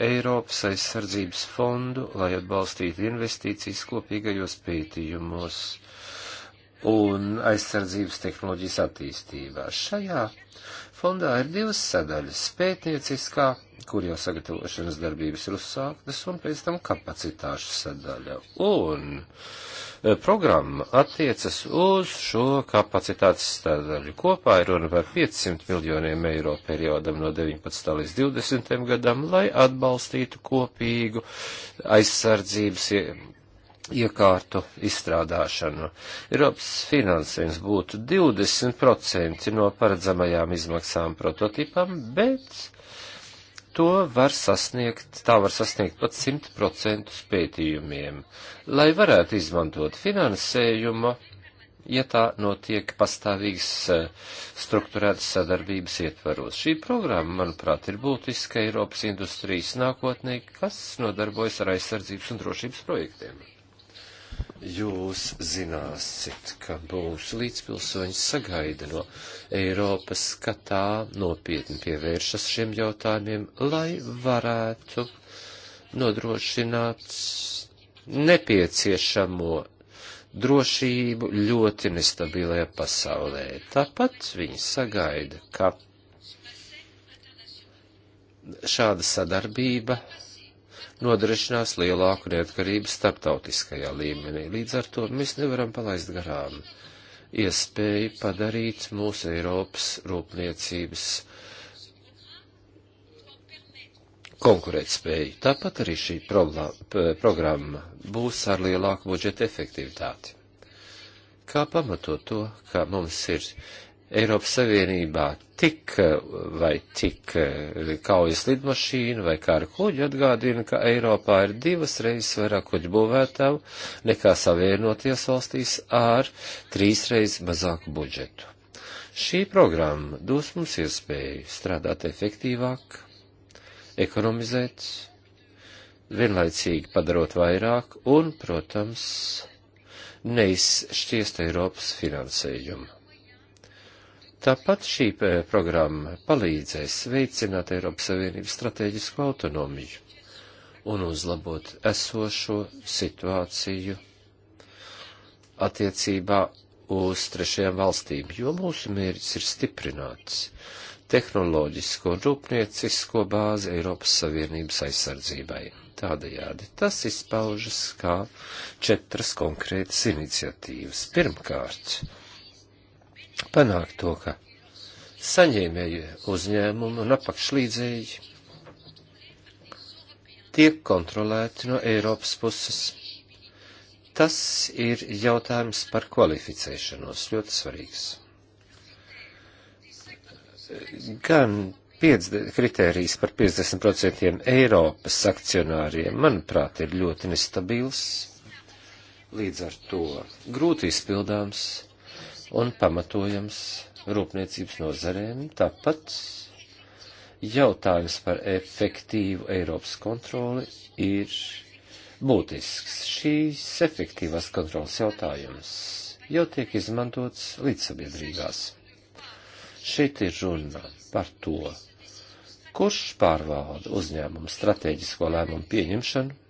Eiropas aizsardzības fondu, lai atbalstītu investīcijas kopīgajos pētījumos un aizsardzības tehnoloģijas attīstībā. Šajā fondā ir divas sadaļas - pētnieciskā, kur jau sagatavošanas darbības ir uzsāktas, un pēc tam kapacitāšu sadaļa. Un e, programma attiecas uz šo kapacitātes sadaļu. Kopā ir runa par 500 miljoniem eiro periodam no 19. līdz 20. gadam, lai atbalstītu kopīgu aizsardzības iekārtu izstrādāšanu. Eiropas finansējums būtu 20% no paredzamajām izmaksām prototipam, bet to var sasniegt, tā var sasniegt pat 100% pētījumiem, lai varētu izmantot finansējumu, ja tā notiek pastāvīgas eh, struktūrētas sadarbības ietvaros. Šī programma, manuprāt, ir būtiska Eiropas industrijas nākotnē, kas nodarbojas ar aizsardzības un drošības projektiem jūs zināsit, ka mūsu līdzpilsoņi sagaida no Eiropas, ka tā nopietni pievēršas šiem jautājumiem, lai varētu nodrošināt nepieciešamo drošību ļoti nestabilajā pasaulē. Tāpat viņi sagaida, ka šāda sadarbība nodrošinās lielāku neatkarību starptautiskajā līmenī. Līdz ar to mēs nevaram palaist garām iespēju padarīt mūsu Eiropas rūpniecības konkurētspēju. Tāpat arī šī programma būs ar lielāku budžeta efektivitāti. Kā pamatot to, ka mums ir Eiropas Savienībā tik eh, vai tik eh, kaujas lidmašīnu vai kāra kuģi atgādina, ka Eiropā ir divas reizes vairāk kuģu būvētavu nekā savienoties valstīs ar trīs reizes mazāku budžetu. Šī programma dos mums iespēju strādāt efektīvāk, ekonomizēt, vienlaicīgi padarot vairāk un, protams, neizšķiest Eiropas finansējumu Tāpat šī e, programma palīdzēs veicināt Eiropas Savienības strateģisko autonomiju un uzlabot esošo situāciju attiecībā uz trešajām valstīm, jo mūsu mērķis ir stiprināts tehnoloģisko un rūpniecisko bāzi Eiropas Savienības aizsardzībai. Tādējādi tas izpaužas kā četras konkrētas iniciatīvas. Pirmkārt, panākt to, ka saņēmēju uzņēmumu un apakšlīdzēji tiek kontrolēti no Eiropas puses. Tas ir jautājums par kvalificēšanos, ļoti svarīgs. Gan kritērijs par 50% Eiropas akcionāriem, manuprāt, ir ļoti nestabils, līdz ar to grūti izpildāms un pamatojams rūpniecības nozarēm. Tāpat jautājums par efektīvu Eiropas kontroli ir būtisks. Šīs efektīvās kontrolas jautājums jau tiek izmantots līdzsabiedrībās. Šeit ir runa par to, kurš pārvalda uzņēmumu strateģisko lēmumu pieņemšanu,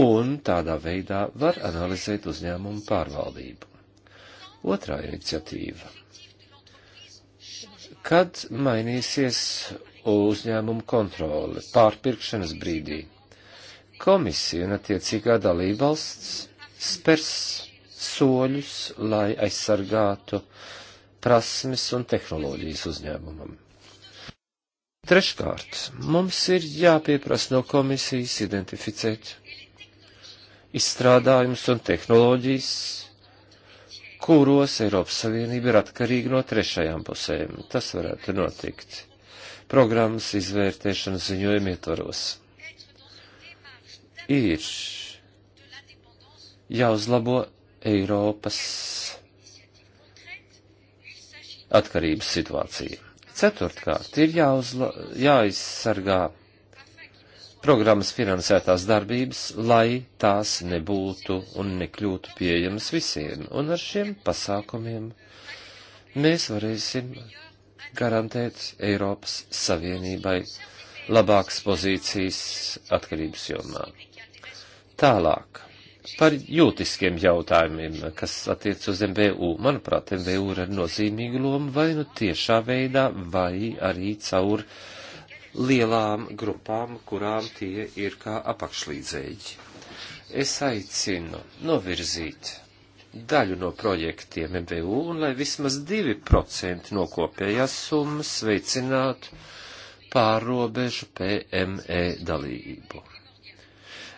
un tādā veidā var analizēt uzņēmumu pārvaldību. Otrā iniciatīva. Kad mainīsies uzņēmumu kontrole pārpirkšanas brīdī? Komisija un attiecīgā dalībvalsts spers soļus, lai aizsargātu prasmes un tehnoloģijas uzņēmumam. Treškārt, mums ir jāpieprasa no komisijas identificēt izstrādājumus un tehnoloģijas, kuros Eiropas Savienība ir atkarīga no trešajām pusēm. Tas varētu notikt programmas izvērtēšanas ziņojuma ietvaros. Ir jāuzlabo Eiropas atkarības situācija. Ceturtkārt, ir jāuzla, jāizsargā programmas finansētās darbības, lai tās nebūtu un nekļūtu pieejamas visiem. Un ar šiem pasākumiem mēs varēsim garantēt Eiropas Savienībai labākas pozīcijas atkarības jomā. Tālāk par jūtiskiem jautājumiem, kas attiec uz MBU. Manuprāt, MBU ir ar nozīmīgu lomu vai nu tiešā veidā, vai arī caur uh, lielām grupām, kurām tie ir kā apakšlīdzēji. Es aicinu novirzīt daļu no projektiem MBU un lai vismaz 2% no kopējās summas veicinātu pārrobežu PME dalību.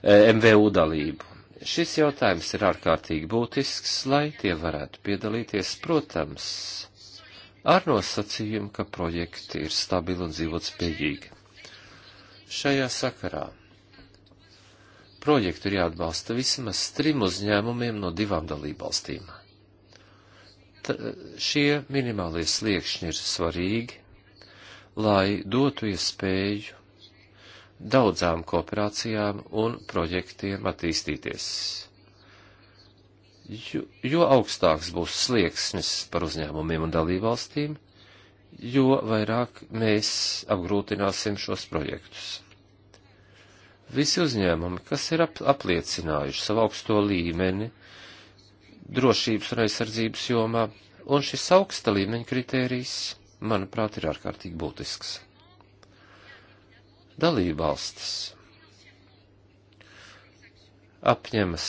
E, MVU dalību. Šis jautājums ir ārkārtīgi būtisks, lai tie varētu piedalīties, protams, ar nosacījumu, ka projekti ir stabili un dzīvotspējīgi. Šajā sakarā projektu ir jāatbalsta vismaz trim uzņēmumiem no divām dalībvalstīm. Šie minimālie sliekšņi ir svarīgi, lai dotu iespēju daudzām kooperācijām un projektiem attīstīties jo, jo augstāks būs slieksnis par uzņēmumiem un dalībvalstīm, jo vairāk mēs apgrūtināsim šos projektus. Visi uzņēmumi, kas ir ap, apliecinājuši savu augsto līmeni drošības un aizsardzības jomā, un šis augsta līmeņa kritērijs, manuprāt, ir ārkārtīgi būtisks. Dalībvalstis apņemas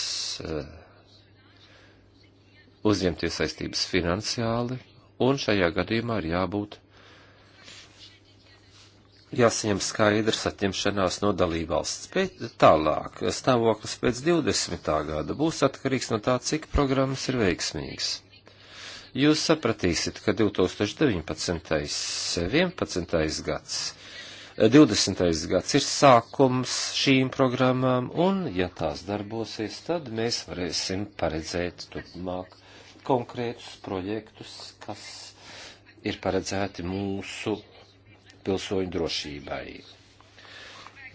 uh, uzņemties saistības finansiāli, un šajā gadījumā ir jābūt jāsaņem skaidrs atņemšanās no dalībvalsts. Pēc tālāk, stāvoklis pēc 20. gada būs atkarīgs no tā, cik programmas ir veiksmīgas. Jūs sapratīsiet, ka 2019. 11. gads 20. gads ir sākums šīm programmām, un, ja tās darbosies, tad mēs varēsim paredzēt turpmāk konkrētus projektus, kas ir paredzēti mūsu pilsoņu drošībai.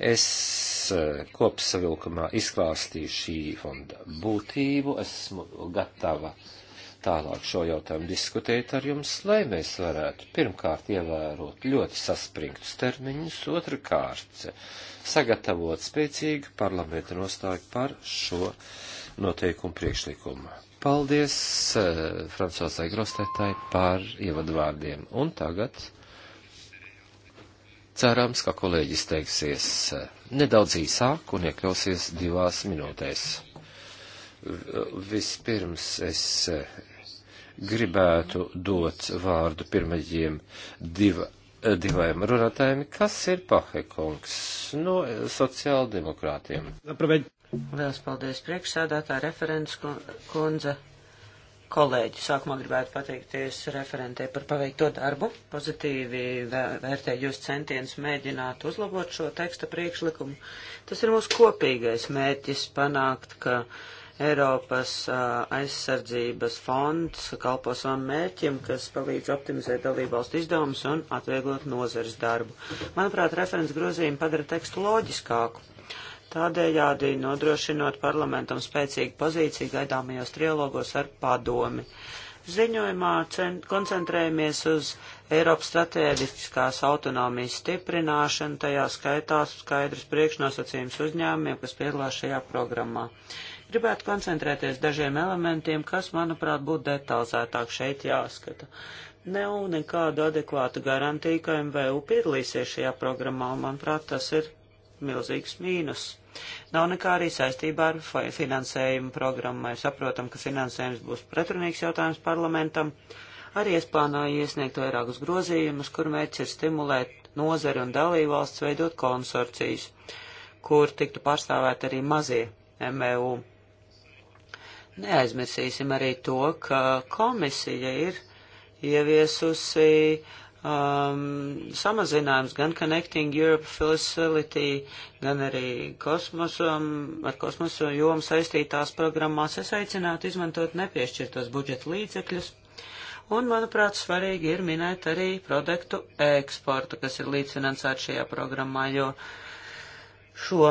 Es eh, kopsavilkumā izklāstīju šī fonda būtību, esmu gatava tālāk šo jautājumu diskutēt ar jums, lai mēs varētu pirmkārt ievērot ļoti saspringtus termiņus, otrkārt sagatavot spēcīgu parlamenta nostāju par šo noteikumu priekšlikumu. Paldies uh, eh, Francosai Grostētai par ievadvārdiem. Un tagad cerams, ka kolēģis teiksies eh, nedaudz īsāk un iekļausies divās minūtēs. Vispirms es eh, gribētu dot vārdu pirmajiem div, divajiem runātājiem, kas ir Pahekungs no sociāldemokrātiem. Labprāt. Liels paldies priekšsādātā referents kundze. Kolēģi, sākumā gribētu pateikties referentē par paveikto darbu. Pozitīvi vērtēju jūs centienus mēģināt uzlabot šo teksta priekšlikumu. Tas ir mūsu kopīgais mērķis panākt, ka Eiropas aizsardzības fonds kalpo savam mērķim, kas palīdz optimizēt dalībvalstu izdevumus un atvieglot nozares darbu. Manuprāt, referents grozījumi padara tekstu loģiskāku Tādējādi nodrošinot parlamentam spēcīgu pozīciju gaidāmajos trilogos ar padomi. Ziņojumā koncentrējamies uz Eiropas strateģiskās autonomijas stiprināšanu, tajā skaitā skaidrs priekšnosacījums uzņēmumiem, kas piedalās šajā programmā. Gribētu koncentrēties dažiem elementiem, kas, manuprāt, būtu detalizētāk šeit jāskata. Nav nekādu adekvātu garantiju, ka MVU piedalīsies šajā programmā, un, manuprāt, tas ir milzīgs mīnus. Nav nekā arī saistībā ar finansējumu programmu. Mēs saprotam, ka finansējums būs pretrunīgs jautājums parlamentam. Arī es plānoju iesniegt vairākus grozījumus, kur mērķis ir stimulēt nozari un dalībvalsts veidot konsorcijus, kur tiktu pārstāvēt arī mazie MEU. Neaizmirsīsim arī to, ka komisija ir ieviesusi uh, um, samazinājums gan Connecting Europe Facility, gan arī kosmosam, ar kosmosu jomu saistītās programmās. Es aicinātu izmantot nepiešķirtos budžeta līdzekļus. Un, manuprāt, svarīgi ir minēt arī produktu eksportu, kas ir līdzfinansēts šajā programmā, jo šo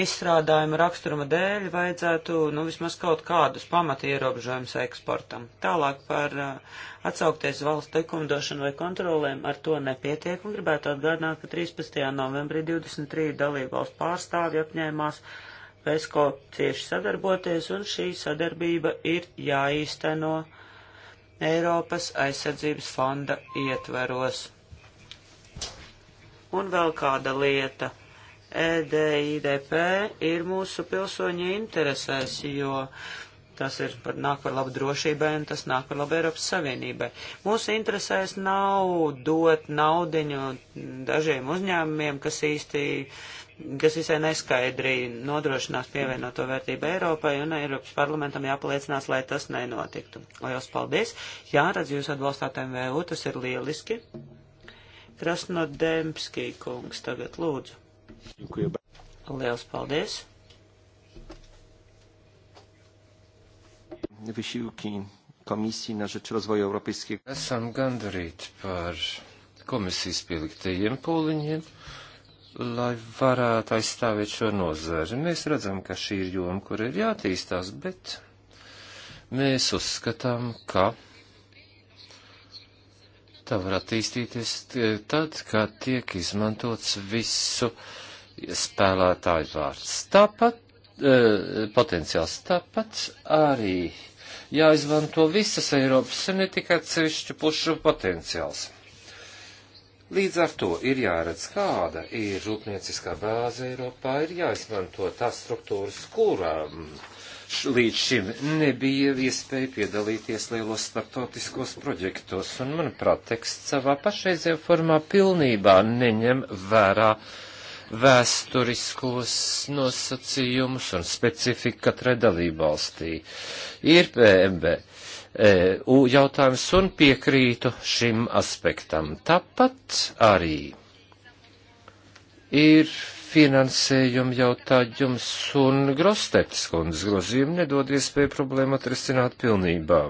izstrādājuma raksturuma dēļ vajadzētu nu, vismaz kaut kādus pamata ierobežojumus eksportam. Tālāk par uh, atsaukties valsts likumdošanu vai kontrolēm ar to nepietiek un gribētu atgādināt, ka 13. novembrī 23 dalību valsts pārstāvji apņēmās PESCO cieši sadarboties un šī sadarbība ir jāīsteno Eiropas aizsardzības fonda ietveros. Un vēl kāda lieta EDIDP ir mūsu pilsoņu interesēs, jo tas ir par, nāk par labu drošībai un tas nāk par labu Eiropas Savienībai. Mūsu interesēs nav dot naudiņu dažiem uzņēmumiem, kas īsti kas visai neskaidri nodrošinās pievienoto vērtību Eiropai, un Eiropas parlamentam jāpaliecinās, lai tas nenotiktu. Lielas paldies! Jā, redz, jūs atbalstāt MVU, tas ir lieliski. Krasnodemskī kungs tagad lūdzu. Liels paldies! Wysiłki Komisji na Rzecz Rozwoju Europejskiego. Esam gandarīt par komisijas pieliktajiem pūliņiem, lai varētu aizstāvēt šo nozari. Mēs redzam, ka šī ir joma, kur ir jātīstās, bet mēs uzskatām, ka tā var attīstīties tad, kad tiek izmantots visu spēlētāju vārds. Tāpat, e, potenciāls tāpat arī jāizmanto visas Eiropas un ne tikai atsevišķu pušu potenciāls. Līdz ar to ir jāredz, kāda ir rūpnieciskā bāze Eiropā, ir jāizmanto tās struktūras, kurām um, līdz šim nebija iespēja piedalīties lielos startautiskos projektos, un, manuprāt, teksts savā pašreizējā formā pilnībā neņem vērā vēsturiskos nosacījumus un specifiku katrai dalībvalstī. Ir PMB e, jautājums un piekrītu šim aspektam. Tāpat arī ir finansējumu jautājums un Grostetes kundzes grozījumi nedod iespēju problēmu atrisināt pilnībā.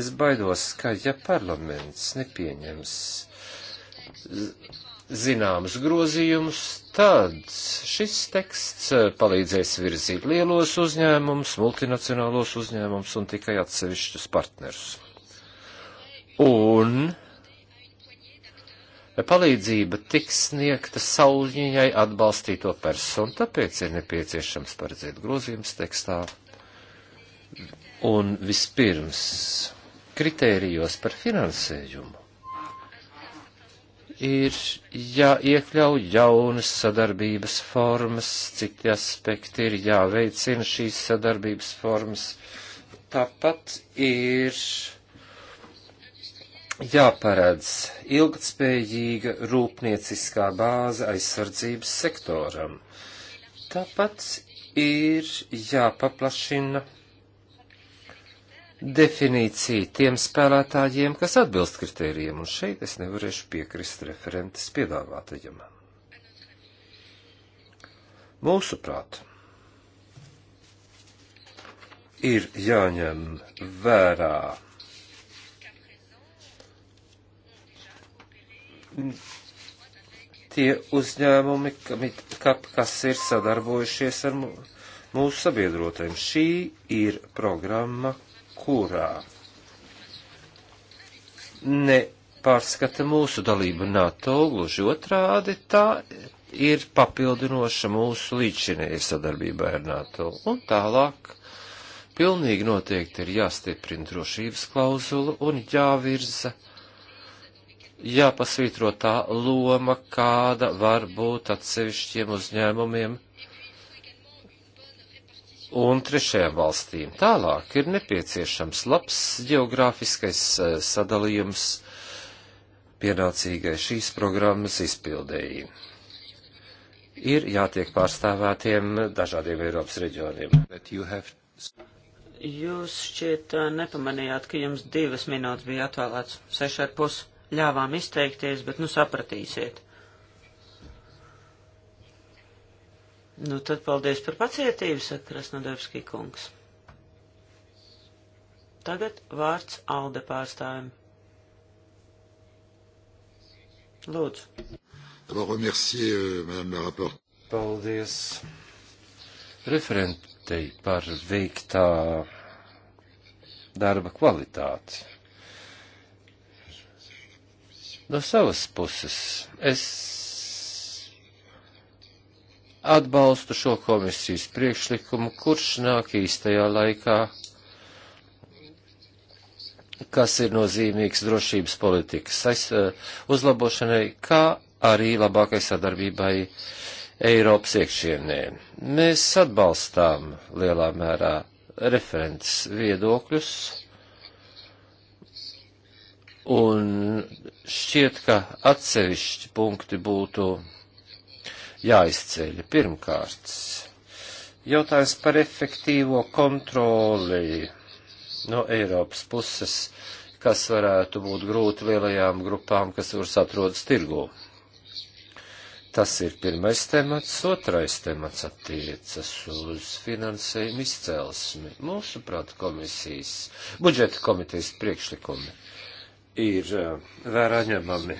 Es baidos, ka ja parlaments nepieņems zināmus grozījumus, tad šis teksts palīdzēs virzīt lielos uzņēmumus, multinacionālos uzņēmumus un tikai atsevišķus partnerus. Un palīdzība tiks sniegta sauļņai atbalstīto personu, tāpēc ir nepieciešams paredzēt grozījums tekstā. Un vispirms kritērijos par finansējumu ir jāiekļauj ja jaunas sadarbības formas, citi aspekti ir jāveicina šīs sadarbības formas. Tāpat ir jāparedz ilgtspējīga rūpnieciskā bāze aizsardzības sektoram. Tāpat ir jāpaplašina definīcija tiem spēlētājiem, kas atbilst kritērijiem, un šeit es nevarēšu piekrist referentes piedāvātajam. Mūsuprāt, ir jāņem vērā tie uzņēmumi, kas ir sadarbojušies ar mūsu sabiedrotajiem. Šī ir programma, kurā nepārskata mūsu dalību NATO, gluži otrādi, tā ir papildinoša mūsu līdzinēja sadarbībai ar NATO. Un tālāk pilnīgi noteikti ir jāstiprina drošības klauzula un jāvirza jāpasvītro tā loma, kāda var būt atsevišķiem uzņēmumiem un trešajām valstīm. Tālāk ir nepieciešams labs geogrāfiskais eh, sadalījums pienācīgai šīs programmas izpildēji. Ir jātiek pārstāvētiem dažādiem Eiropas reģioniem. Jūs šķiet eh, nepamanījāt, ka jums divas minūtes bija atvēlēts seši ar pusi ļāvām izteikties, bet nu sapratīsiet. Nu tad paldies par pacietību, saka Krasnodevski kungs. Tagad vārds Alde pārstāvim. Lūdzu. Euh, paldies referentei par veiktā darba kvalitāti No savas puses es atbalstu šo komisijas priekšlikumu, kurš nāk īstajā laikā, kas ir nozīmīgs drošības politikas aiz, eh, uzlabošanai, kā arī labākai sadarbībai Eiropas iekšienē. Mēs atbalstām lielā mērā referents viedokļus Un šķiet, ka atsevišķi punkti būtu jāizceļ. Pirmkārt, jautājums par efektīvo kontroli no Eiropas puses, kas varētu būt grūti lielajām grupām, kas vairs atrodas tirgū. Tas ir pirmais temats, otrais temats attiecas uz finansējumu izcelsmi. Mūsuprāt, komisijas, budžeta komitejas priekšlikumi ir vērā ņemami.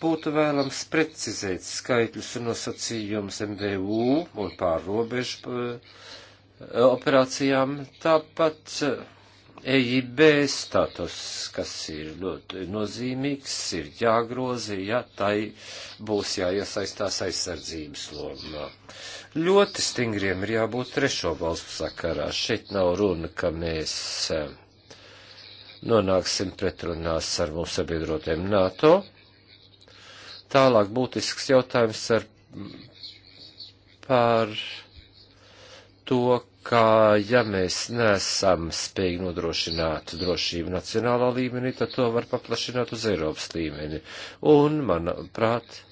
Būtu vēlams precizēt skaitļus un nosacījumus MVU un pārrobežu operācijām, tāpat EIB status, kas ir ļoti nozīmīgs, ir jāgrozi, ja tai būs jāiesaistās aizsardzības lomā. Ļoti stingriem ir jābūt trešo valstu sakarā. Šeit nav runa, ka mēs nonāksim pretrunās ar mūsu sabiedrotiem NATO. Tālāk būtisks jautājums ar, par to, kā ja mēs nesam spējīgi nodrošināt drošību nacionālā līmenī, tad to var paplašināt uz Eiropas līmeni. Un, manuprāt,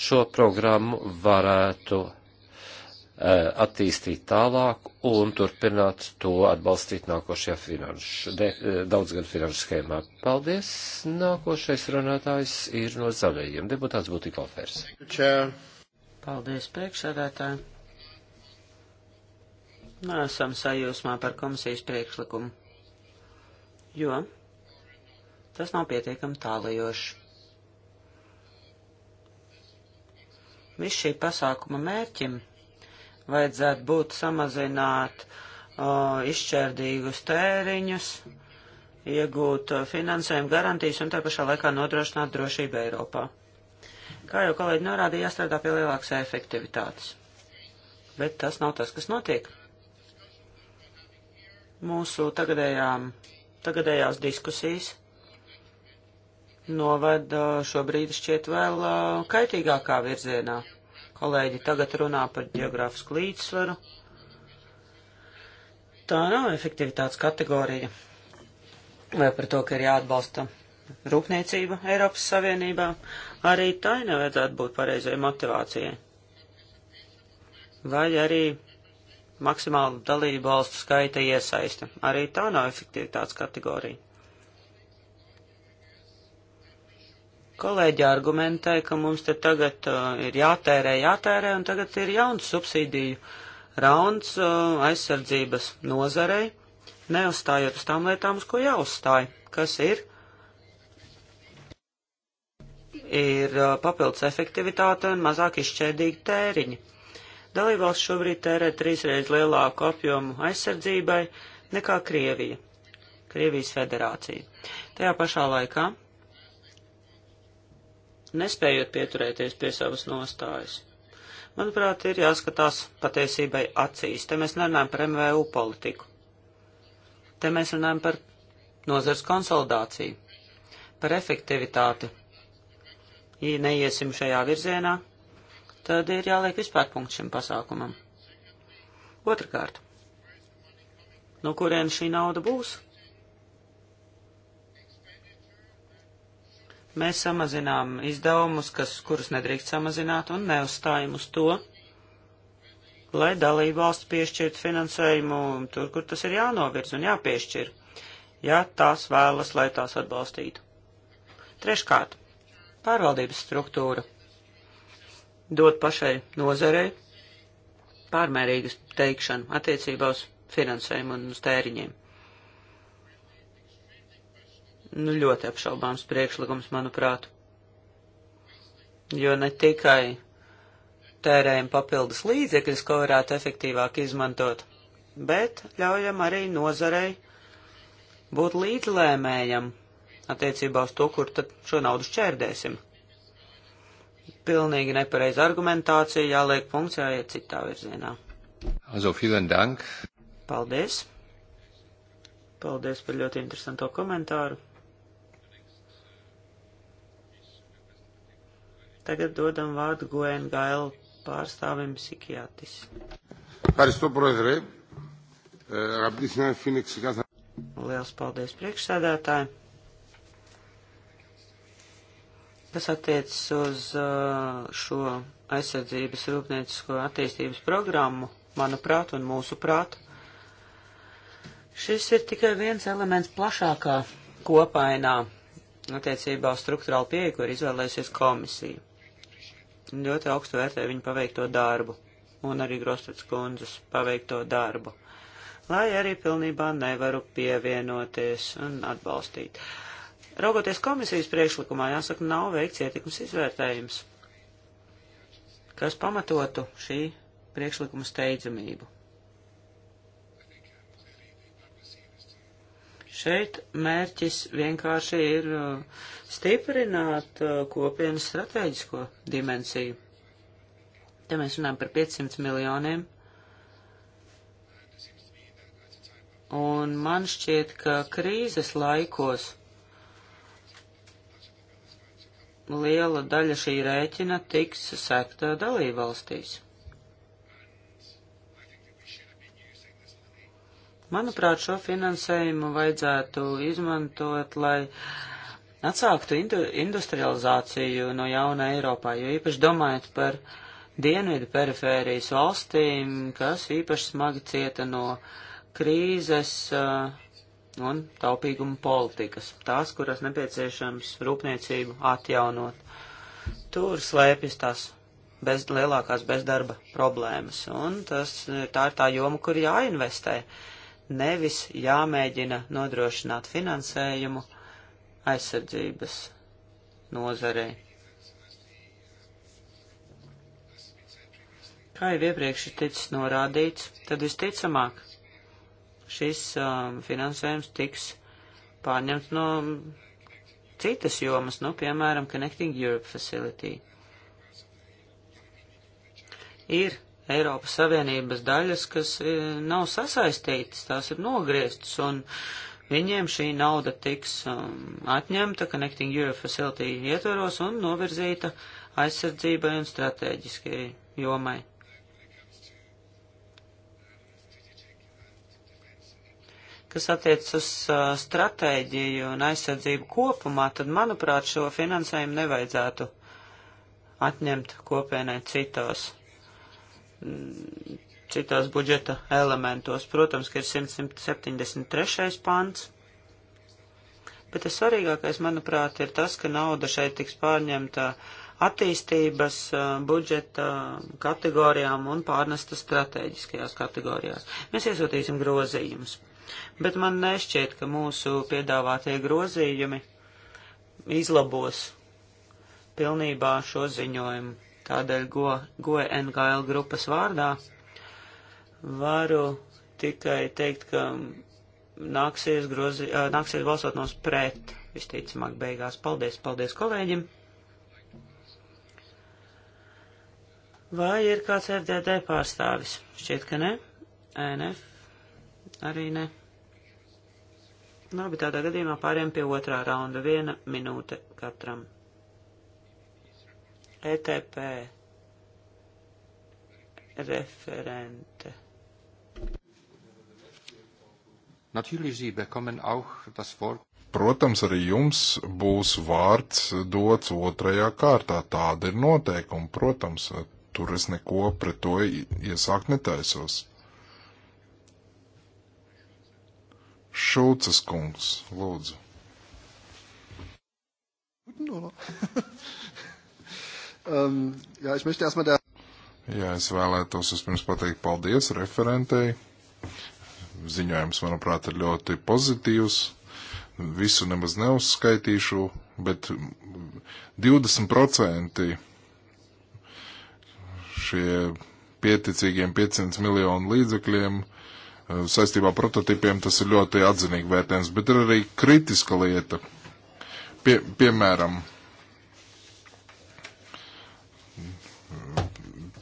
šo programmu varētu Eh, attīstīt tālāk un turpināt to atbalstīt nākošajā finanšu, de, eh, daudzgadu finanšu schēmā. Paldies! Nākošais runātājs ir no zaļajiem. Deputāts būtu Ikvalfērs. Paldies, priekšsēdētāji! Nesam sajūsmā par komisijas priekšlikumu, jo tas nav pietiekami tālajoši. Viss šī pasākuma mērķim vajadzētu būt samazināt uh, izšķērdīgus tēriņus, iegūt finansējumu garantijas un te pašā laikā nodrošināt drošību Eiropā. Kā jau kolēģi norādīja, jāstrādā pie lielākas efektivitātes. Bet tas nav tas, kas notiek. Mūsu tagadējām, tagadējās diskusijas novada šobrīd šķiet vēl kaitīgākā virzienā. Kolēģi tagad runā par geogrāfisku līdzsvaru. Tā nav efektivitātes kategorija. Vai par to, ka ir jāatbalsta rūpniecība Eiropas Savienībā, arī tai nevajadzētu būt pareizai motivācijai. Vai arī maksimāla dalība valstu skaita iesaista. Arī tā nav efektivitātes kategorija. Kolēģi argumentē, ka mums te tagad uh, ir jātērē, jātērē, un tagad ir jauns subsīdiju rauns uh, aizsardzības nozarei, neuzstājot uz tām lietām, uz ko jāuzstāj, kas ir, ir uh, papildus efektivitāte un mazāk izšķēdīgi tēriņi. Dalībvalsts šobrīd tērē trīsreiz lielāku apjomu aizsardzībai nekā Krievija, Krievijas federācija. Tajā pašā laikā nespējot pieturēties pie savas nostājas. Manuprāt, ir jāskatās patiesībai acīs. Te mēs nerunājam par MVU politiku. Te mēs runājam par nozars konsolidāciju, par efektivitāti. Ja neiesim šajā virzienā, tad ir jāliek vispār punkts šim pasākumam. Otrakārt, no kurien šī nauda būs? Mēs samazinām izdevumus, kas, kurus nedrīkst samazināt, un neuzstājam uz to, lai dalību valsts piešķirtu finansējumu tur, kur tas ir jānovirz un jāpiešķir, ja tās vēlas, lai tās atbalstītu. Treškārt, pārvaldības struktūra dot pašai nozarei pārmērīgas teikšanu attiecībā uz finansējumu un uz tēriņiem nu, ļoti apšaubāms priekšlikums, manuprāt. Jo ne tikai tērējam papildus līdzekļus, ko varētu efektīvāk izmantot, bet ļaujam arī nozarei būt līdzlēmējam attiecībā uz to, kur tad šo naudu šķērdēsim. Pilnīgi nepareiza argumentācija, jāliek punkts, jāiet citā virzienā. Also, vielen Dank. Paldies. Paldies par ļoti interesanto komentāru. Tagad dodam vārdu Goen Gail pārstāvim Sikiatis. Ευχαριστώ, Πρόεδρε. Ε, αγαπητοί συνάδελφοι, είναι ξεκάθαρα. Liels paldies priekšsēdētāji. Kas attiecas uz eh, šo aizsardzības rūpniecisko attīstības programmu, manuprāt, un mūsu prāt, šis ir tikai viens elements plašākā kopainā attiecībā uz struktūrālu pieeju, kur izvēlēsies komisija. Nu, ļoti augstu vērtē viņu paveikto darbu un arī Grostets kundzes paveikto darbu, lai arī pilnībā nevaru pievienoties un atbalstīt. Raugoties komisijas priekšlikumā, jāsaka, nav veikts ietekmes izvērtējums, kas pamatotu šī priekšlikuma steidzamību. Šeit mērķis vienkārši ir uh, stiprināt uh, kopienas strateģisko dimensiju. Te mēs runājam par 500 miljoniem. Un man šķiet, ka krīzes laikos liela daļa šī rēķina tiks sekta dalībvalstīs. Manuprāt, šo finansējumu vajadzētu izmantot, lai atsāktu indu industrializāciju no jauna Eiropā, jo īpaši domājot par dienvidu perifērijas valstīm, kas īpaši smagi cieta no krīzes uh, un taupīguma politikas, tās, kuras nepieciešams rūpniecību atjaunot. Tur slēpjas tās bez, lielākās bezdarba problēmas, un tas, tā ir tā joma, kur jāinvestē. Uh, nevis jāmēģina nodrošināt finansējumu aizsardzības nozarei. Kā jau iepriekš ir ticis norādīts, tad visticamāk šis um, finansējums tiks pārņemts no citas jomas, nu, piemēram, Connecting Europe Facility. Ir Eiropas Savienības daļas, kas e, nav sasaistītas, tās ir nogrieztas, un viņiem šī nauda tiks um, atņemta Connecting Europe Facility ietveros un novirzīta aizsardzībai un strateģiskajai jomai. Kas attiec uz uh, stratēģiju un aizsardzību kopumā, tad, manuprāt, šo finansējumu nevajadzētu atņemt kopienai citos Mm, citās budžeta elementos. Protams, ka ir 173. pants. Bet tas svarīgākais, manuprāt, ir tas, ka nauda šeit tiks pārņemta attīstības uh, budžeta kategorijām un pārnesta strateģiskajās kategorijās. Mēs iesūtīsim grozījumus. Bet man nešķiet, ka mūsu piedāvātie grozījumi izlabos pilnībā šo ziņojumu. Tādēļ go, GOE NGL grupas vārdā varu tikai teikt, ka nāksies, grozi, nāksies balsot nos pret, visticamāk, beigās. Paldies, paldies kolēģim! Vai ir kāds FDD pārstāvis? Šķiet, ka ne. ENF arī ne. Labi, tādā gadījumā pāriem pie otrā raunda. Viena minūte katram. ETP referente. Protams, arī jums būs vārds dots otrajā kārtā. Tāda ir noteikuma. Protams, tur es neko pret to iesākt netaisos. Šulces kungs, lūdzu. No. [LAUGHS] Um, jā, es möchte erstmal der. Jā, es vēlētos vispirms pateikt paldies referentei. Ziņojums, manuprāt, ir ļoti pozitīvs. Visu nemaz neuzskaitīšu, bet 20% šie pieticīgiem 500 miljonu līdzekļiem uh, saistībā prototipiem tas ir ļoti atzinīgi vērtējums, bet ir arī kritiska lieta. Pie, piemēram,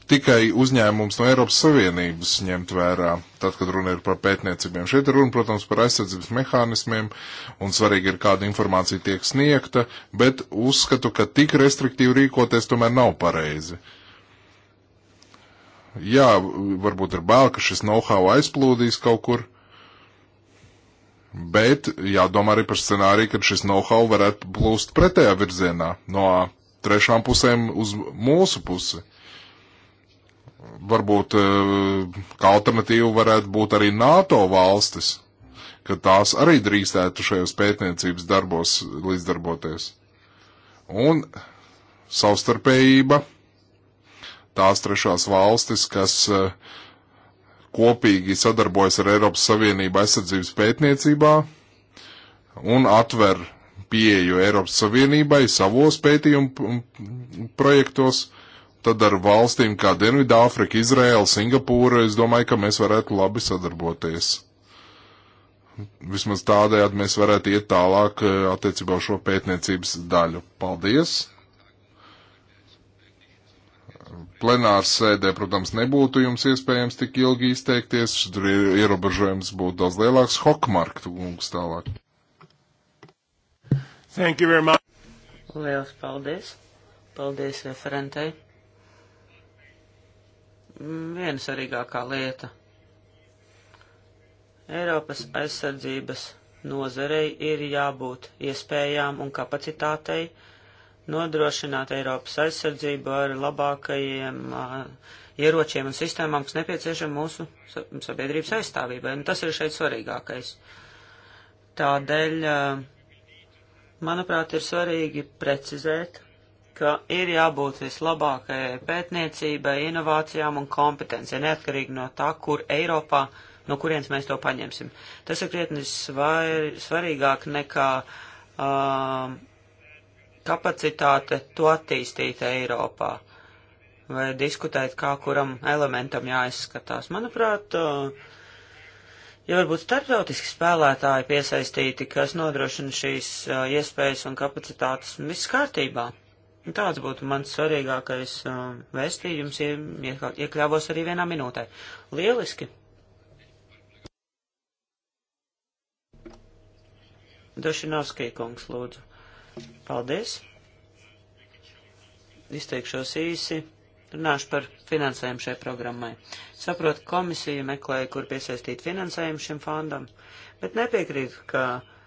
tikai uzņēmums no Eiropas Savienības ņemt vērā, tad, kad runa ir par pētniecībiem. Šeit ir runa, protams, par aizsardzības mehānismiem, un svarīgi ir, kāda informācija tiek sniegta, bet uzskatu, ka tik restriktīvi rīkoties tomēr nav pareizi. Jā, varbūt ir bail, ka šis know-how aizplūdīs kaut kur, bet jādomā arī par scenāriju, kad šis know-how varētu plūst pretējā virzienā no trešām pusēm uz mūsu pusi varbūt eh, kā alternatīva varētu būt arī NATO valstis, ka tās arī drīkstētu šajos pētniecības darbos līdzdarboties. Un savstarpējība tās trešās valstis, kas eh, kopīgi sadarbojas ar Eiropas Savienību aizsardzības pētniecībā un atver pieeju Eiropas Savienībai savos pētījumu projektos tad ar valstīm kā Dienvidāfrika, Izraela, Singapūra, es domāju, ka mēs varētu labi sadarboties. Vismaz tādējādi mēs varētu iet tālāk eh, attiecībā uz šo pētniecības daļu. Paldies! plenārs sēdē, protams, nebūtu jums iespējams tik ilgi izteikties, tur ir ierobežojums būtu daudz lielāks. Hokmarktu kungs tālāk. Thank you very much. Liels paldies. Paldies referentei viena svarīgākā lieta. Eiropas aizsardzības nozarei ir jābūt iespējām un kapacitātei nodrošināt Eiropas aizsardzību ar labākajiem uh, ieročiem un sistēmām, kas nepieciešama mūsu sabiedrības aizstāvībai. Un tas ir šeit svarīgākais. Tādēļ, uh, manuprāt, ir svarīgi precizēt ka ir jābūt vislabākajai pētniecībai, inovācijām un kompetencijai, neatkarīgi no tā, kur Eiropā, no kurienes mēs to paņemsim. Tas ir krietni svar, svarīgāk nekā um, kapacitāte to attīstīt Eiropā vai diskutēt, kā kuram elementam jāizskatās. Manuprāt, uh, ja varbūt starptautiski spēlētāji piesaistīti, kas nodrošina šīs uh, iespējas un kapacitātes, viss kārtībā. Nu, tāds būtu mans svarīgākais um, vēstījums, iekļāvos arī vienā minūtē. Lieliski! Došinovskij kungs, lūdzu. Paldies! Izteikšos īsi. Runāšu par finansējumu šai programmai. Saprotu, komisija meklēja, kur piesaistīt finansējumu šim fondam, bet nepiekrītu, ka. Kā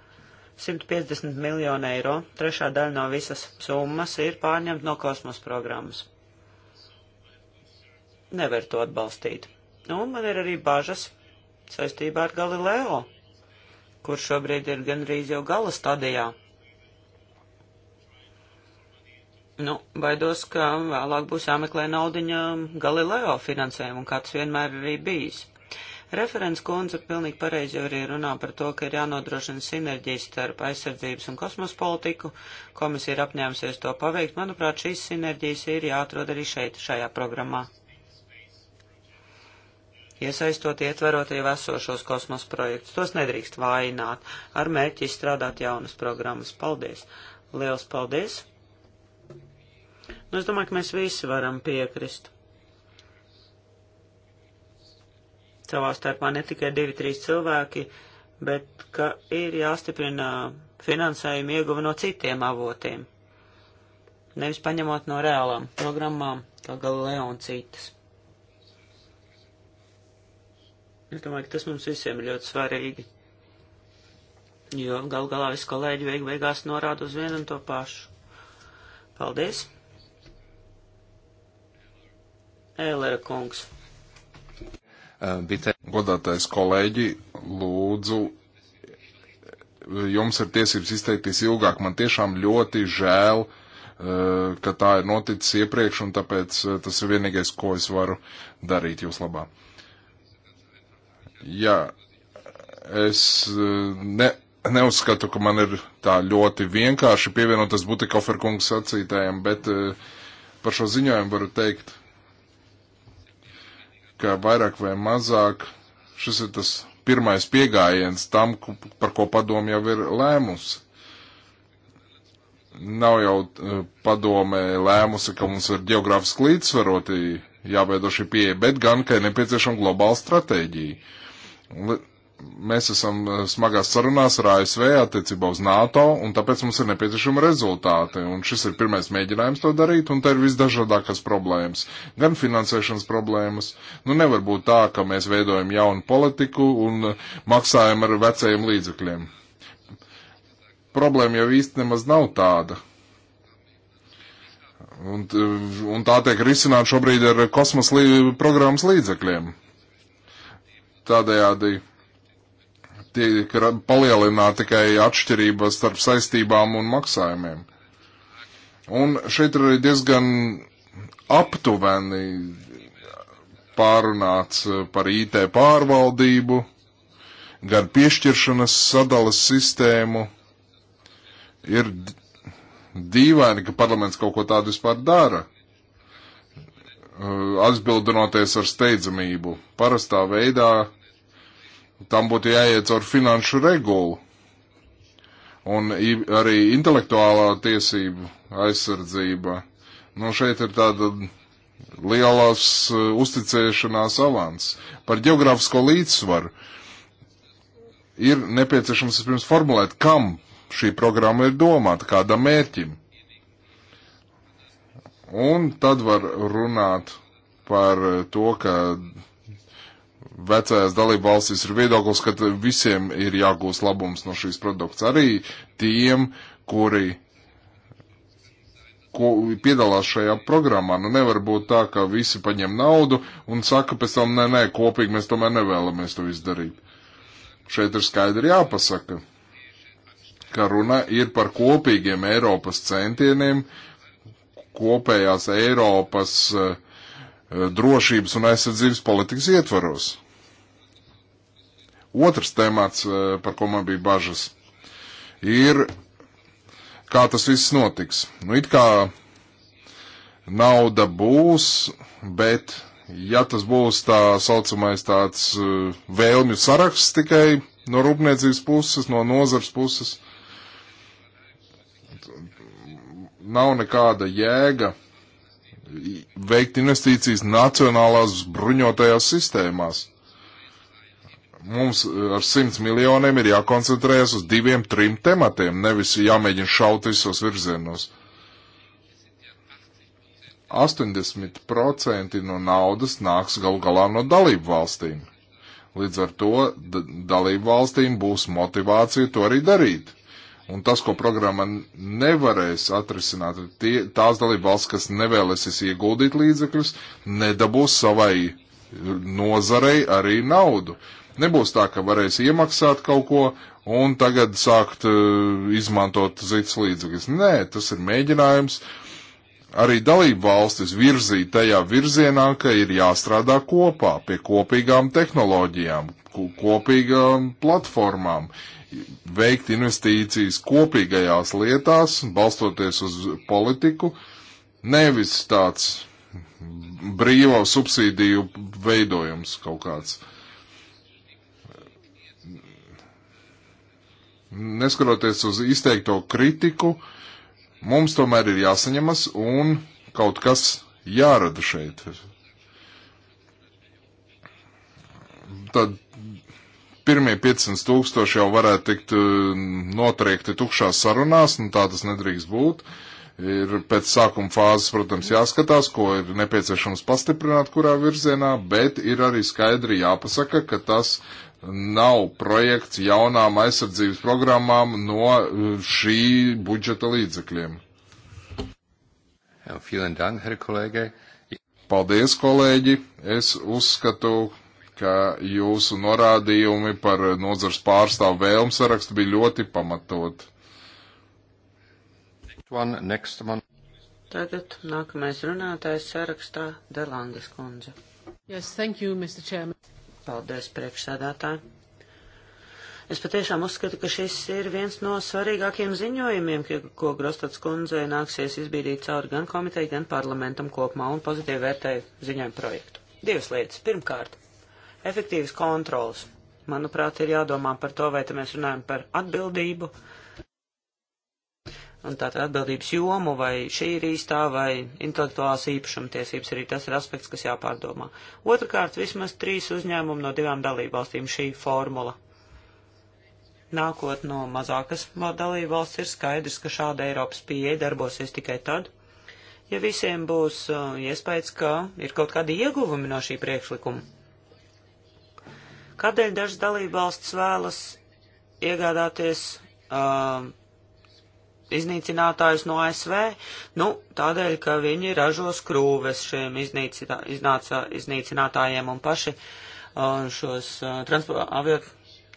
150 miljonu eiro, trešā daļa no visas summas, ir pārņemta no kosmosa programmas. Nevar to atbalstīt. Nu, un man ir arī bažas saistībā ar Galileo, kurš šobrīd ir gandrīz jau gala stadijā. Nu, baidos, ka vēlāk būs jāmeklē naudiņa Galileo finansējumu, un kā tas vienmēr arī bijis. Referents kundze pilnīgi pareizi jau arī runā par to, ka ir jānodrošina sinerģijas starp aizsardzības un kosmos politiku. Komisija ir apņēmusies to paveikt. Manuprāt, šīs sinerģijas ir jāatrod arī šeit, šajā programmā. Iesaistot, ietverot jau esošos kosmos projektus, tos nedrīkst vājināt ar mērķi izstrādāt jaunas programmas. Paldies! Liels paldies! Nu, es domāju, ka mēs visi varam piekrist. savā starpā ne tikai divi, trīs cilvēki, bet ka ir jāstiprina finansējuma ieguva no citiem avotiem, nevis paņemot no reālām programmām, kā Galileo un citas. Es domāju, ka tas mums visiem ir ļoti svarīgi, jo gal galā visi kolēģi veik beigās norāda uz vienu un to pašu. Paldies! Ēlera kungs bitē. Ehm, Godātais kolēģi, lūdzu, jums ir tiesības izteikties ilgāk. Man tiešām ļoti žēl, ehm, ka tā ir noticis iepriekš, un tāpēc eh, tas ir vienīgais, ko es varu darīt jūs labā. Jā, es eh, ne, neuzskatu, ka man ir tā ļoti vienkārši pievienotas Butikoferkungs sacītājiem, bet eh, par šo ziņojumu varu teikt ka vairāk vai mazāk šis ir tas pirmais piegājiens tam, par ko padomu jau ir lēmusi. Nav jau eh, padome lēmusi, ka mums ir geogrāfiski līdzsvaroti jāveido šī pieeja, bet gan, ka ir nepieciešama globāla stratēģija mēs esam eh, smagās sarunās ar ASV attiecībā uz NATO, un tāpēc mums ir nepieciešama rezultāti. Un šis ir pirmais mēģinājums to darīt, un te ir visdažādākās problēmas. Gan finansēšanas problēmas. Nu, nevar būt tā, ka mēs veidojam jaunu politiku un eh, maksājam ar vecajiem līdzekļiem. Problēma jau īsti nemaz nav tāda. Un, eh, un tā tiek risināta šobrīd ar kosmosa lī, programmas līdzekļiem. Tādējādi tiek palielināta tikai atšķirība starp saistībām un maksājumiem. Un šeit ir diezgan aptuveni pārunāts eh, par IT pārvaldību, gan piešķiršanas sadalas sistēmu. Ir dīvaini, ka parlaments kaut ko tādu vispār dara, eh, atbildinoties ar steidzamību. Parastā veidā tam būtu jāiet caur finanšu regulu. Un arī intelektuālā tiesība aizsardzība. Nu, šeit ir tāda lielās uh, uzticēšanās avans. Par geogrāfisko līdzsvaru ir nepieciešams pirms formulēt, kam šī programma ir domāta, kādam mērķim. Un tad var runāt par to, ka vecajās dalību valstīs ir viedoklis, ka visiem ir jāgūst labums no šīs produkts. Arī tiem, kuri ko, piedalās šajā programmā. Nu nevar būt tā, ka visi paņem naudu un saka pēc tam, nē, nē, kopīgi mēs tomēr nevēlamies to izdarīt. Šeit ir skaidri jāpasaka, ka runa ir par kopīgiem Eiropas centieniem, kopējās Eiropas uh, Eh, drošības un aizsardzības politikas ietvaros. Otrs temats, eh, par ko man bija bažas, ir, kā tas viss notiks. Nu, it kā nauda būs, bet ja tas būs tā saucamais tāds eh, vēlmju saraksts tikai no rūpniecības puses, no nozars puses, nav nekāda jēga veikt investīcijas nacionālās bruņotajās sistēmās. Mums eh, ar simts miljoniem ir jākoncentrējas uz diviem, trim tematiem, nevis jāmēģina šaut visos virzienos. 80% no naudas nāks gal galā no dalību valstīm. Līdz ar to dalību valstīm būs motivācija to arī darīt Un tas, ko programma nevarēs atrisināt, tie, tās dalība valsts, kas nevēlēsies ieguldīt līdzekļus, nedabūs savai nozarei arī naudu. Nebūs tā, ka varēs iemaksāt kaut ko un tagad sākt uh, izmantot cits līdzekļus. Nē, tas ir mēģinājums arī dalību valstis virzīt tajā virzienā, ka ir jāstrādā kopā pie kopīgām tehnoloģijām, kopīgām platformām, veikt investīcijas kopīgajās lietās, balstoties uz politiku, nevis tāds brīvo subsīdiju veidojums kaut kāds. Neskaroties uz izteikto kritiku, mums tomēr ir jāsaņemas un kaut kas jārada šeit. Tad pirmie 500 tūkstoši jau varētu tikt eh, notriekti tukšās sarunās, un nu, tā tas nedrīkst būt. Ir pēc sākuma fāzes, protams, jāskatās, ko ir nepieciešams pastiprināt, kurā virzienā, bet ir arī skaidri jāpasaka, ka tas nav projekts jaunām aizsardzības programmām no eh, šī budžeta līdzekļiem. Paldies, kolēģi! Es uzskatu, ka jūsu norādījumi par nozars pārstāvu vēlmu sarakstu bija ļoti pamatot. One, next one. Tagad nākamais runātājs sarakstā Delangas kundze. Yes, thank you, Mr. Chairman. Paldies, priekšsēdētāji. Es patiešām uzskatu, ka šis ir viens no svarīgākiem ziņojumiem, ko Grostats kundzei nāksies izbīdīt cauri gan komiteju, gan parlamentam kopumā un pozitīvi vērtēju ziņojumu projektu. Divas lietas. Pirmkārt, Efektīvas kontrolas. Manuprāt, ir jādomā par to, vai te mēs runājam par atbildību, un tātad atbildības jomu, vai šī ir īstā, vai intelektuālās īpašumtiesības arī tas ir aspekts, kas jāpārdomā. Otrakārt, vismaz trīs uzņēmumi no divām dalībvalstīm šī formula. Nākot no mazākas dalībvalsts ir skaidrs, ka šāda Eiropas pieeja darbosies tikai tad, ja visiem būs uh, iespējas, ka ir kaut kādi ieguvumi no šī priekšlikuma. Kādēļ dažas dalībvalstis vēlas iegādāties uh, iznīcinātājus no ASV? Nu, tādēļ, ka viņi ražo skrūves šiem iznīcinā, iznāca, iznīcinātājiem un paši uh, šos uh, transpor aviot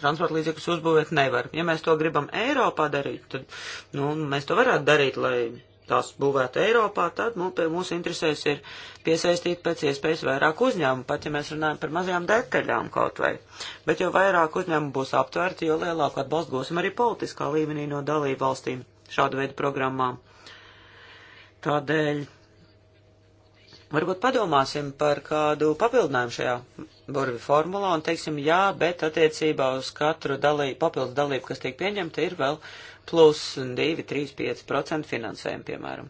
transporta līdzekļus uzbūvēt nevar. Ja mēs to gribam Eiropā darīt, tad nu, mēs to varētu darīt, lai tās būvētu Eiropā, tad mums, mūsu interesēs ir piesaistīt pēc iespējas vairāk uzņēmumu, pat ja mēs runājam par mazajām detaļām kaut vai. Bet jo vairāk uzņēmumu būs aptvērti, jo lielāku atbalstu gūsim arī politiskā līmenī no dalību valstīm šādu veidu programmām. Tādēļ varbūt padomāsim par kādu papildinājumu šajā burvi formulā un teiksim jā, bet attiecībā uz katru dalību, papildus dalību, kas tiek pieņemta, ir vēl plus 2, 3, 5% finansējumu, piemēram.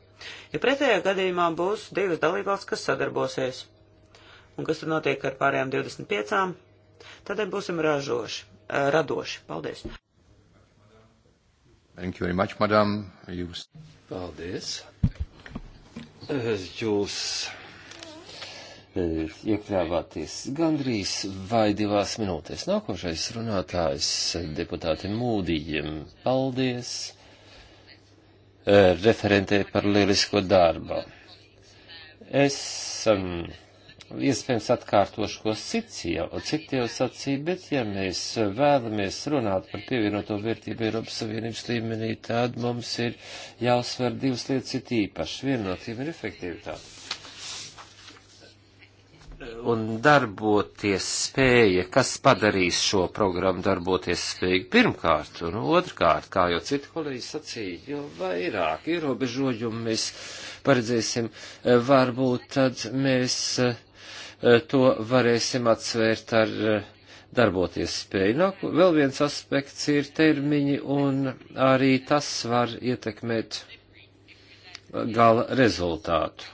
Ja pretējā gadījumā būs divas dalībvalsts, kas sadarbosies, un kas tad notiek ar pārējām 25, tad būsim ražoši, eh, radoši. Paldies! Thank you very much, madam. Eh, jūs. Paldies. Jūs iekļāvāties gandrīz vai divās minūtēs. Nākošais runātājs deputāti Mūdījiem. Paldies! E, referentē par lielisko darbu. Es um, iespējams atkārtošu, ko citi jau, citi jau sacīja, bet ja mēs vēlamies runāt par pievienoto vērtību Eiropas Savienības līmenī, tad mums ir jāuzsver divas lietas ir īpaši. Viena no tām ir efektivitāte un darboties spēja, kas padarīs šo programmu darboties spēju pirmkārt un otrkārt, kā jau citi kolēģi sacīja, jo vairāk ierobežojumu mēs paredzēsim, eh, varbūt tad mēs eh, to varēsim atsvērt ar eh, darboties spēju. Nāk, vēl viens aspekts ir termiņi un arī tas var ietekmēt gala rezultātu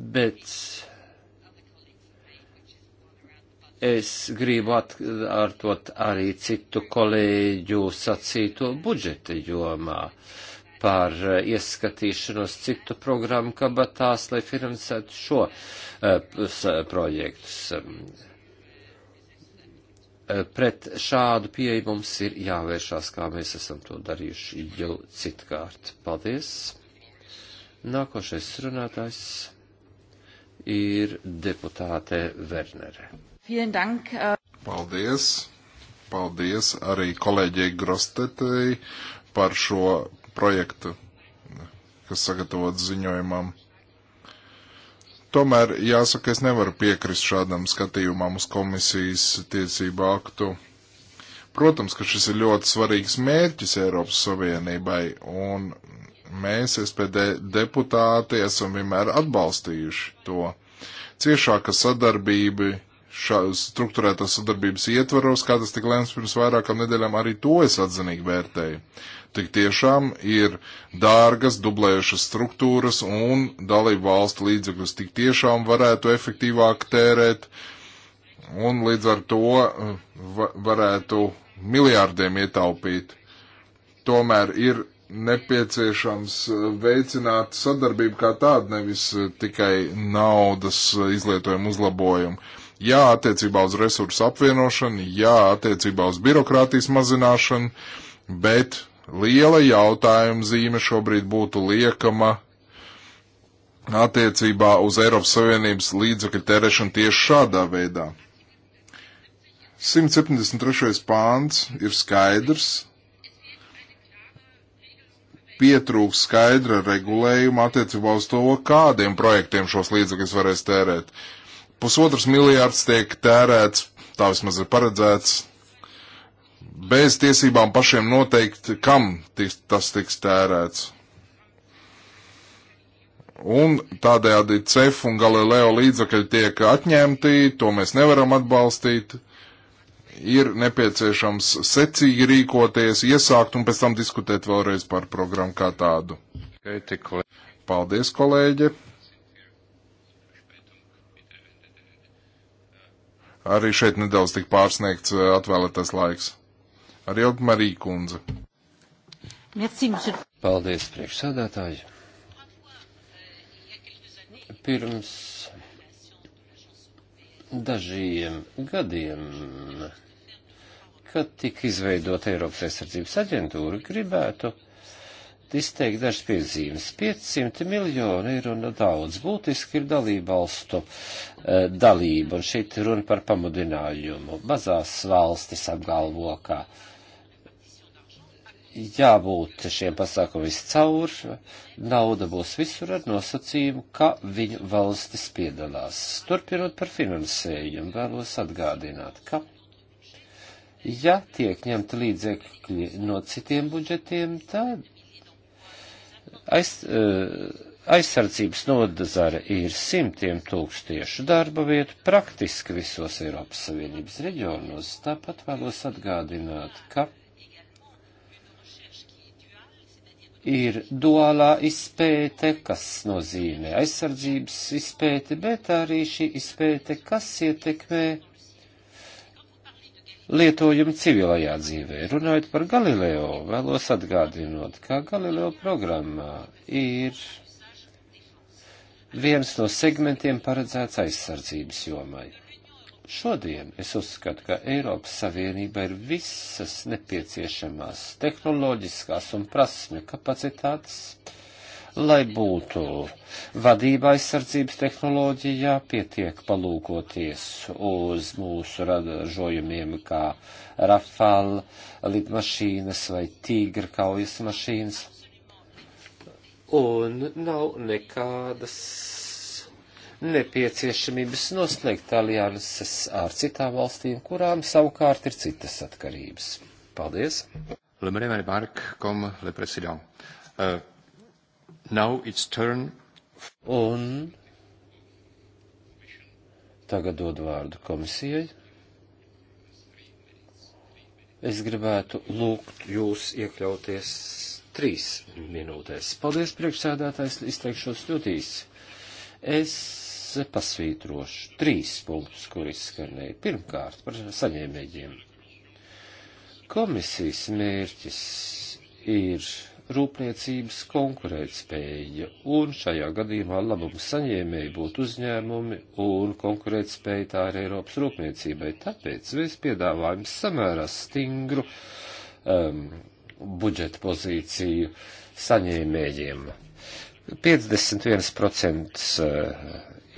bet es gribu atkārtot arī citu kolēģu sacīto budžeta jomā par ieskatīšanos citu programmu kabatās, lai finansētu šo uh, projektus. Eh, pret šādu pieeju mums ir jāvēršās, kā mēs esam to darījuši jau citkārt. Paldies! Nākošais runātājs ir deputāte Vernere. Äh, Paldies! Paldies arī kolēģei Grostetei par šo projektu, kas sagatavots ziņojumam. Tomēr jāsaka, es nevaru piekrist šādam skatījumam uz komisijas tiesību aktu. Protams, ka šis ir ļoti svarīgs mērķis Eiropas Savienībai, un Mēs, SPD deputāti, esam vienmēr atbalstījuši to. Ciešāka sadarbība, struktūrētās sadarbības ietvaros, kā tas tika lēmts pirms vairākām nedēļām, arī to es atzinīgi vērtēju. Tik tiešām ir dārgas, dublējušas struktūras un dalību valstu līdzekļus tik tiešām varētu efektīvāk tērēt un līdz ar to eh, varētu miljārdiem ietaupīt. Tomēr ir nepieciešams eh, veicināt sadarbību kā tādu, nevis eh, tikai naudas eh, izlietojumu uzlabojumu. Jā, attiecībā uz resursu apvienošanu, jā, attiecībā uz birokrātijas mazināšanu, bet liela jautājuma zīme šobrīd būtu liekama attiecībā uz Eiropas Savienības līdzekļu tērēšanu tieši šādā veidā. 173. pāns ir skaidrs, pietrūks skaidra regulējuma attiecībā uz to, kādiem projektiem šos līdzekļus varēs tērēt. Pusotrs miljārds tiek tērēts, tā vismaz ir paredzēts, bez tiesībām pašiem noteikt, kam tiks, tas tiks tērēts. Un tādējādi CEF un Galileo līdzakļi tiek atņemti, to mēs nevaram atbalstīt ir nepieciešams secīgi rīkoties, iesākt un pēc tam diskutēt vēlreiz par programmu kā tādu. Paldies, kolēģi! Arī šeit nedaudz tik pārsniegts eh, atvēlētais laiks. Arī Marija Kunze. Paldies, priekšsādātāji! Pirms dažiem gadiem, kad tika izveidota Eiropas aizsardzības aģentūra, gribētu izteikt dažas piezīmes. 500 miljoni ir un daudz. Būtiski ir dalībvalstu eh, dalība, un šeit runa par pamudinājumu. Mazās valstis apgalvo, ka. Uh, jābūt šiem pasākumiem viscaur, nauda būs visur ar nosacījumu, ka viņu valstis piedalās. Turpinot par finansējumu, vēlos atgādināt, ka, ja tiek ņemta līdzekļi no citiem budžetiem, tad aiz, eh, aizsardzības nodazara ir simtiem tūkstiešu darba vietu praktiski visos Eiropas Savienības reģionos. Tāpat vēlos atgādināt, ka ir duālā izpēte, kas nozīmē aizsardzības izpēte, bet arī šī izpēte, kas ietekmē lietojumu civilajā dzīvē. Runājot par Galileo, vēlos atgādinot, ka Galileo programmā ir viens no segmentiem paredzēts aizsardzības jomai. Šodien es uzskatu, ka Eiropas Savienība ir visas nepieciešamās tehnoloģiskās un prasmju kapacitātes, lai būtu vadība aizsardzības tehnoloģijā, pietiek palūkoties uz mūsu ražojumiem kā Rafala lidmašīnas vai tīgra kaujas mašīnas. Un nav nekādas nepieciešamības noslēgt alianses ar citām valstīm, kurām savukārt ir citas atkarības. Paldies! Uh, Un tagad dod vārdu komisijai. Es gribētu lūgt jūs iekļauties trīs minūtēs. Paldies, priekšsēdētājs, izteikšos ļoti īsi. Es pasvītrošu trīs punktus, kur izskanēja. Pirmkārt, par saņēmējiem. Komisijas mērķis ir rūpniecības konkurētspēja, un šajā gadījumā labumu saņēmēji būtu uzņēmumi un konkurētspēja tā ir Eiropas rūpniecībai. Tāpēc mēs piedāvājam samērā stingru um, budžeta pozīciju saņēmējiem. 51%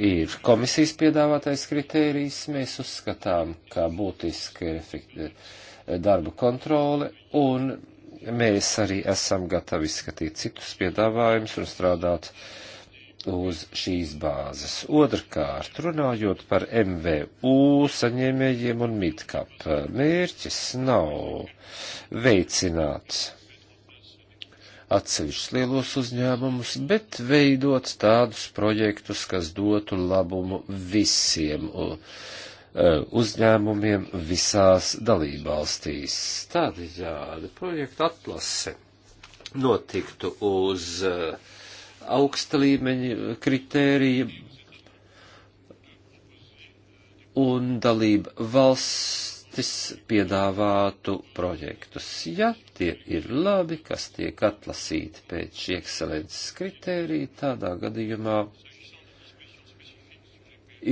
ir komisijas piedāvātais kritērijs. Mēs uzskatām, ka būtiski ir efekti, eh, darba kontrole, un mēs arī esam gatavi izskatīt citus piedāvājumus un strādāt uz šīs bāzes. Otrkārt, runājot par MVU saņēmējiem un midkap, mērķis nav veicināts atsevišķus lielos uzņēmumus, bet veidot tādus projektus, kas dotu labumu visiem e, uzņēmumiem visās dalībvalstīs. Tādējādi projekta atlase notiktu uz e, augsta līmeņa kritērija un dalība valstis piedāvātu projektus. Ja tie ir labi, kas tiek atlasīti pēc šī ekscelences kritērija, tādā gadījumā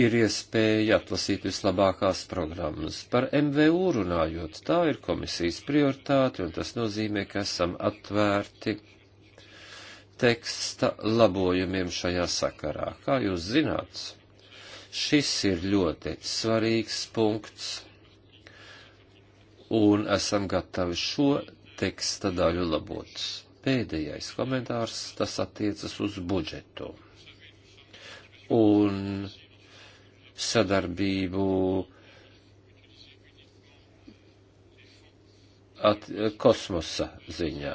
ir iespēja atlasīt vislabākās programmas. Par MVU runājot, tā ir komisijas prioritāte, un tas nozīmē, ka esam atvērti teksta labojumiem šajā sakarā. Kā jūs zināt, šis ir ļoti svarīgs punkts, un esam gatavi šo teksta daļu labot. Pēdējais komentārs, tas attiecas uz budžetu un sadarbību at, kosmosa ziņā.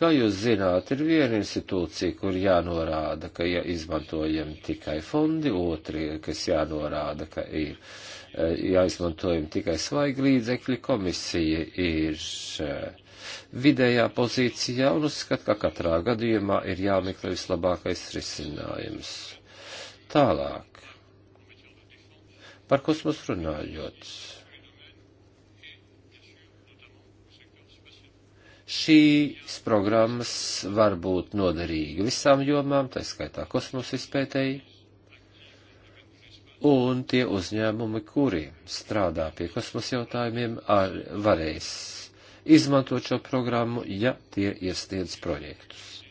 Kā jūs zināt, ir viena institūcija, kur jānorāda, ka ja izmantojam tikai fondi, otri, kas jānorāda, ka ir eh, jāizmantojam tikai svaigi līdzekļi, komisija ir uh, vidējā pozīcijā un uzskat, ka katrā gadījumā ir jāmeklē vislabākais risinājums. Tālāk. Par kosmos runājot. Šīs programmas var būt noderīga visām jomām, tā skaitā kosmosa izpētēji, un tie uzņēmumi, kuri strādā pie kosmosa jautājumiem, ar, varēs izmantot šo programmu, ja tie iesniedz projektus.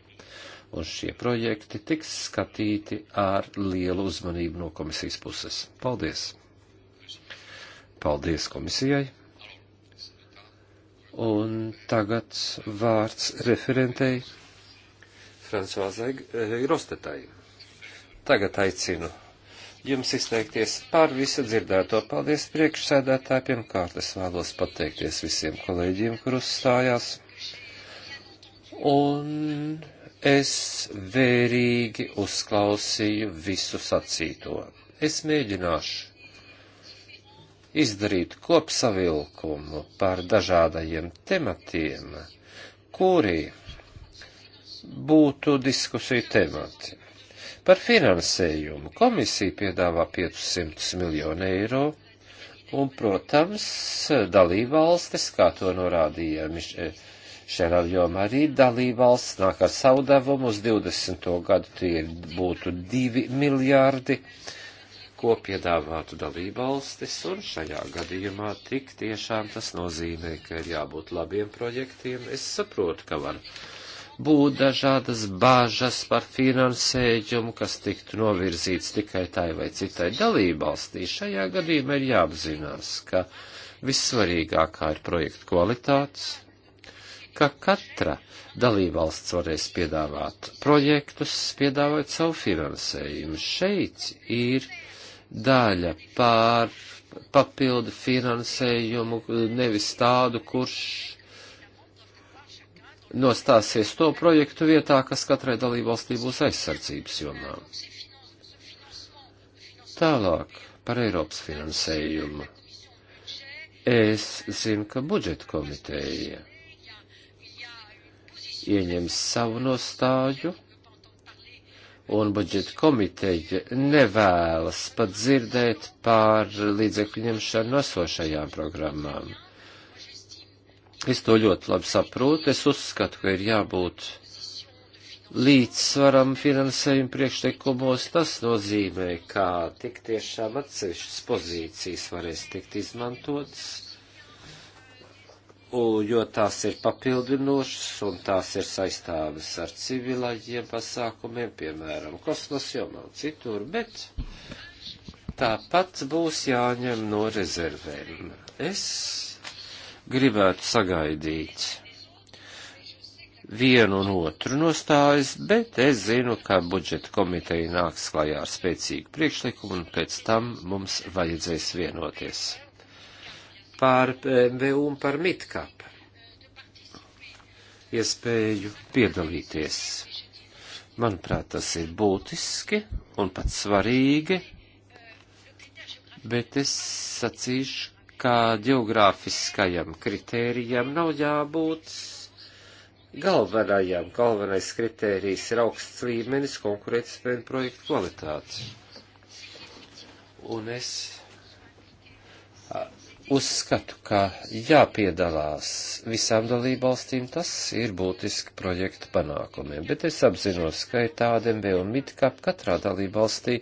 Un šie projekti tiks skatīti ar lielu uzmanību no komisijas puses. Paldies! Paldies komisijai! Un tagad vārds referentei Francoāzai Grostetai. Tagad aicinu jums izteikties par visu dzirdēto. Paldies priekšsēdētāji. Pirmkārt, es vēlos pateikties visiem kolēģiem, kur uzstājās. Un es vērīgi uzklausīju visu sacīto. Es mēģināšu izdarīt kopsavilkumu par dažādajiem tematiem, kuri būtu diskusiju temati. Par finansējumu komisija piedāvā 500 miljonu eiro, un, protams, dalībvalstis, kā to norādīja eh, Šerā jomā, arī dalībvalsts nāk ar savu devumu uz 20. gadu, tie būtu 2 miljārdi ko piedāvātu dalībvalstis, un šajā gadījumā tik tiešām tas nozīmē, ka ir jābūt labiem projektiem. Es saprotu, ka var būt dažādas bāžas par finansējumu, kas tiktu novirzīts tikai tai vai citai dalībvalstī. Šajā gadījumā ir jāapzinās, ka vissvarīgākā ir projekta kvalitātes, ka katra dalībvalsts varēs piedāvāt projektus, piedāvāt savu finansējumu. Šeit ir daļa pār papildu finansējumu, nevis tādu, kurš nostāsies to projektu vietā, kas katrai dalībvalstī būs aizsardzības jomā. Tālāk par Eiropas finansējumu. Es zinu, ka budžeta komiteja ieņems savu nostāju, un budžeta komiteja nevēlas pat dzirdēt par līdzekļu ņemšanu esošajām programmām. Es to ļoti labi saprotu. Es uzskatu, ka ir jābūt līdzsvaram finansējuma priekšteikumos. Tas nozīmē, ka tik tiešām atsevišķas pozīcijas varēs tikt izmantotas, jo tās ir papildinošas un tās ir saistāmas ar civilajiem pasākumiem, piemēram, kosmos jomā un citur, bet tāpat būs jāņem no rezervēm. Es gribētu sagaidīt vienu un otru nostājas, bet es zinu, ka budžeta komiteja nāks klajā ar spēcīgu priekšlikumu un pēc tam mums vajadzēs vienoties. Par MBU un par mitkap iespēju piedalīties. Manuprāt, tas ir būtiski un pat svarīgi, bet es sacīšu, ka geogrāfiskajam kritērijam nav jābūt galvenajam. Galvenais kritērijs ir augsts līmenis, konkurētspēja un projektu kvalitāte. Un es uzskatu, ka jāpiedalās visām dalībvalstīm, tas ir būtiski projekta panākumiem, bet es apzinos, ka ir tāda MB un midkap katrā dalībvalstī,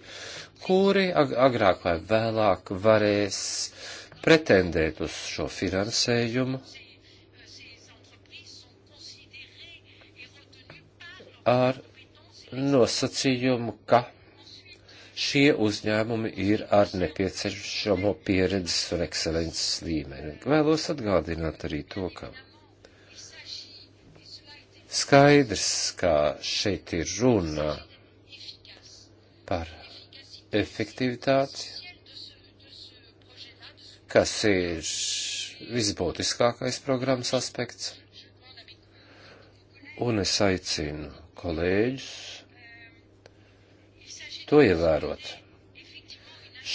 kuri agrāk vai vēlāk varēs uh, pretendēt uz šo finansējumu ar nosacījumu, ka šie uzņēmumi ir ar nepieciešamo pieredzes un ekscelences līmeni. Vēlos atgādināt arī to, ka skaidrs, ka šeit ir runa par efektivitāti kas ir visbūtiskākais programmas aspekts. Un es aicinu kolēģus to ievērot.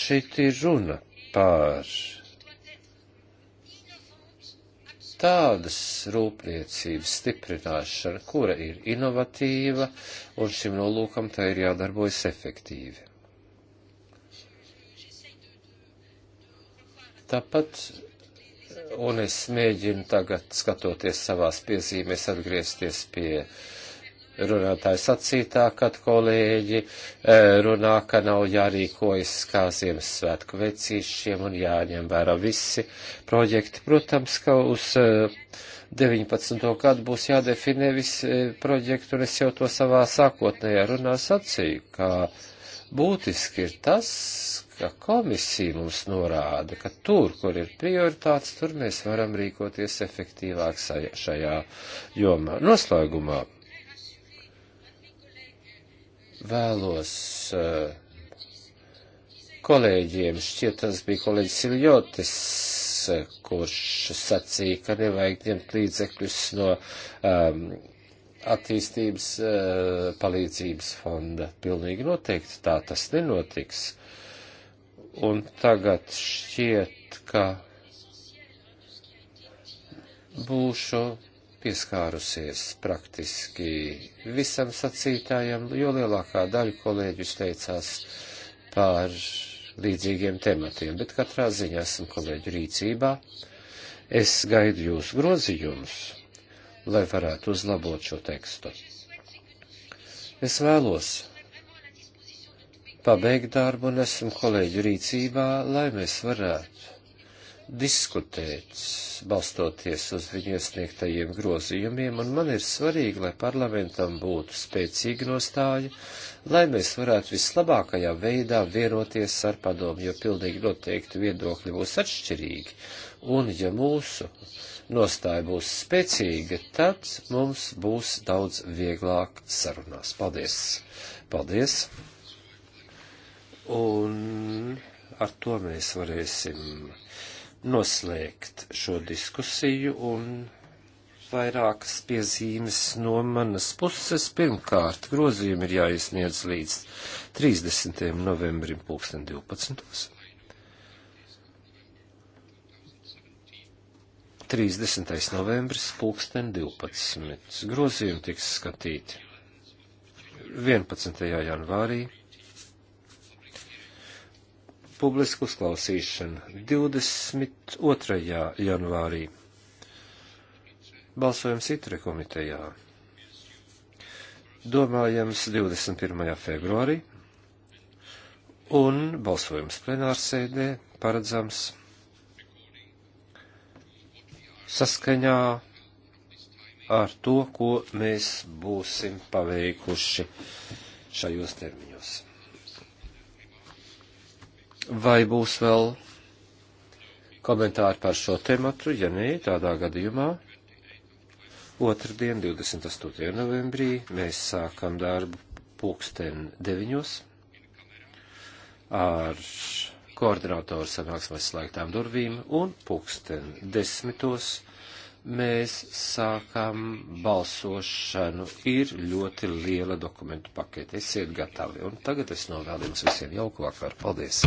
Šeit ir runa par tādas rūpniecības stiprināšanu, kura ir inovatīva, un šim nolūkam tā ir jādarbojas efektīvi. Tāpat, un es mēģinu tagad, skatoties savās piezīmēs, atgriezties pie runātāja sacītā, kad kolēģi eh, runā, ka nav jārīkojas kā Ziemassvētku vecīšiem un jāņem vērā visi projekti. Protams, ka uz 19. Eh, gadu būs jādefinē visi eh, projekti, un es jau to savā sākotnējā runā sacīju, ka būtiski ir tas, ka komisija mums norāda, ka tur, kur ir prioritāts, tur mēs varam rīkoties efektīvāk šajā jomā. Noslēgumā vēlos eh, kolēģiem, šķiet tas bija kolēģis Iljotis, eh, kurš sacīja, ka nevajag ņemt līdzekļus no um, attīstības uh, palīdzības fonda. Pilnīgi noteikti tā tas nenotiks. Un tagad šķiet, ka būšu pieskārusies praktiski visam sacītājam, jo lielākā daļa kolēģu izteicās par līdzīgiem tematiem, bet katrā ziņā esam kolēģu rīcībā. Es gaidu jūsu grozījumus, lai varētu uzlabot šo tekstu. Es vēlos pabeigt darbu un esam kolēģu rīcībā, lai mēs varētu diskutēt, balstoties uz viņu iesniegtajiem grozījumiem, un man ir svarīgi, lai parlamentam būtu spēcīga nostāja, lai mēs varētu vislabākajā veidā vienoties ar padomu, jo pilnīgi noteikti viedokļi būs atšķirīgi, un ja mūsu nostāja būs spēcīga, tad mums būs daudz vieglāk sarunās. Paldies! Paldies! Un ar to mēs varēsim noslēgt šo diskusiju un vairākas piezīmes no manas puses. Pirmkārt, grozījumi ir jāiesniedz līdz 30. novembrim 2012. 30. novembris 2012. Grozījumi tiks skatīti 11. janvārī publisku uzklausīšanu 22. janvārī. Balsojums itre komitejā. Domājams 21. februārī un balsojums plenārsēdē paredzams saskaņā ar to, ko mēs būsim paveikuši šajos termiņos. Vai būs vēl komentāri par šo tematu? Ja nē, tādā gadījumā otrdien, 28. novembrī, mēs sākam darbu pulksten deviņos ar koordinatoru sanāksmēs slēgtām durvīm un pulksten desmitos mēs sākām balsošanu. Ir ļoti liela dokumentu pakete. Esiet gatavi. Un tagad es novēlu jums visiem jauku vakaru. Paldies!